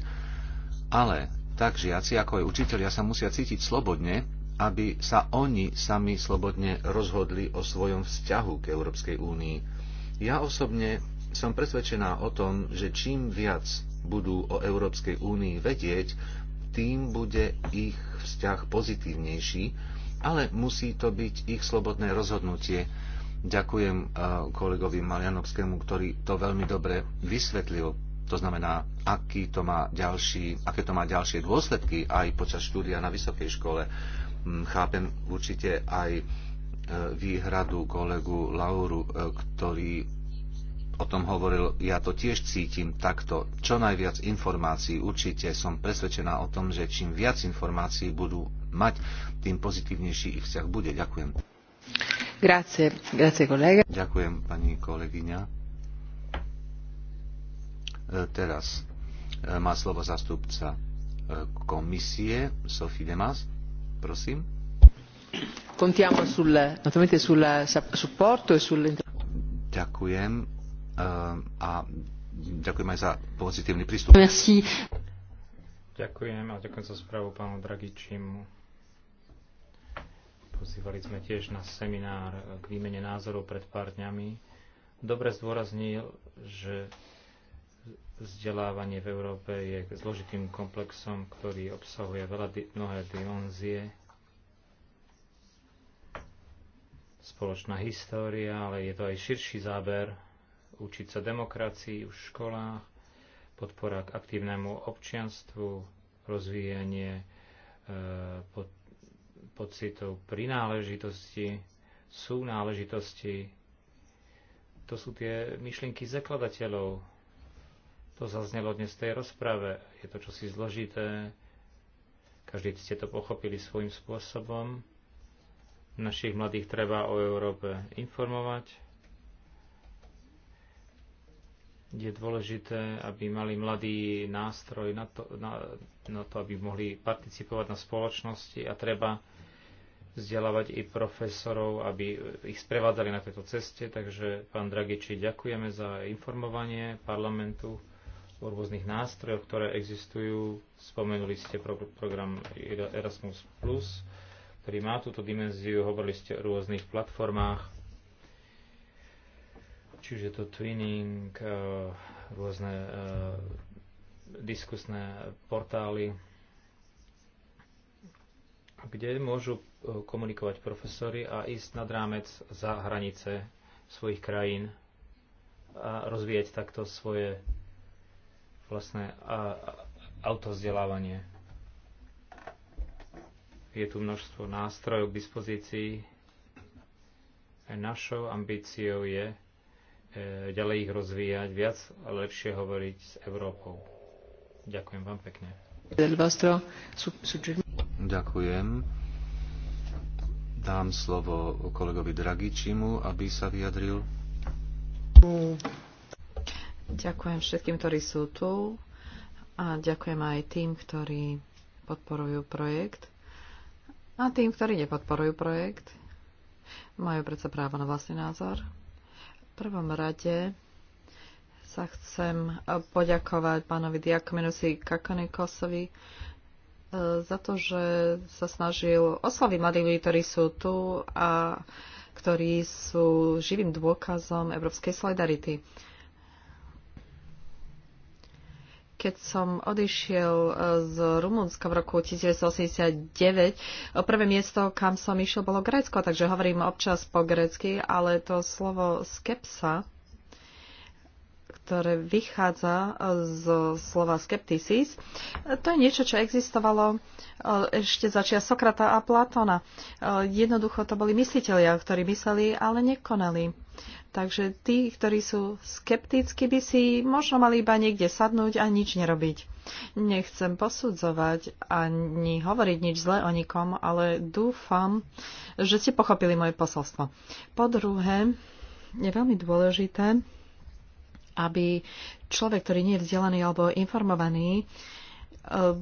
ale tak žiaci ako aj učiteľia sa musia cítiť slobodne aby sa oni sami slobodne rozhodli o svojom vzťahu k Európskej únii. Ja osobne som presvedčená o tom, že čím viac budú o Európskej únii vedieť, tým bude ich vzťah pozitívnejší, ale musí to byť ich slobodné rozhodnutie. Ďakujem eh, kolegovi Malianovskému, ktorý to veľmi dobre vysvetlil. To znamená, aký to má ďalší, aké to má ďalšie dôsledky aj počas štúdia na vysokej škole Mm, chápem určite aj e, výhradu kolegu Lauru, e, ktorý o tom hovoril, ja to tiež cítim takto. Čo najviac informácií, určite som presvedčená o tom, že čím viac informácií budú mať, tým pozitívnejší ich vzťah bude. Ďakujem. Grazie, grazie kolega. Ďakujem, pani kolegyňa. E, teraz má slovo zastupca komisie Sofie Demas. Prosím. Contiamo sul, naturalmente sul supporto e sulle... Ďakujem eh, a ďakujem aj za pozitívny prístup. Merci. Ďakujem a ďakujem za správu pánu Dragičimu. Pozývali sme tiež na seminár k výmene názorov pred pár dňami. Dobre zdôraznil, že Vzdelávanie v Európe je zložitým komplexom, ktorý obsahuje veľa di- mnohé dimenzie. Spoločná história, ale je to aj širší záber učiť sa demokracii v školách, podpora k aktívnemu občianstvu, rozvíjanie e, po- pocitov prináležitosti, sú náležitosti. To sú tie myšlienky zakladateľov to zaznelo dnes v tej rozprave. Je to čosi zložité. Každý ste to pochopili svojim spôsobom. Našich mladých treba o Európe informovať. Je dôležité, aby mali mladý nástroj na to, na, na to, aby mohli participovať na spoločnosti a treba vzdelávať i profesorov, aby ich sprevádzali na tejto ceste. Takže, pán Dragiči, ďakujeme za informovanie parlamentu rôznych nástrojov, ktoré existujú. Spomenuli ste pro, program Erasmus+, ktorý má túto dimenziu, hovorili ste o rôznych platformách, čiže to twinning, e, rôzne e, diskusné portály, kde môžu e, komunikovať profesory a ísť nad rámec za hranice svojich krajín a rozvíjať takto svoje vlastné autovzdelávanie. Je tu množstvo nástrojov k dispozícii. Našou ambíciou je e, ďalej ich rozvíjať, viac a lepšie hovoriť s Európou. Ďakujem vám pekne. Ďakujem. Dám slovo kolegovi Dragičimu, aby sa vyjadril. Mm. Ďakujem všetkým, ktorí sú tu a ďakujem aj tým, ktorí podporujú projekt a tým, ktorí nepodporujú projekt. Majú predsa právo na vlastný názor. V prvom rade sa chcem poďakovať pánovi Diakmenusi Kakonikosovi e, za to, že sa snažil osloviť mladých ľudí, ktorí sú tu a ktorí sú živým dôkazom európskej solidarity. keď som odišiel e, z Rumunska v roku 1989, e, prvé miesto, kam som išiel, bolo Grécko, takže hovorím občas po grécky, ale to slovo skepsa ktoré vychádza z slova skepticis, to je niečo, čo existovalo e, ešte začia Sokrata a Platona. E, jednoducho to boli mysliteľia, ktorí mysleli, ale nekonali. Takže tí, ktorí sú skeptickí, by si možno mali iba niekde sadnúť a nič nerobiť. Nechcem posudzovať ani hovoriť nič zle o nikom, ale dúfam, že ste pochopili moje posolstvo. Po druhé, je veľmi dôležité, aby človek, ktorý nie je vzdelaný alebo informovaný, eh,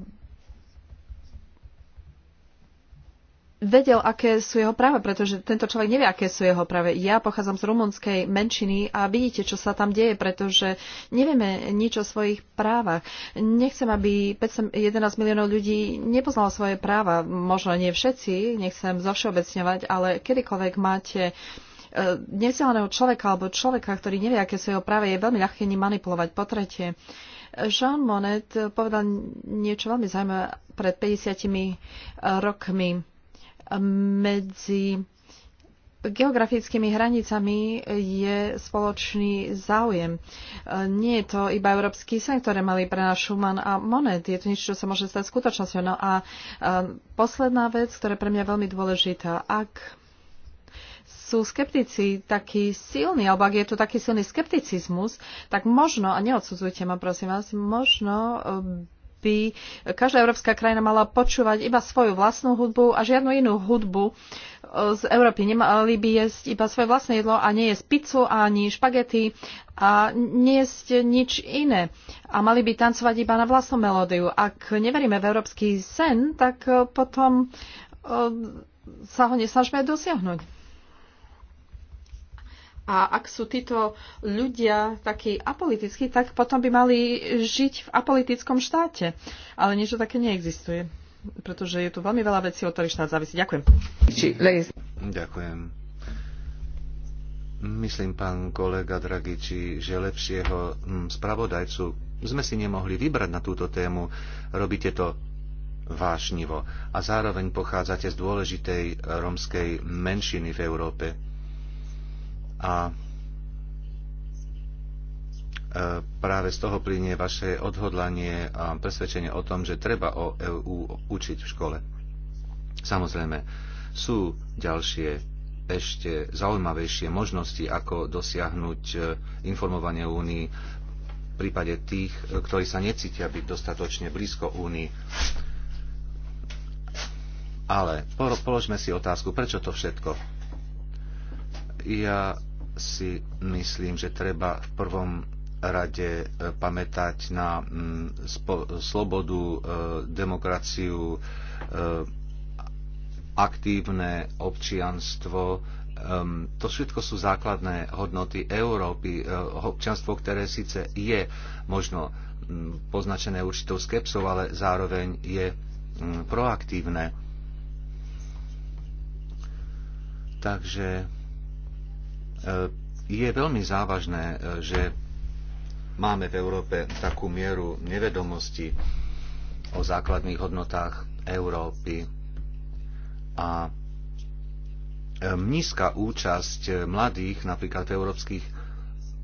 vedel, aké sú jeho práva, pretože tento človek nevie, aké sú jeho práve. Ja pochádzam z rumunskej menšiny a vidíte, čo sa tam deje, pretože nevieme nič o svojich právach. Nechcem, aby 511 miliónov ľudí nepoznalo svoje práva. Možno nie všetci, nechcem zovšeobecňovať, ale kedykoľvek máte uh, nevzdelaného človeka alebo človeka, ktorý nevie, aké sú jeho práve, je veľmi ľahké ním manipulovať. Po tretie, Jean Monnet povedal niečo veľmi zaujímavé pred 50 eh, rokmi medzi geografickými hranicami je spoločný záujem. Eh, nie je to iba európsky sen, ktoré mali pre nás Schumann a Monet. Je to niečo, čo sa môže stať skutočnosťou. No a eh, posledná vec, ktorá pre mňa je veľmi dôležitá. Ak sú skeptici takí silní, alebo ak je tu taký silný skepticizmus, tak možno, a neodsudzujte ma prosím vás, možno eh, by každá európska krajina mala počúvať iba svoju vlastnú hudbu a žiadnu inú hudbu eh, z Európy. Nemali by jesť iba svoje vlastné jedlo a nie jesť pizzu ani špagety a jesť nič iné. A mali by tancovať iba na vlastnú melódiu. Ak neveríme v európsky sen, tak eh, potom sa ho nesnažme dosiahnuť. A ak sú títo ľudia takí apolitickí, tak potom by mali žiť v apolitickom štáte. Ale niečo také neexistuje, pretože je tu veľmi veľa vecí, od ktorých štát závisí. Ďakujem. Ďakujem. Myslím, pán kolega Dragiči, že lepšieho hm, spravodajcu sme si nemohli vybrať na túto tému. Robíte to vášnivo a zároveň pochádzate z dôležitej romskej menšiny v Európe a e, práve z toho plinie vaše odhodlanie a presvedčenie o tom, že treba o EU učiť v škole. Samozrejme, sú ďalšie ešte zaujímavejšie možnosti, ako dosiahnuť e, informovanie Únii v prípade tých, ktorí sa necítia byť dostatočne blízko Únii. Ale položme si otázku, prečo to všetko? Ja si myslím, že treba v prvom rade e, pamätať na mm, slobodu, e, demokraciu, e, aktívne občianstvo. To všetko sú základné hodnoty Európy. Občianstvo, ktoré síce je možno mm, poznačené určitou skepsou, ale zároveň je mm, proaktívne. Takže E, je veľmi závažné, e, že máme v Európe takú mieru nevedomosti o základných hodnotách Európy a e, nízka účasť mladých napríklad v európskych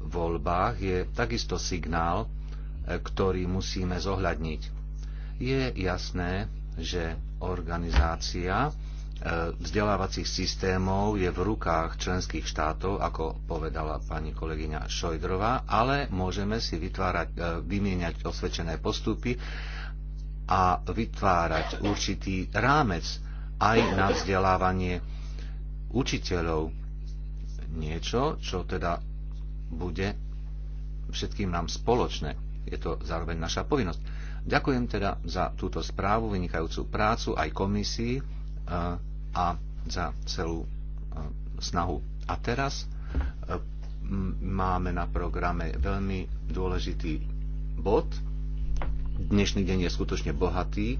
voľbách je takisto signál, ktorý musíme zohľadniť. Je jasné, že organizácia E, vzdelávacích systémov je v rukách členských štátov, ako povedala pani kolegyňa Šojdrová, ale môžeme si vytvárať, e, vymieňať osvedčené postupy a vytvárať určitý rámec aj na vzdelávanie učiteľov. Niečo, čo teda bude všetkým nám spoločné. Je to zároveň naša povinnosť. Ďakujem teda za túto správu, vynikajúcu prácu aj komisii a za celú snahu. A teraz e, máme na programe veľmi dôležitý bod. Dnešný deň je skutočne bohatý e,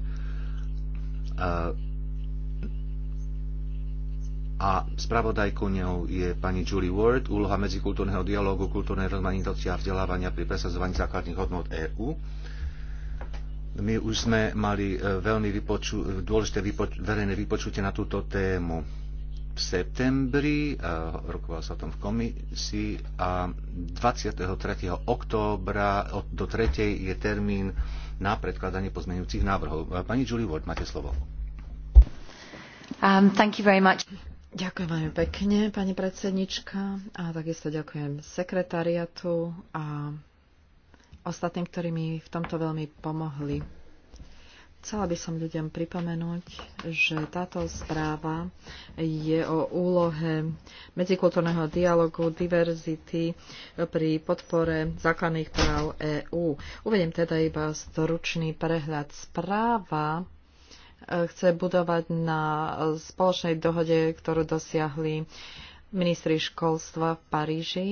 a spravodajkou je pani Julie Ward, úloha medzikultúrneho dialógu, kultúrnej rozmanitosti a vzdelávania pri presadzovaní základných hodnot EÚ. My už sme mali e, veľmi vypoču, e, dôležité vypoč, verejné vypočutie na túto tému v septembri, rokoval sa o tom v komisii a 23. októbra do 3. je termín na predkladanie pozmeňujúcich návrhov. Pani Julie Ward, máte slovo. Um, thank you very much. Ďakujem veľmi pekne, pani predsednička, a takisto ďakujem sekretariatu a ostatným, ktorí mi v tomto veľmi pomohli. Chcela by som ľuďom pripomenúť, že táto správa je o úlohe medzikultúrneho dialogu, diverzity pri podpore základných práv EÚ. Uvediem teda iba stručný prehľad. Správa eh, chce budovať na spoločnej dohode, ktorú dosiahli ministri školstva v Paríži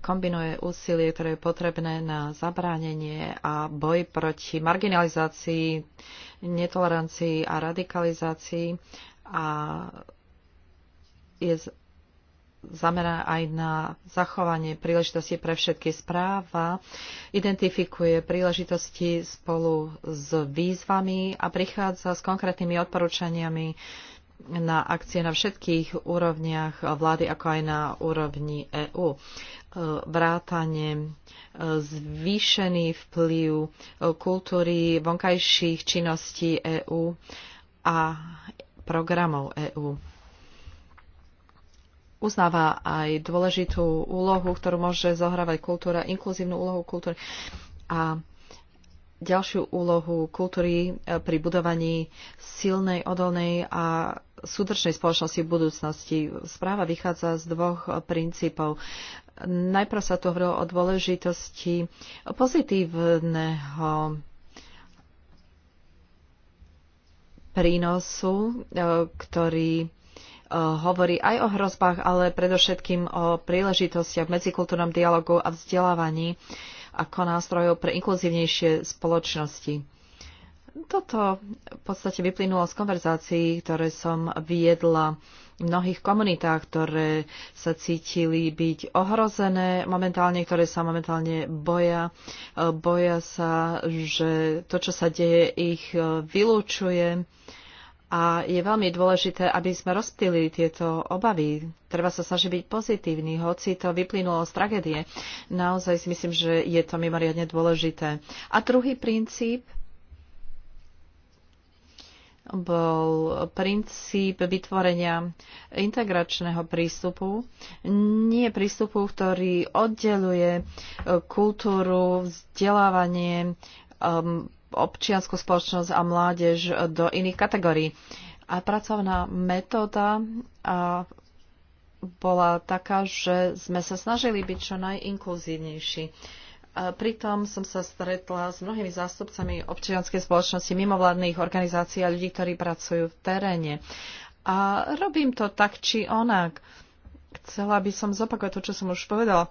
kombinuje úsilie, ktoré je potrebné na zabránenie a boj proti marginalizácii, netolerancii a radikalizácii a je zamerá aj na zachovanie príležitosti pre všetky správa, identifikuje príležitosti spolu s výzvami a prichádza s konkrétnymi odporúčaniami na akcie na všetkých úrovniach vlády, ako aj na úrovni EÚ. E, Vrátanie e, zvýšený vplyv e, kultúry vonkajších činností EÚ a programov EÚ. Uznáva aj dôležitú úlohu, ktorú môže zohrávať kultúra, inkluzívnu úlohu kultúry a ďalšiu úlohu kultúry pri budovaní silnej, odolnej a súdržnej spoločnosti v budúcnosti. Správa vychádza z dvoch princípov. Najprv sa tu hovorilo o dôležitosti pozitívneho prínosu, e, ktorý e, hovorí aj o hrozbách, ale predovšetkým o príležitostiach v medzikultúrnom dialogu a vzdelávaní ako nástrojov pre inkluzívnejšie spoločnosti. Toto v podstate vyplynulo z konverzácií, ktoré som viedla v mnohých komunitách, ktoré sa cítili byť ohrozené momentálne, ktoré sa momentálne boja. Boja sa, že to, čo sa deje, ich e, vylúčuje. A je veľmi dôležité, aby sme rozptýlili tieto obavy. Treba sa snažiť byť pozitívny, hoci to vyplynulo z tragédie. Naozaj si myslím, že je to mimoriadne dôležité. A druhý princíp bol princíp vytvorenia integračného prístupu, nie prístupu, ktorý oddeluje e, kultúru, vzdelávanie, e, občianskú spoločnosť a mládež do iných kategórií. A pracovná metóda a bola taká, že sme sa snažili byť čo najinkluzívnejší. Pritom som sa stretla s mnohými zástupcami občianskej spoločnosti, mimovládnych organizácií a ľudí, ktorí pracujú v teréne. A robím to tak či onak. Chcela by som zopakovať to, čo som už povedala.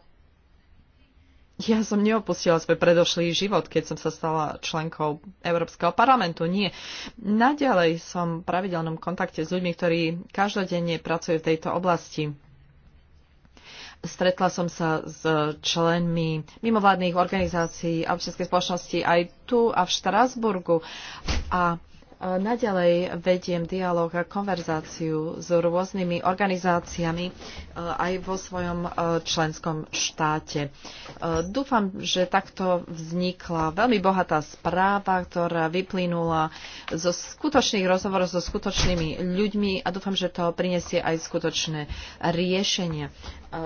Ja som neopustila svoj predošlý život, keď som sa stala členkou Európskeho parlamentu. Nie. Naďalej som v pravidelnom kontakte s ľuďmi, ktorí každodenne pracujú v tejto oblasti Stretla som sa s členmi mimovládnych organizácií a občianskej spoločnosti aj tu a v Štrasburgu. A Naďalej vediem dialog a konverzáciu s rôznymi organizáciami eh, aj vo svojom eh, členskom štáte. Eh, dúfam, že takto vznikla veľmi bohatá správa, ktorá vyplynula zo skutočných rozhovorov so skutočnými ľuďmi a dúfam, že to prinesie aj skutočné riešenie.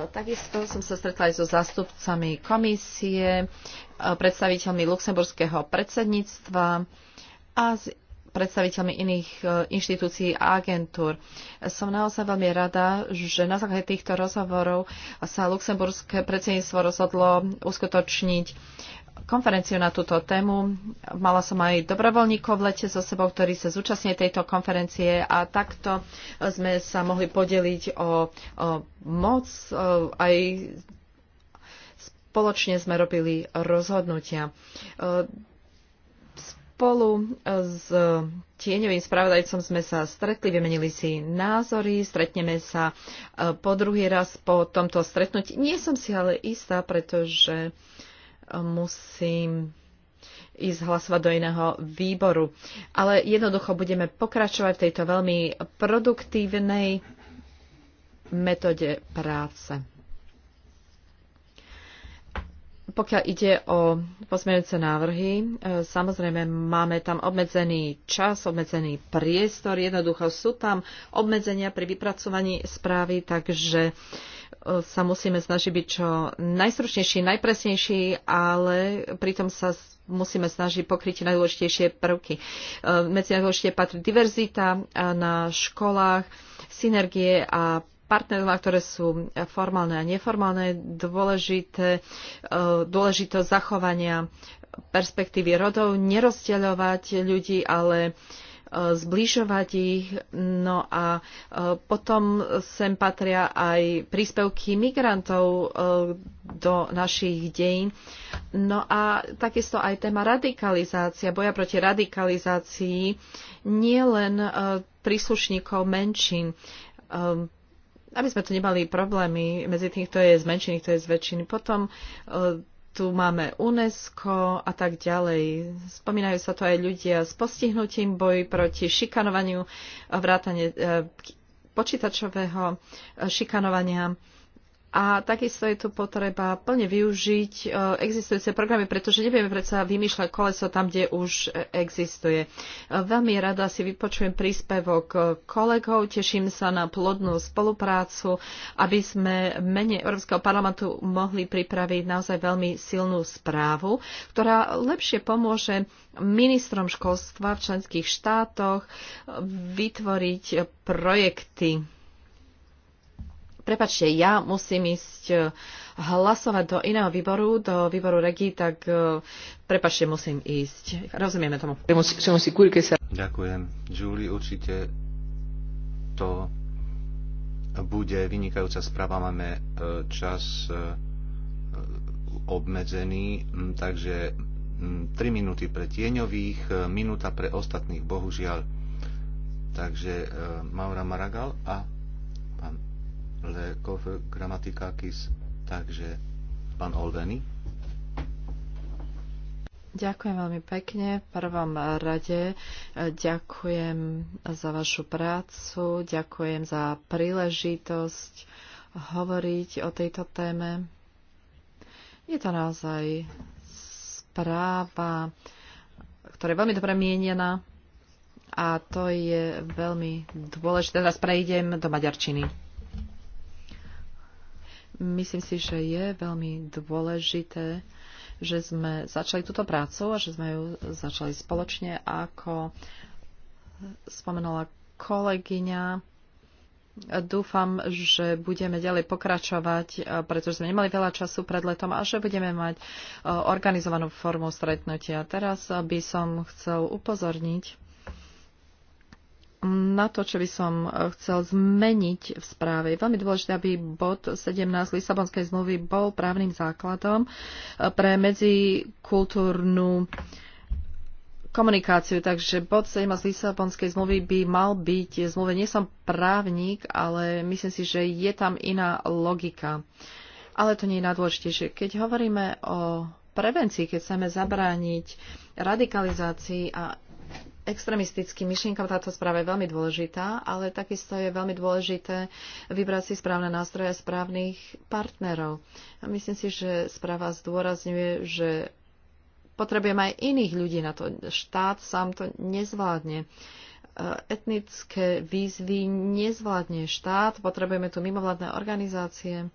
Takisto som sa stretla aj so zástupcami komisie, predstaviteľmi luxemburského predsedníctva a s predstaviteľmi iných e, inštitúcií a agentúr. Som naozaj veľmi rada, že na základe týchto rozhovorov sa luxemburské predsedníctvo rozhodlo uskutočniť konferenciu na túto tému. Mala som aj dobrovoľníkov v lete so sebou, ktorí sa zúčastnili tejto konferencie a takto sme sa mohli podeliť o, o moc. O, e, aj spoločne sme robili rozhodnutia. O, e, Spolu e, s tieňovým spravodajcom sme sa stretli, vymenili si názory, stretneme sa e, po druhý raz po tomto stretnutí. Nie som si ale istá, pretože e, musím ísť hlasovať do iného výboru. Ale jednoducho budeme pokračovať v tejto veľmi produktívnej metóde práce. Pokiaľ ide o pozmeňujúce návrhy, e, samozrejme máme tam obmedzený čas, obmedzený priestor, jednoducho sú tam obmedzenia pri vypracovaní správy, takže e, sa musíme snažiť byť čo najstručnejší, najpresnejší, ale pritom sa musíme snažiť pokryť najdôležitejšie prvky. E, medzi najdôležitejšie patrí diverzita na školách, synergie a partnerstva, ktoré sú e, formálne a neformálne, dôležité, e, dôležitosť zachovania perspektívy rodov, nerozdeľovať ľudí, ale e, zbližovať ich. No a potom sem patria aj príspevky migrantov do našich dejín. No a takisto aj téma radikalizácia, boja proti radikalizácii nie len príslušníkov menšín ehm, aby sme tu nemali problémy medzi tým, kto je z menšiny, kto je z väčšiny. Potom e, tu máme UNESCO a tak ďalej. Spomínajú sa tu aj ľudia s postihnutím, boj proti šikanovaniu, vrátanie e, počítačového e, šikanovania a takisto je tu potreba plne využiť e, existujúce programy, pretože nevieme predsa vymýšľať koleso tam, kde už existuje. E, veľmi rada si vypočujem príspevok kolegov, teším sa na plodnú spoluprácu, aby sme mene Európskeho parlamentu mohli pripraviť naozaj veľmi silnú správu, ktorá lepšie pomôže ministrom školstva v členských štátoch vytvoriť projekty prepačte, ja musím ísť e, hlasovať do iného výboru, do výboru regí, tak e, prepačte, musím ísť. Rozumieme tomu. Ďakujem. Julie, určite to bude vynikajúca správa. Máme e, čas obmedzený, takže 3 minúty pre tieňových, minúta pre ostatných, bohužiaľ. Takže Maura Maragal a Le Kofer Gramatikakis, takže pán Olveny. Ďakujem veľmi pekne. V prvom rade e, ďakujem za vašu prácu, ďakujem za príležitosť hovoriť o tejto téme. Je to naozaj správa, ktorá je veľmi dobre mienená a to je veľmi dôležité. Teraz prejdem do maďarčiny. Myslím si, že je veľmi dôležité, že sme začali túto prácu a že sme ju začali spoločne, ako spomenula kolegyňa. Dúfam, že budeme ďalej pokračovať, eh, pretože sme nemali veľa času pred letom a že budeme mať eh, organizovanú formu stretnutia. Teraz by som chcel upozorniť na to, čo by som eh, chcel zmeniť v správe. Je veľmi dôležité, aby bod 17 Lisabonskej zmluvy bol právnym základom eh, pre medzikultúrnu komunikáciu. Takže bod 17 Lisabonskej zmluvy by mal byť zmluve. Nie som právnik, ale myslím si, že je tam iná logika. Ale to nie je najdôležitejšie. Keď hovoríme o prevencii, keď chceme zabrániť radikalizácii a extrémistickým myšlienkam táto správa je veľmi dôležitá, ale takisto je veľmi dôležité vybrať si správne nástroje a správnych partnerov. A myslím si, že správa zdôrazňuje, že potrebujeme aj iných ľudí na to. Štát sám to nezvládne. Etnické výzvy nezvládne štát, potrebujeme tu mimovládne organizácie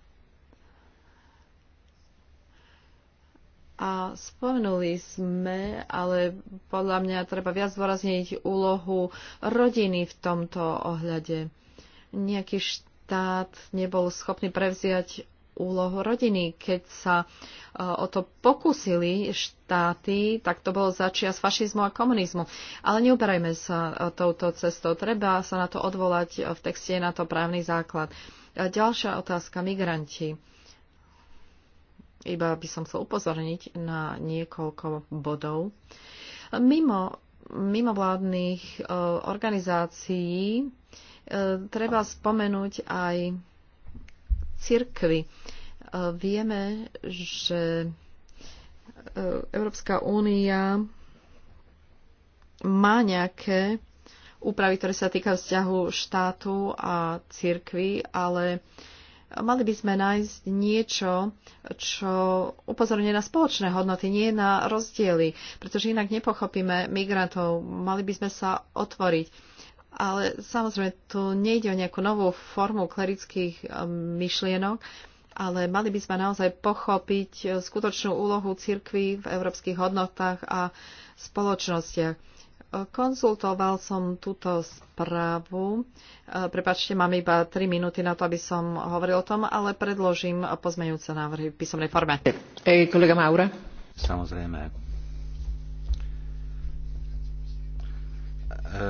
A spomenuli sme, ale podľa mňa treba viac zvorazniť úlohu rodiny v tomto ohľade. Nejaký štát nebol schopný prevziať úlohu rodiny. Keď sa e, o to pokusili štáty, tak to bolo začias fašizmu a komunizmu. Ale neuberajme sa e, touto cestou. Treba sa na to odvolať e, v texte, na to právny základ. Ďalšia otázka, migranti iba by som chcel upozorniť na niekoľko bodov. Mimo mimovládnych e, organizácií e, treba spomenúť aj cirkvy. E, vieme, že Európska únia má nejaké úpravy, ktoré sa týkajú vzťahu štátu a cirkvy, ale Mali by sme nájsť niečo, čo upozorňuje na spoločné hodnoty, nie na rozdiely, pretože inak nepochopíme migrantov. Mali by sme sa otvoriť. Ale samozrejme, tu nejde o nejakú novú formu klerických eh, myšlienok, ale mali by sme naozaj pochopiť eh, skutočnú úlohu cirkvy v európskych hodnotách a spoločnostiach. Konzultoval som túto správu. E, prepačte, mám iba 3 minúty na to, aby som hovoril o tom, ale predložím pozmeňujúce návrhy v písomnej forme. Ej, kolega Maura. Samozrejme. E,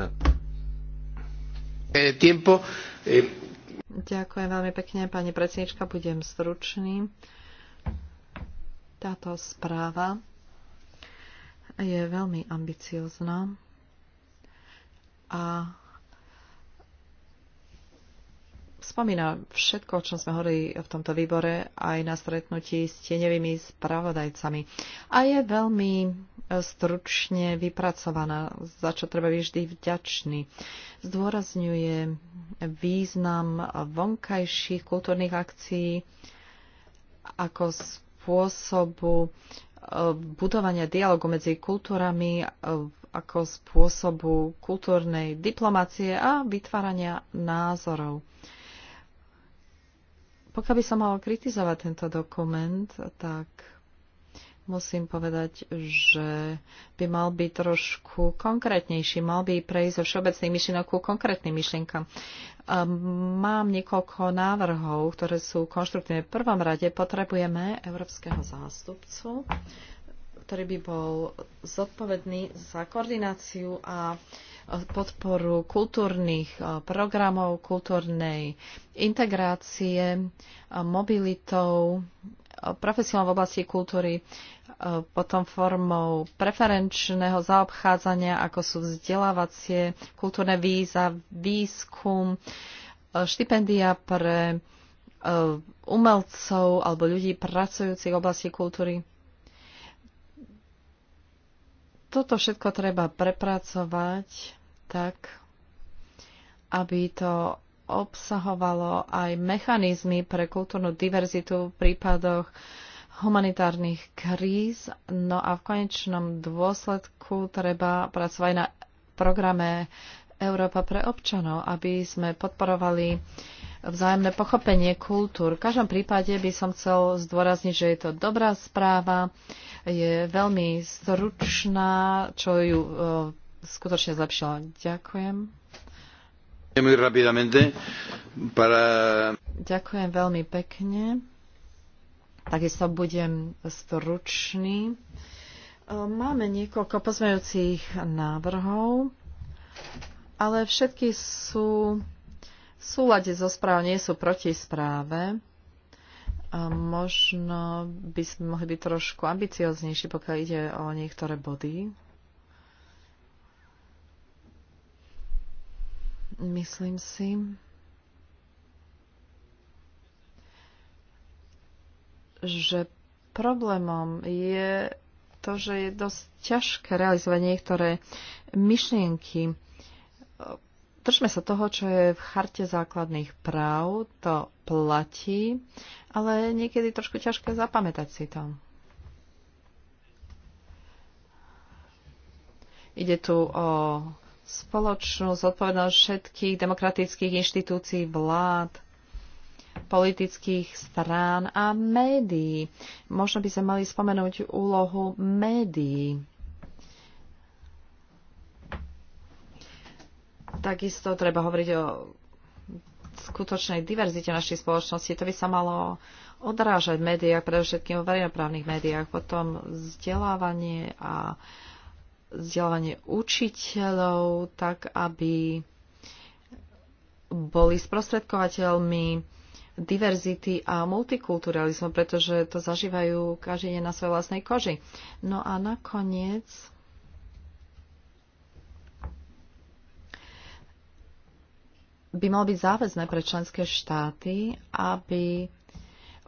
e tiempo. E... Ďakujem veľmi pekne, pani predsednička. Budem stručný. Táto správa je veľmi ambiciozná a spomína všetko, o čom sme hovorili v tomto výbore, aj na stretnutí s tieňovými spravodajcami. A je veľmi e, stručne vypracovaná, za čo treba byť vždy vďačný. Zdôrazňuje význam vonkajších kultúrnych akcií ako spôsobu budovania dialogu medzi kultúrami e, ako spôsobu kultúrnej diplomácie a vytvárania názorov. Pokiaľ by som mal kritizovať tento dokument, tak musím povedať, že by mal byť trošku konkrétnejší, mal by prejsť zo všeobecných myšlienok ku konkrétnym myšlienkam. Ehm, mám niekoľko návrhov, ktoré sú konštruktívne. V prvom rade potrebujeme európskeho zástupcu, ktorý by bol zodpovedný za koordináciu a podporu kultúrnych eh, programov, kultúrnej integrácie, eh, mobilitou profesionál v oblasti kultúry, e, potom formou preferenčného zaobchádzania, ako sú vzdelávacie, kultúrne víza, výskum, e, štipendia pre e, umelcov alebo ľudí pracujúcich v oblasti kultúry. Toto všetko treba prepracovať tak, aby to obsahovalo aj mechanizmy pre kultúrnu diverzitu v prípadoch humanitárnych kríz. No a v konečnom dôsledku treba pracovať na programe Európa pre občanov, aby sme podporovali vzájomné pochopenie kultúr. V každom prípade by som chcel zdôrazniť, že je to dobrá správa, je veľmi stručná, čo ju e, skutočne zlepšila. Ďakujem. Ďakujem veľmi pekne. Takisto budem stručný. Máme niekoľko pozmejúcich návrhov, ale všetky sú v súlade so správou, nie sú proti správe. A možno by sme mohli byť trošku ambicioznejší, pokiaľ ide o niektoré body Myslím si, že problémom je to, že je dosť ťažké realizovať niektoré myšlienky. Držme sa toho, čo je v charte základných práv, to platí, ale niekedy trošku ťažké zapamätať si to. Ide tu o spoločnú zodpovednosť všetkých demokratických inštitúcií, vlád, politických strán a médií. Možno by sme mali spomenúť úlohu médií. Takisto treba hovoriť o skutočnej diverzite našej spoločnosti. To by sa malo odrážať v médiách, predovšetkým vo verejnoprávnych médiách, potom vzdelávanie a vzdelávanie učiteľov, tak aby boli sprostredkovateľmi diverzity a multikulturalizmu, pretože to zažívajú každý deň na svojej vlastnej koži. No a nakoniec by malo byť záväzné pre členské štáty, aby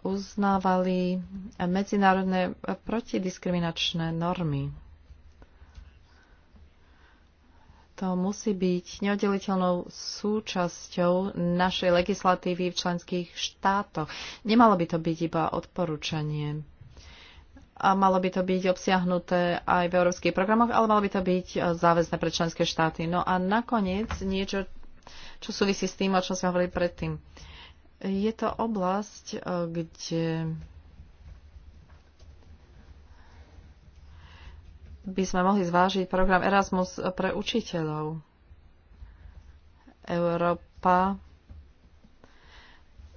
uznávali medzinárodné protidiskriminačné normy. to musí byť neoddeliteľnou súčasťou našej legislatívy v členských štátoch. Nemalo by to byť iba odporúčanie. A malo by to byť obsiahnuté aj v európskych programoch, ale malo by to byť záväzné pre členské štáty. No a nakoniec niečo, čo súvisí s tým, o čom sme hovorili predtým. Je to oblasť, eh, kde by sme mohli zvážiť program Erasmus pre učiteľov. Európa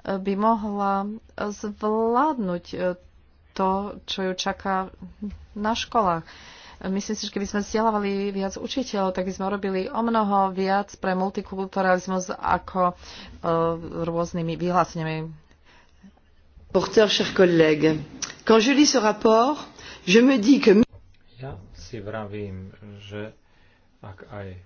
by mohla zvládnuť e, to, čo ju čaká na školách. Myslím si, že keby sme vzdelávali viac učiteľov, tak by sme robili o mnoho viac pre multikulturalizmus ako e, rôznymi vyhláseniami. Porteur, chers collègues, quand je lis ce rapport, je me dis que ja si vravím, že ak aj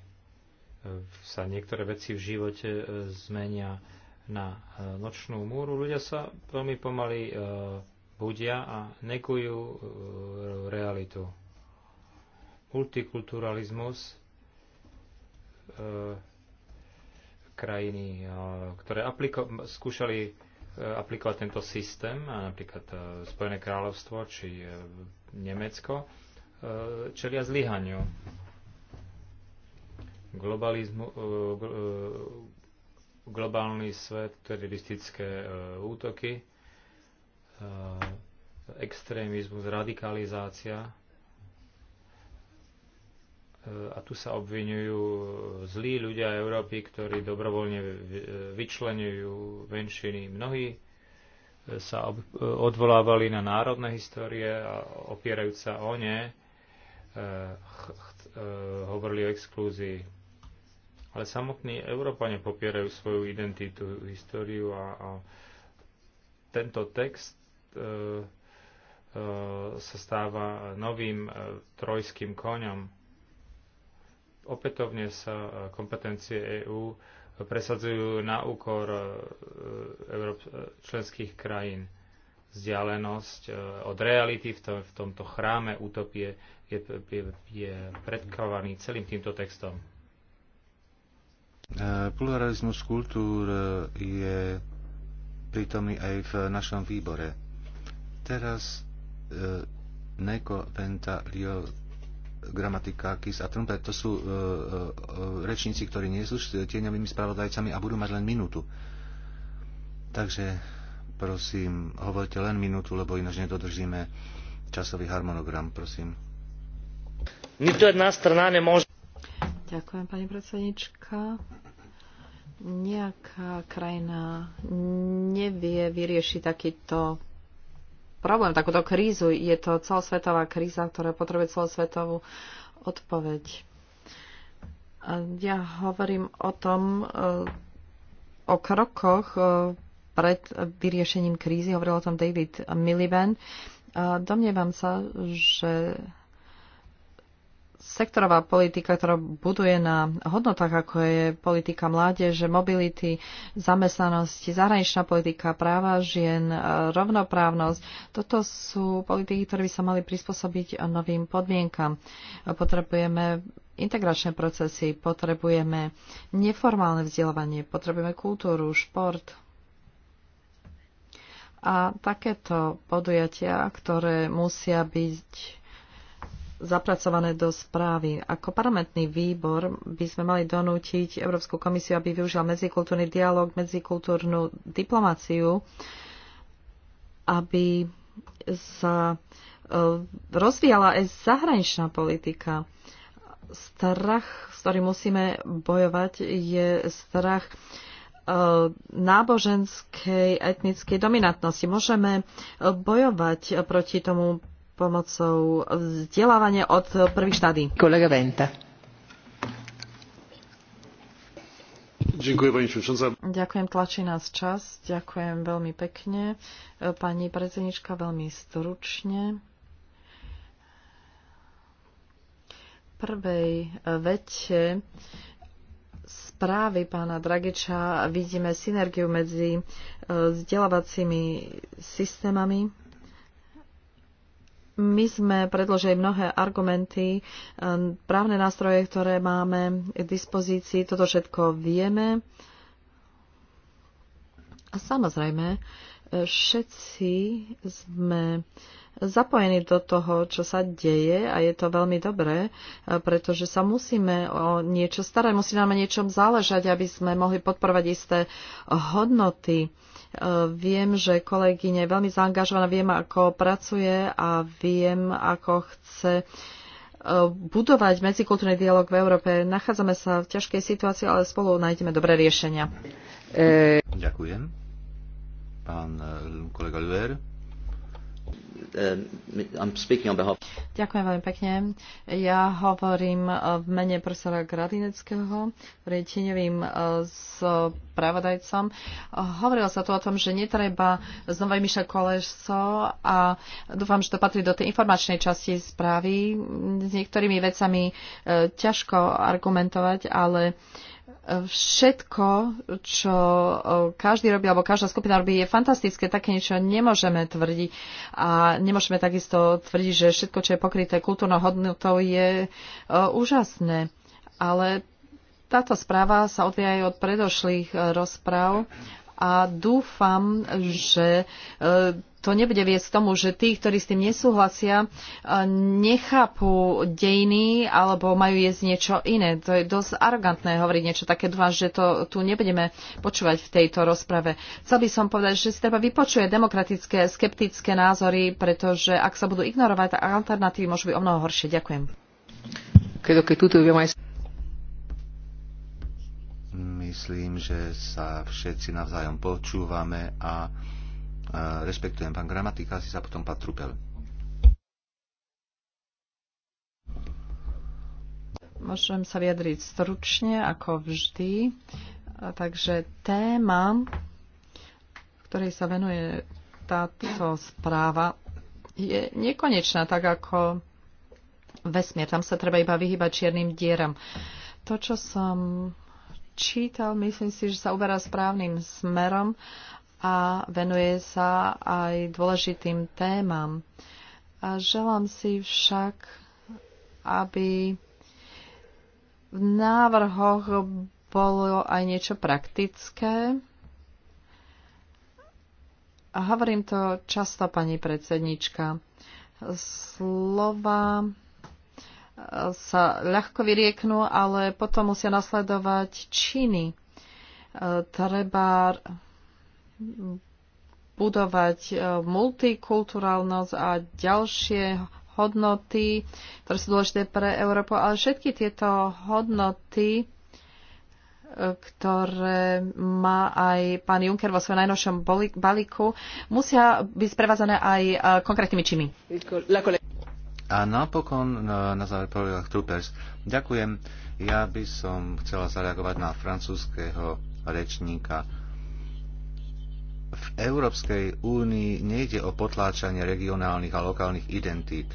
sa niektoré veci v živote e, zmenia na e, nočnú múru, ľudia sa veľmi pomaly e, budia a nekujú realitu. Multikulturalizmus krajiny, ktoré apliko- skúšali aplikovať tento systém, napríklad Spojené kráľovstvo či Nemecko, E, čelia zlyhaniu globalizmu, e, e, globálny svet, teroristické útoky, extrémizmus, radikalizácia. A tu sa obvinujú zlí ľudia Európy, ktorí dobrovoľne vyčlenujú menšiny. Mnohí sa odvolávali na národné histórie a opierajúca sa o ne, Eh, eh, hovorili o exklúzii. Ale samotní Európane popierajú svoju identitu, históriu a, a tento text uh, uh, sa stáva novým uh, trojským koňom. Opätovne sa kompetencie EÚ presadzujú na úkor Európ- členských krajín vzdialenosť od reality v, tom, v tomto chráme utopie je, je, je predkávaný celým týmto textom. E, pluralizmus kultúr e, je prítomný aj v našom výbore. Teraz e, Neko, Venta, Lio, gramatika, KIS a Trumpet, to sú e, e, rečníci, ktorí nie sú tieňovými spravodajcami a budú mať len minútu. Takže prosím, hovorte len minútu, lebo ináč nedodržíme časový harmonogram, prosím. Nikto jedna strana nemôže... Ďakujem, pani predsednička. Nejaká krajina nevie vyriešiť takýto problém, takúto krízu. Je to celosvetová kríza, ktorá potrebuje celosvetovú odpoveď. Ja hovorím o tom, e, o krokoch e, pred vyriešením krízy, hovoril o tom David Miliband. Domnievam sa, že sektorová politika, ktorá buduje na hodnotách, ako je politika mládeže, mobility, zamestnanosti, zahraničná politika, práva žien, e, rovnoprávnosť. Toto sú politiky, ktoré by sa mali prispôsobiť novým podmienkam. Potrebujeme integračné procesy, potrebujeme neformálne vzdelávanie, potrebujeme kultúru, šport, a takéto podujatia, ktoré musia byť zapracované do správy. Ako parlamentný výbor by sme mali donútiť Európsku komisiu, aby využila medzikultúrny dialog, medzikultúrnu diplomáciu, aby sa e, rozvíjala aj zahraničná politika. Strach, s ktorým musíme bojovať, je strach e, náboženskej etnickej dominantnosti. Môžeme e, bojovať proti tomu pomocou vzdelávania od prvých štádí. Kolega Venta. Ďakujem, pani Čučenca. Ďakujem, tlačí nás čas. Ďakujem veľmi pekne. Pani predsednička, veľmi stručne. prvej vete správy pána Dragiča vidíme synergiu medzi vzdelávacími systémami my sme predložili mnohé argumenty, e, právne nástroje, ktoré máme k dispozícii, toto všetko vieme. A samozrejme, e, všetci sme zapojení do toho, čo sa deje a je to veľmi dobré, e, pretože sa musíme o niečo starať, musí nám na niečom záležať, aby sme mohli podporovať isté hodnoty Viem, že kolegyne je veľmi zaangažovaná, viem, ako pracuje a viem, ako chce e, budovať medzikultúrny dialog v Európe. Nachádzame sa v ťažkej situácii, ale spolu nájdeme dobré riešenia. E, Ďakujem. Pán e, kolega Luer. Um, Ďakujem veľmi pekne. Ja hovorím uh, v mene profesora Gradineckého, rejtinevým s uh, spravodajcom. Hovorilo sa tu o tom, že netreba znova vymýšľať koleso a dúfam, že to patrí do tej informačnej časti správy. S niektorými vecami uh, ťažko argumentovať, ale všetko, čo e, každý robí, alebo každá skupina robí, je fantastické. Také niečo nemôžeme tvrdiť. A nemôžeme takisto tvrdiť, že všetko, čo je pokryté kultúrnou hodnotou, je e, úžasné. Ale táto správa sa odvíja aj od predošlých e, rozpráv a dúfam, že e, to nebude viesť k tomu, že tí, ktorí s tým nesúhlasia, e, nechápu dejiny alebo majú jesť niečo iné. To je dosť arrogantné hovoriť niečo také. Dúfam, že to tu nebudeme počúvať v tejto rozprave. Chcel by som povedať, že si treba vypočuje demokratické, skeptické názory, pretože ak sa budú ignorovať, tak alternatívy môžu byť o mnoho horšie. Ďakujem. Keď, keď tuto, ja maj... Myslím, že sa všetci navzájom počúvame a rešpektujem pán gramatika, si sa potom pán Trupel. Môžem sa vyjadriť stručne, ako vždy. Takže téma, ktorej sa venuje táto správa, je nekonečná, tak ako vesmier. Tam sa treba iba vyhybať čiernym dieram. To, čo som čítal, myslím si, že sa uberá správnym smerom a venuje sa aj dôležitým témam. A želám si však, aby v návrhoch bolo aj niečo praktické. A hovorím to často, pani predsednička. Slova sa ľahko vyrieknú, ale potom musia nasledovať činy. E, treba budovať e, multikulturálnosť a ďalšie hodnoty, ktoré sú dôležité pre Európu, ale všetky tieto hodnoty, e, ktoré má aj pán Juncker vo svojom najnovšom balíku, musia byť sprevázané aj konkrétnymi činmi. A napokon na, e, na záver povedal Trupers Ďakujem. Ja by som chcela zareagovať na francúzského rečníka. V Európskej únii nejde o potláčanie regionálnych a lokálnych identít.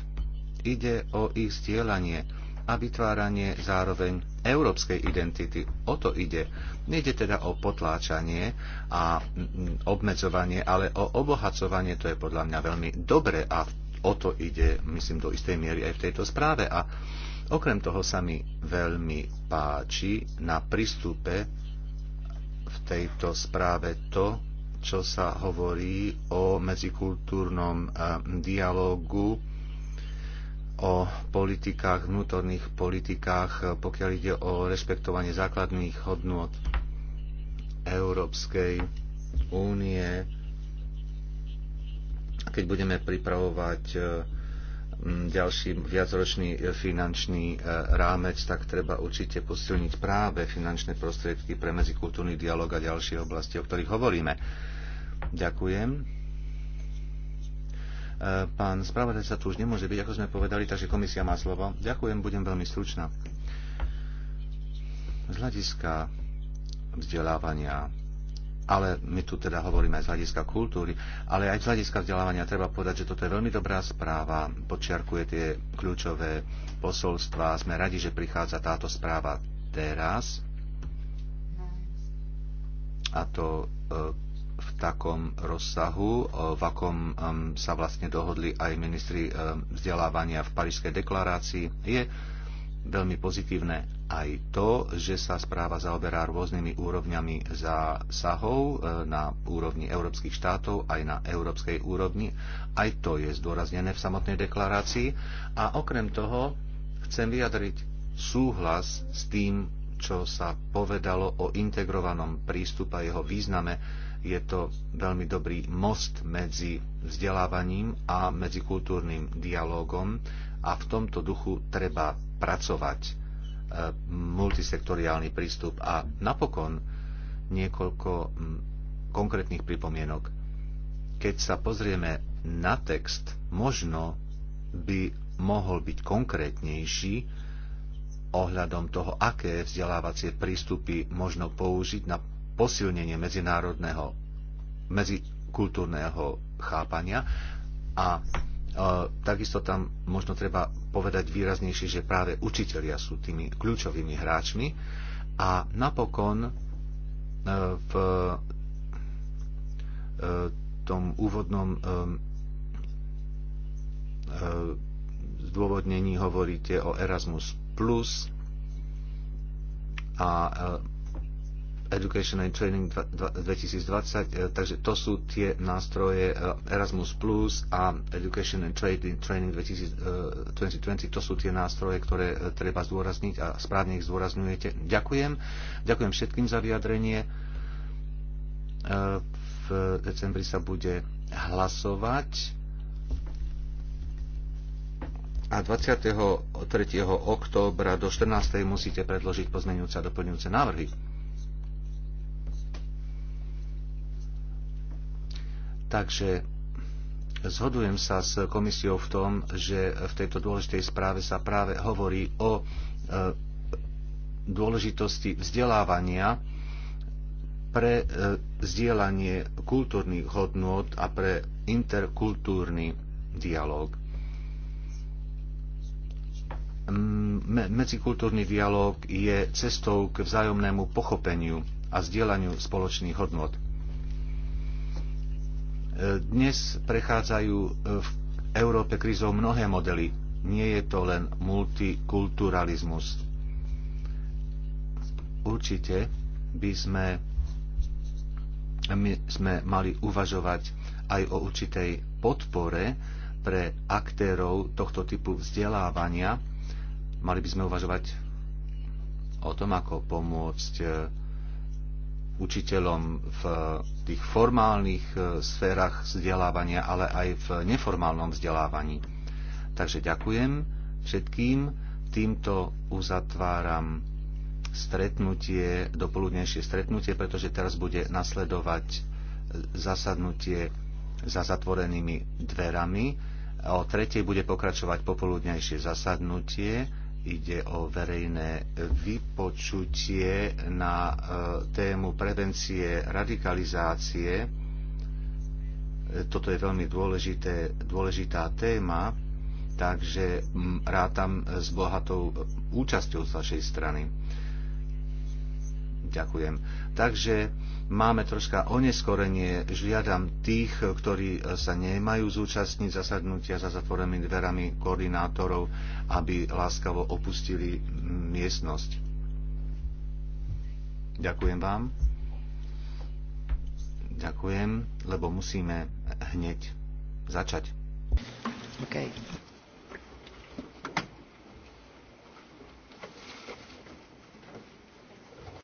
Ide o ich stielanie a vytváranie zároveň európskej identity. O to ide. Nejde teda o potláčanie a obmedzovanie, ale o obohacovanie. To je podľa mňa veľmi dobré a v o to ide, myslím, do istej miery aj v tejto správe. A okrem toho sa mi veľmi páči na prístupe v tejto správe to, čo sa hovorí o medzikultúrnom eh, dialogu, o politikách, vnútorných politikách, pokiaľ ide o rešpektovanie základných hodnôt Európskej únie keď budeme pripravovať e, ďalší viacročný e, finančný e, rámec, tak treba určite posilniť práve finančné prostriedky pre medzikultúrny dialog a ďalšie oblasti, o ktorých hovoríme. Ďakujem. Pán sa tu už nemôže byť, ako sme povedali, takže komisia má slovo. Ďakujem, budem veľmi stručná. Z hľadiska vzdelávania ale my tu teda hovoríme aj z hľadiska kultúry, ale aj z hľadiska vzdelávania treba povedať, že toto je veľmi dobrá správa, počiarkuje tie kľúčové posolstva. Sme radi, že prichádza táto správa teraz a to eh, v takom rozsahu, eh, v akom ehm, sa vlastne dohodli aj ministri eh, vzdelávania v Parížskej deklarácii, je veľmi pozitívne aj to, že sa správa zaoberá rôznymi úrovňami zásahov e, na úrovni európskych štátov, aj na európskej úrovni. Aj to je zdôraznené v samotnej deklarácii. A okrem toho chcem vyjadriť súhlas s tým, čo sa povedalo o integrovanom prístupe a jeho význame. Je to veľmi dobrý most medzi vzdelávaním a medzikultúrnym dialogom a v tomto duchu treba pracovať multisektoriálny prístup. A napokon niekoľko mm, konkrétnych pripomienok. Keď sa pozrieme na text, možno by mohol byť konkrétnejší ohľadom toho, aké vzdelávacie prístupy možno použiť na posilnenie medzinárodného, medzikultúrneho chápania a Takisto tam možno treba povedať výraznejšie, že práve učitelia sú tými kľúčovými hráčmi a napokon e, v e, tom úvodnom e, zdôvodnení hovoríte o Erasmus Plus a Education and Training 2020, e, takže to sú tie nástroje e, Erasmus Plus a Education and Training 2020, e, to sú tie nástroje, ktoré treba zdôrazniť a správne ich zdôrazňujete. Ďakujem. Ďakujem všetkým za vyjadrenie. V decembri sa bude hlasovať a 23. októbra do 14. musíte predložiť pozmeňujúce a doplňujúce návrhy. Takže zhodujem sa s komisiou v tom, že v tejto dôležitej správe sa práve hovorí o e, dôležitosti vzdelávania pre e, vzdielanie kultúrnych hodnôt a pre interkultúrny dialog. Medzikultúrny dialog je cestou k vzájomnému pochopeniu a vzdielaniu spoločných hodnot. Dnes prechádzajú e, v Európe krizou mnohé modely. Nie je to len multikulturalizmus. Určite by sme, my sme mali uvažovať aj o určitej podpore pre aktérov tohto typu vzdelávania. Mali by sme uvažovať o tom, ako pomôcť e, učiteľom v tých formálnych e, sférach vzdelávania, ale aj v neformálnom vzdelávaní. Takže ďakujem všetkým. Týmto uzatváram stretnutie, dopoludnejšie stretnutie, pretože teraz bude nasledovať e, zasadnutie za zatvorenými dverami. O tretej bude pokračovať popoludnejšie zasadnutie ide o verejné vypočutie na e, tému prevencie radikalizácie. E, toto je veľmi dôležité, dôležitá téma, takže rátam s bohatou účasťou z vašej strany. Ďakujem. Takže máme troška oneskorenie. Žiadam tých, ktorí e, sa nemajú zúčastniť zasadnutia za zatvorenými dverami koordinátorov, aby láskavo opustili miestnosť. Ďakujem vám. Ďakujem, lebo musíme hneď začať. Okay.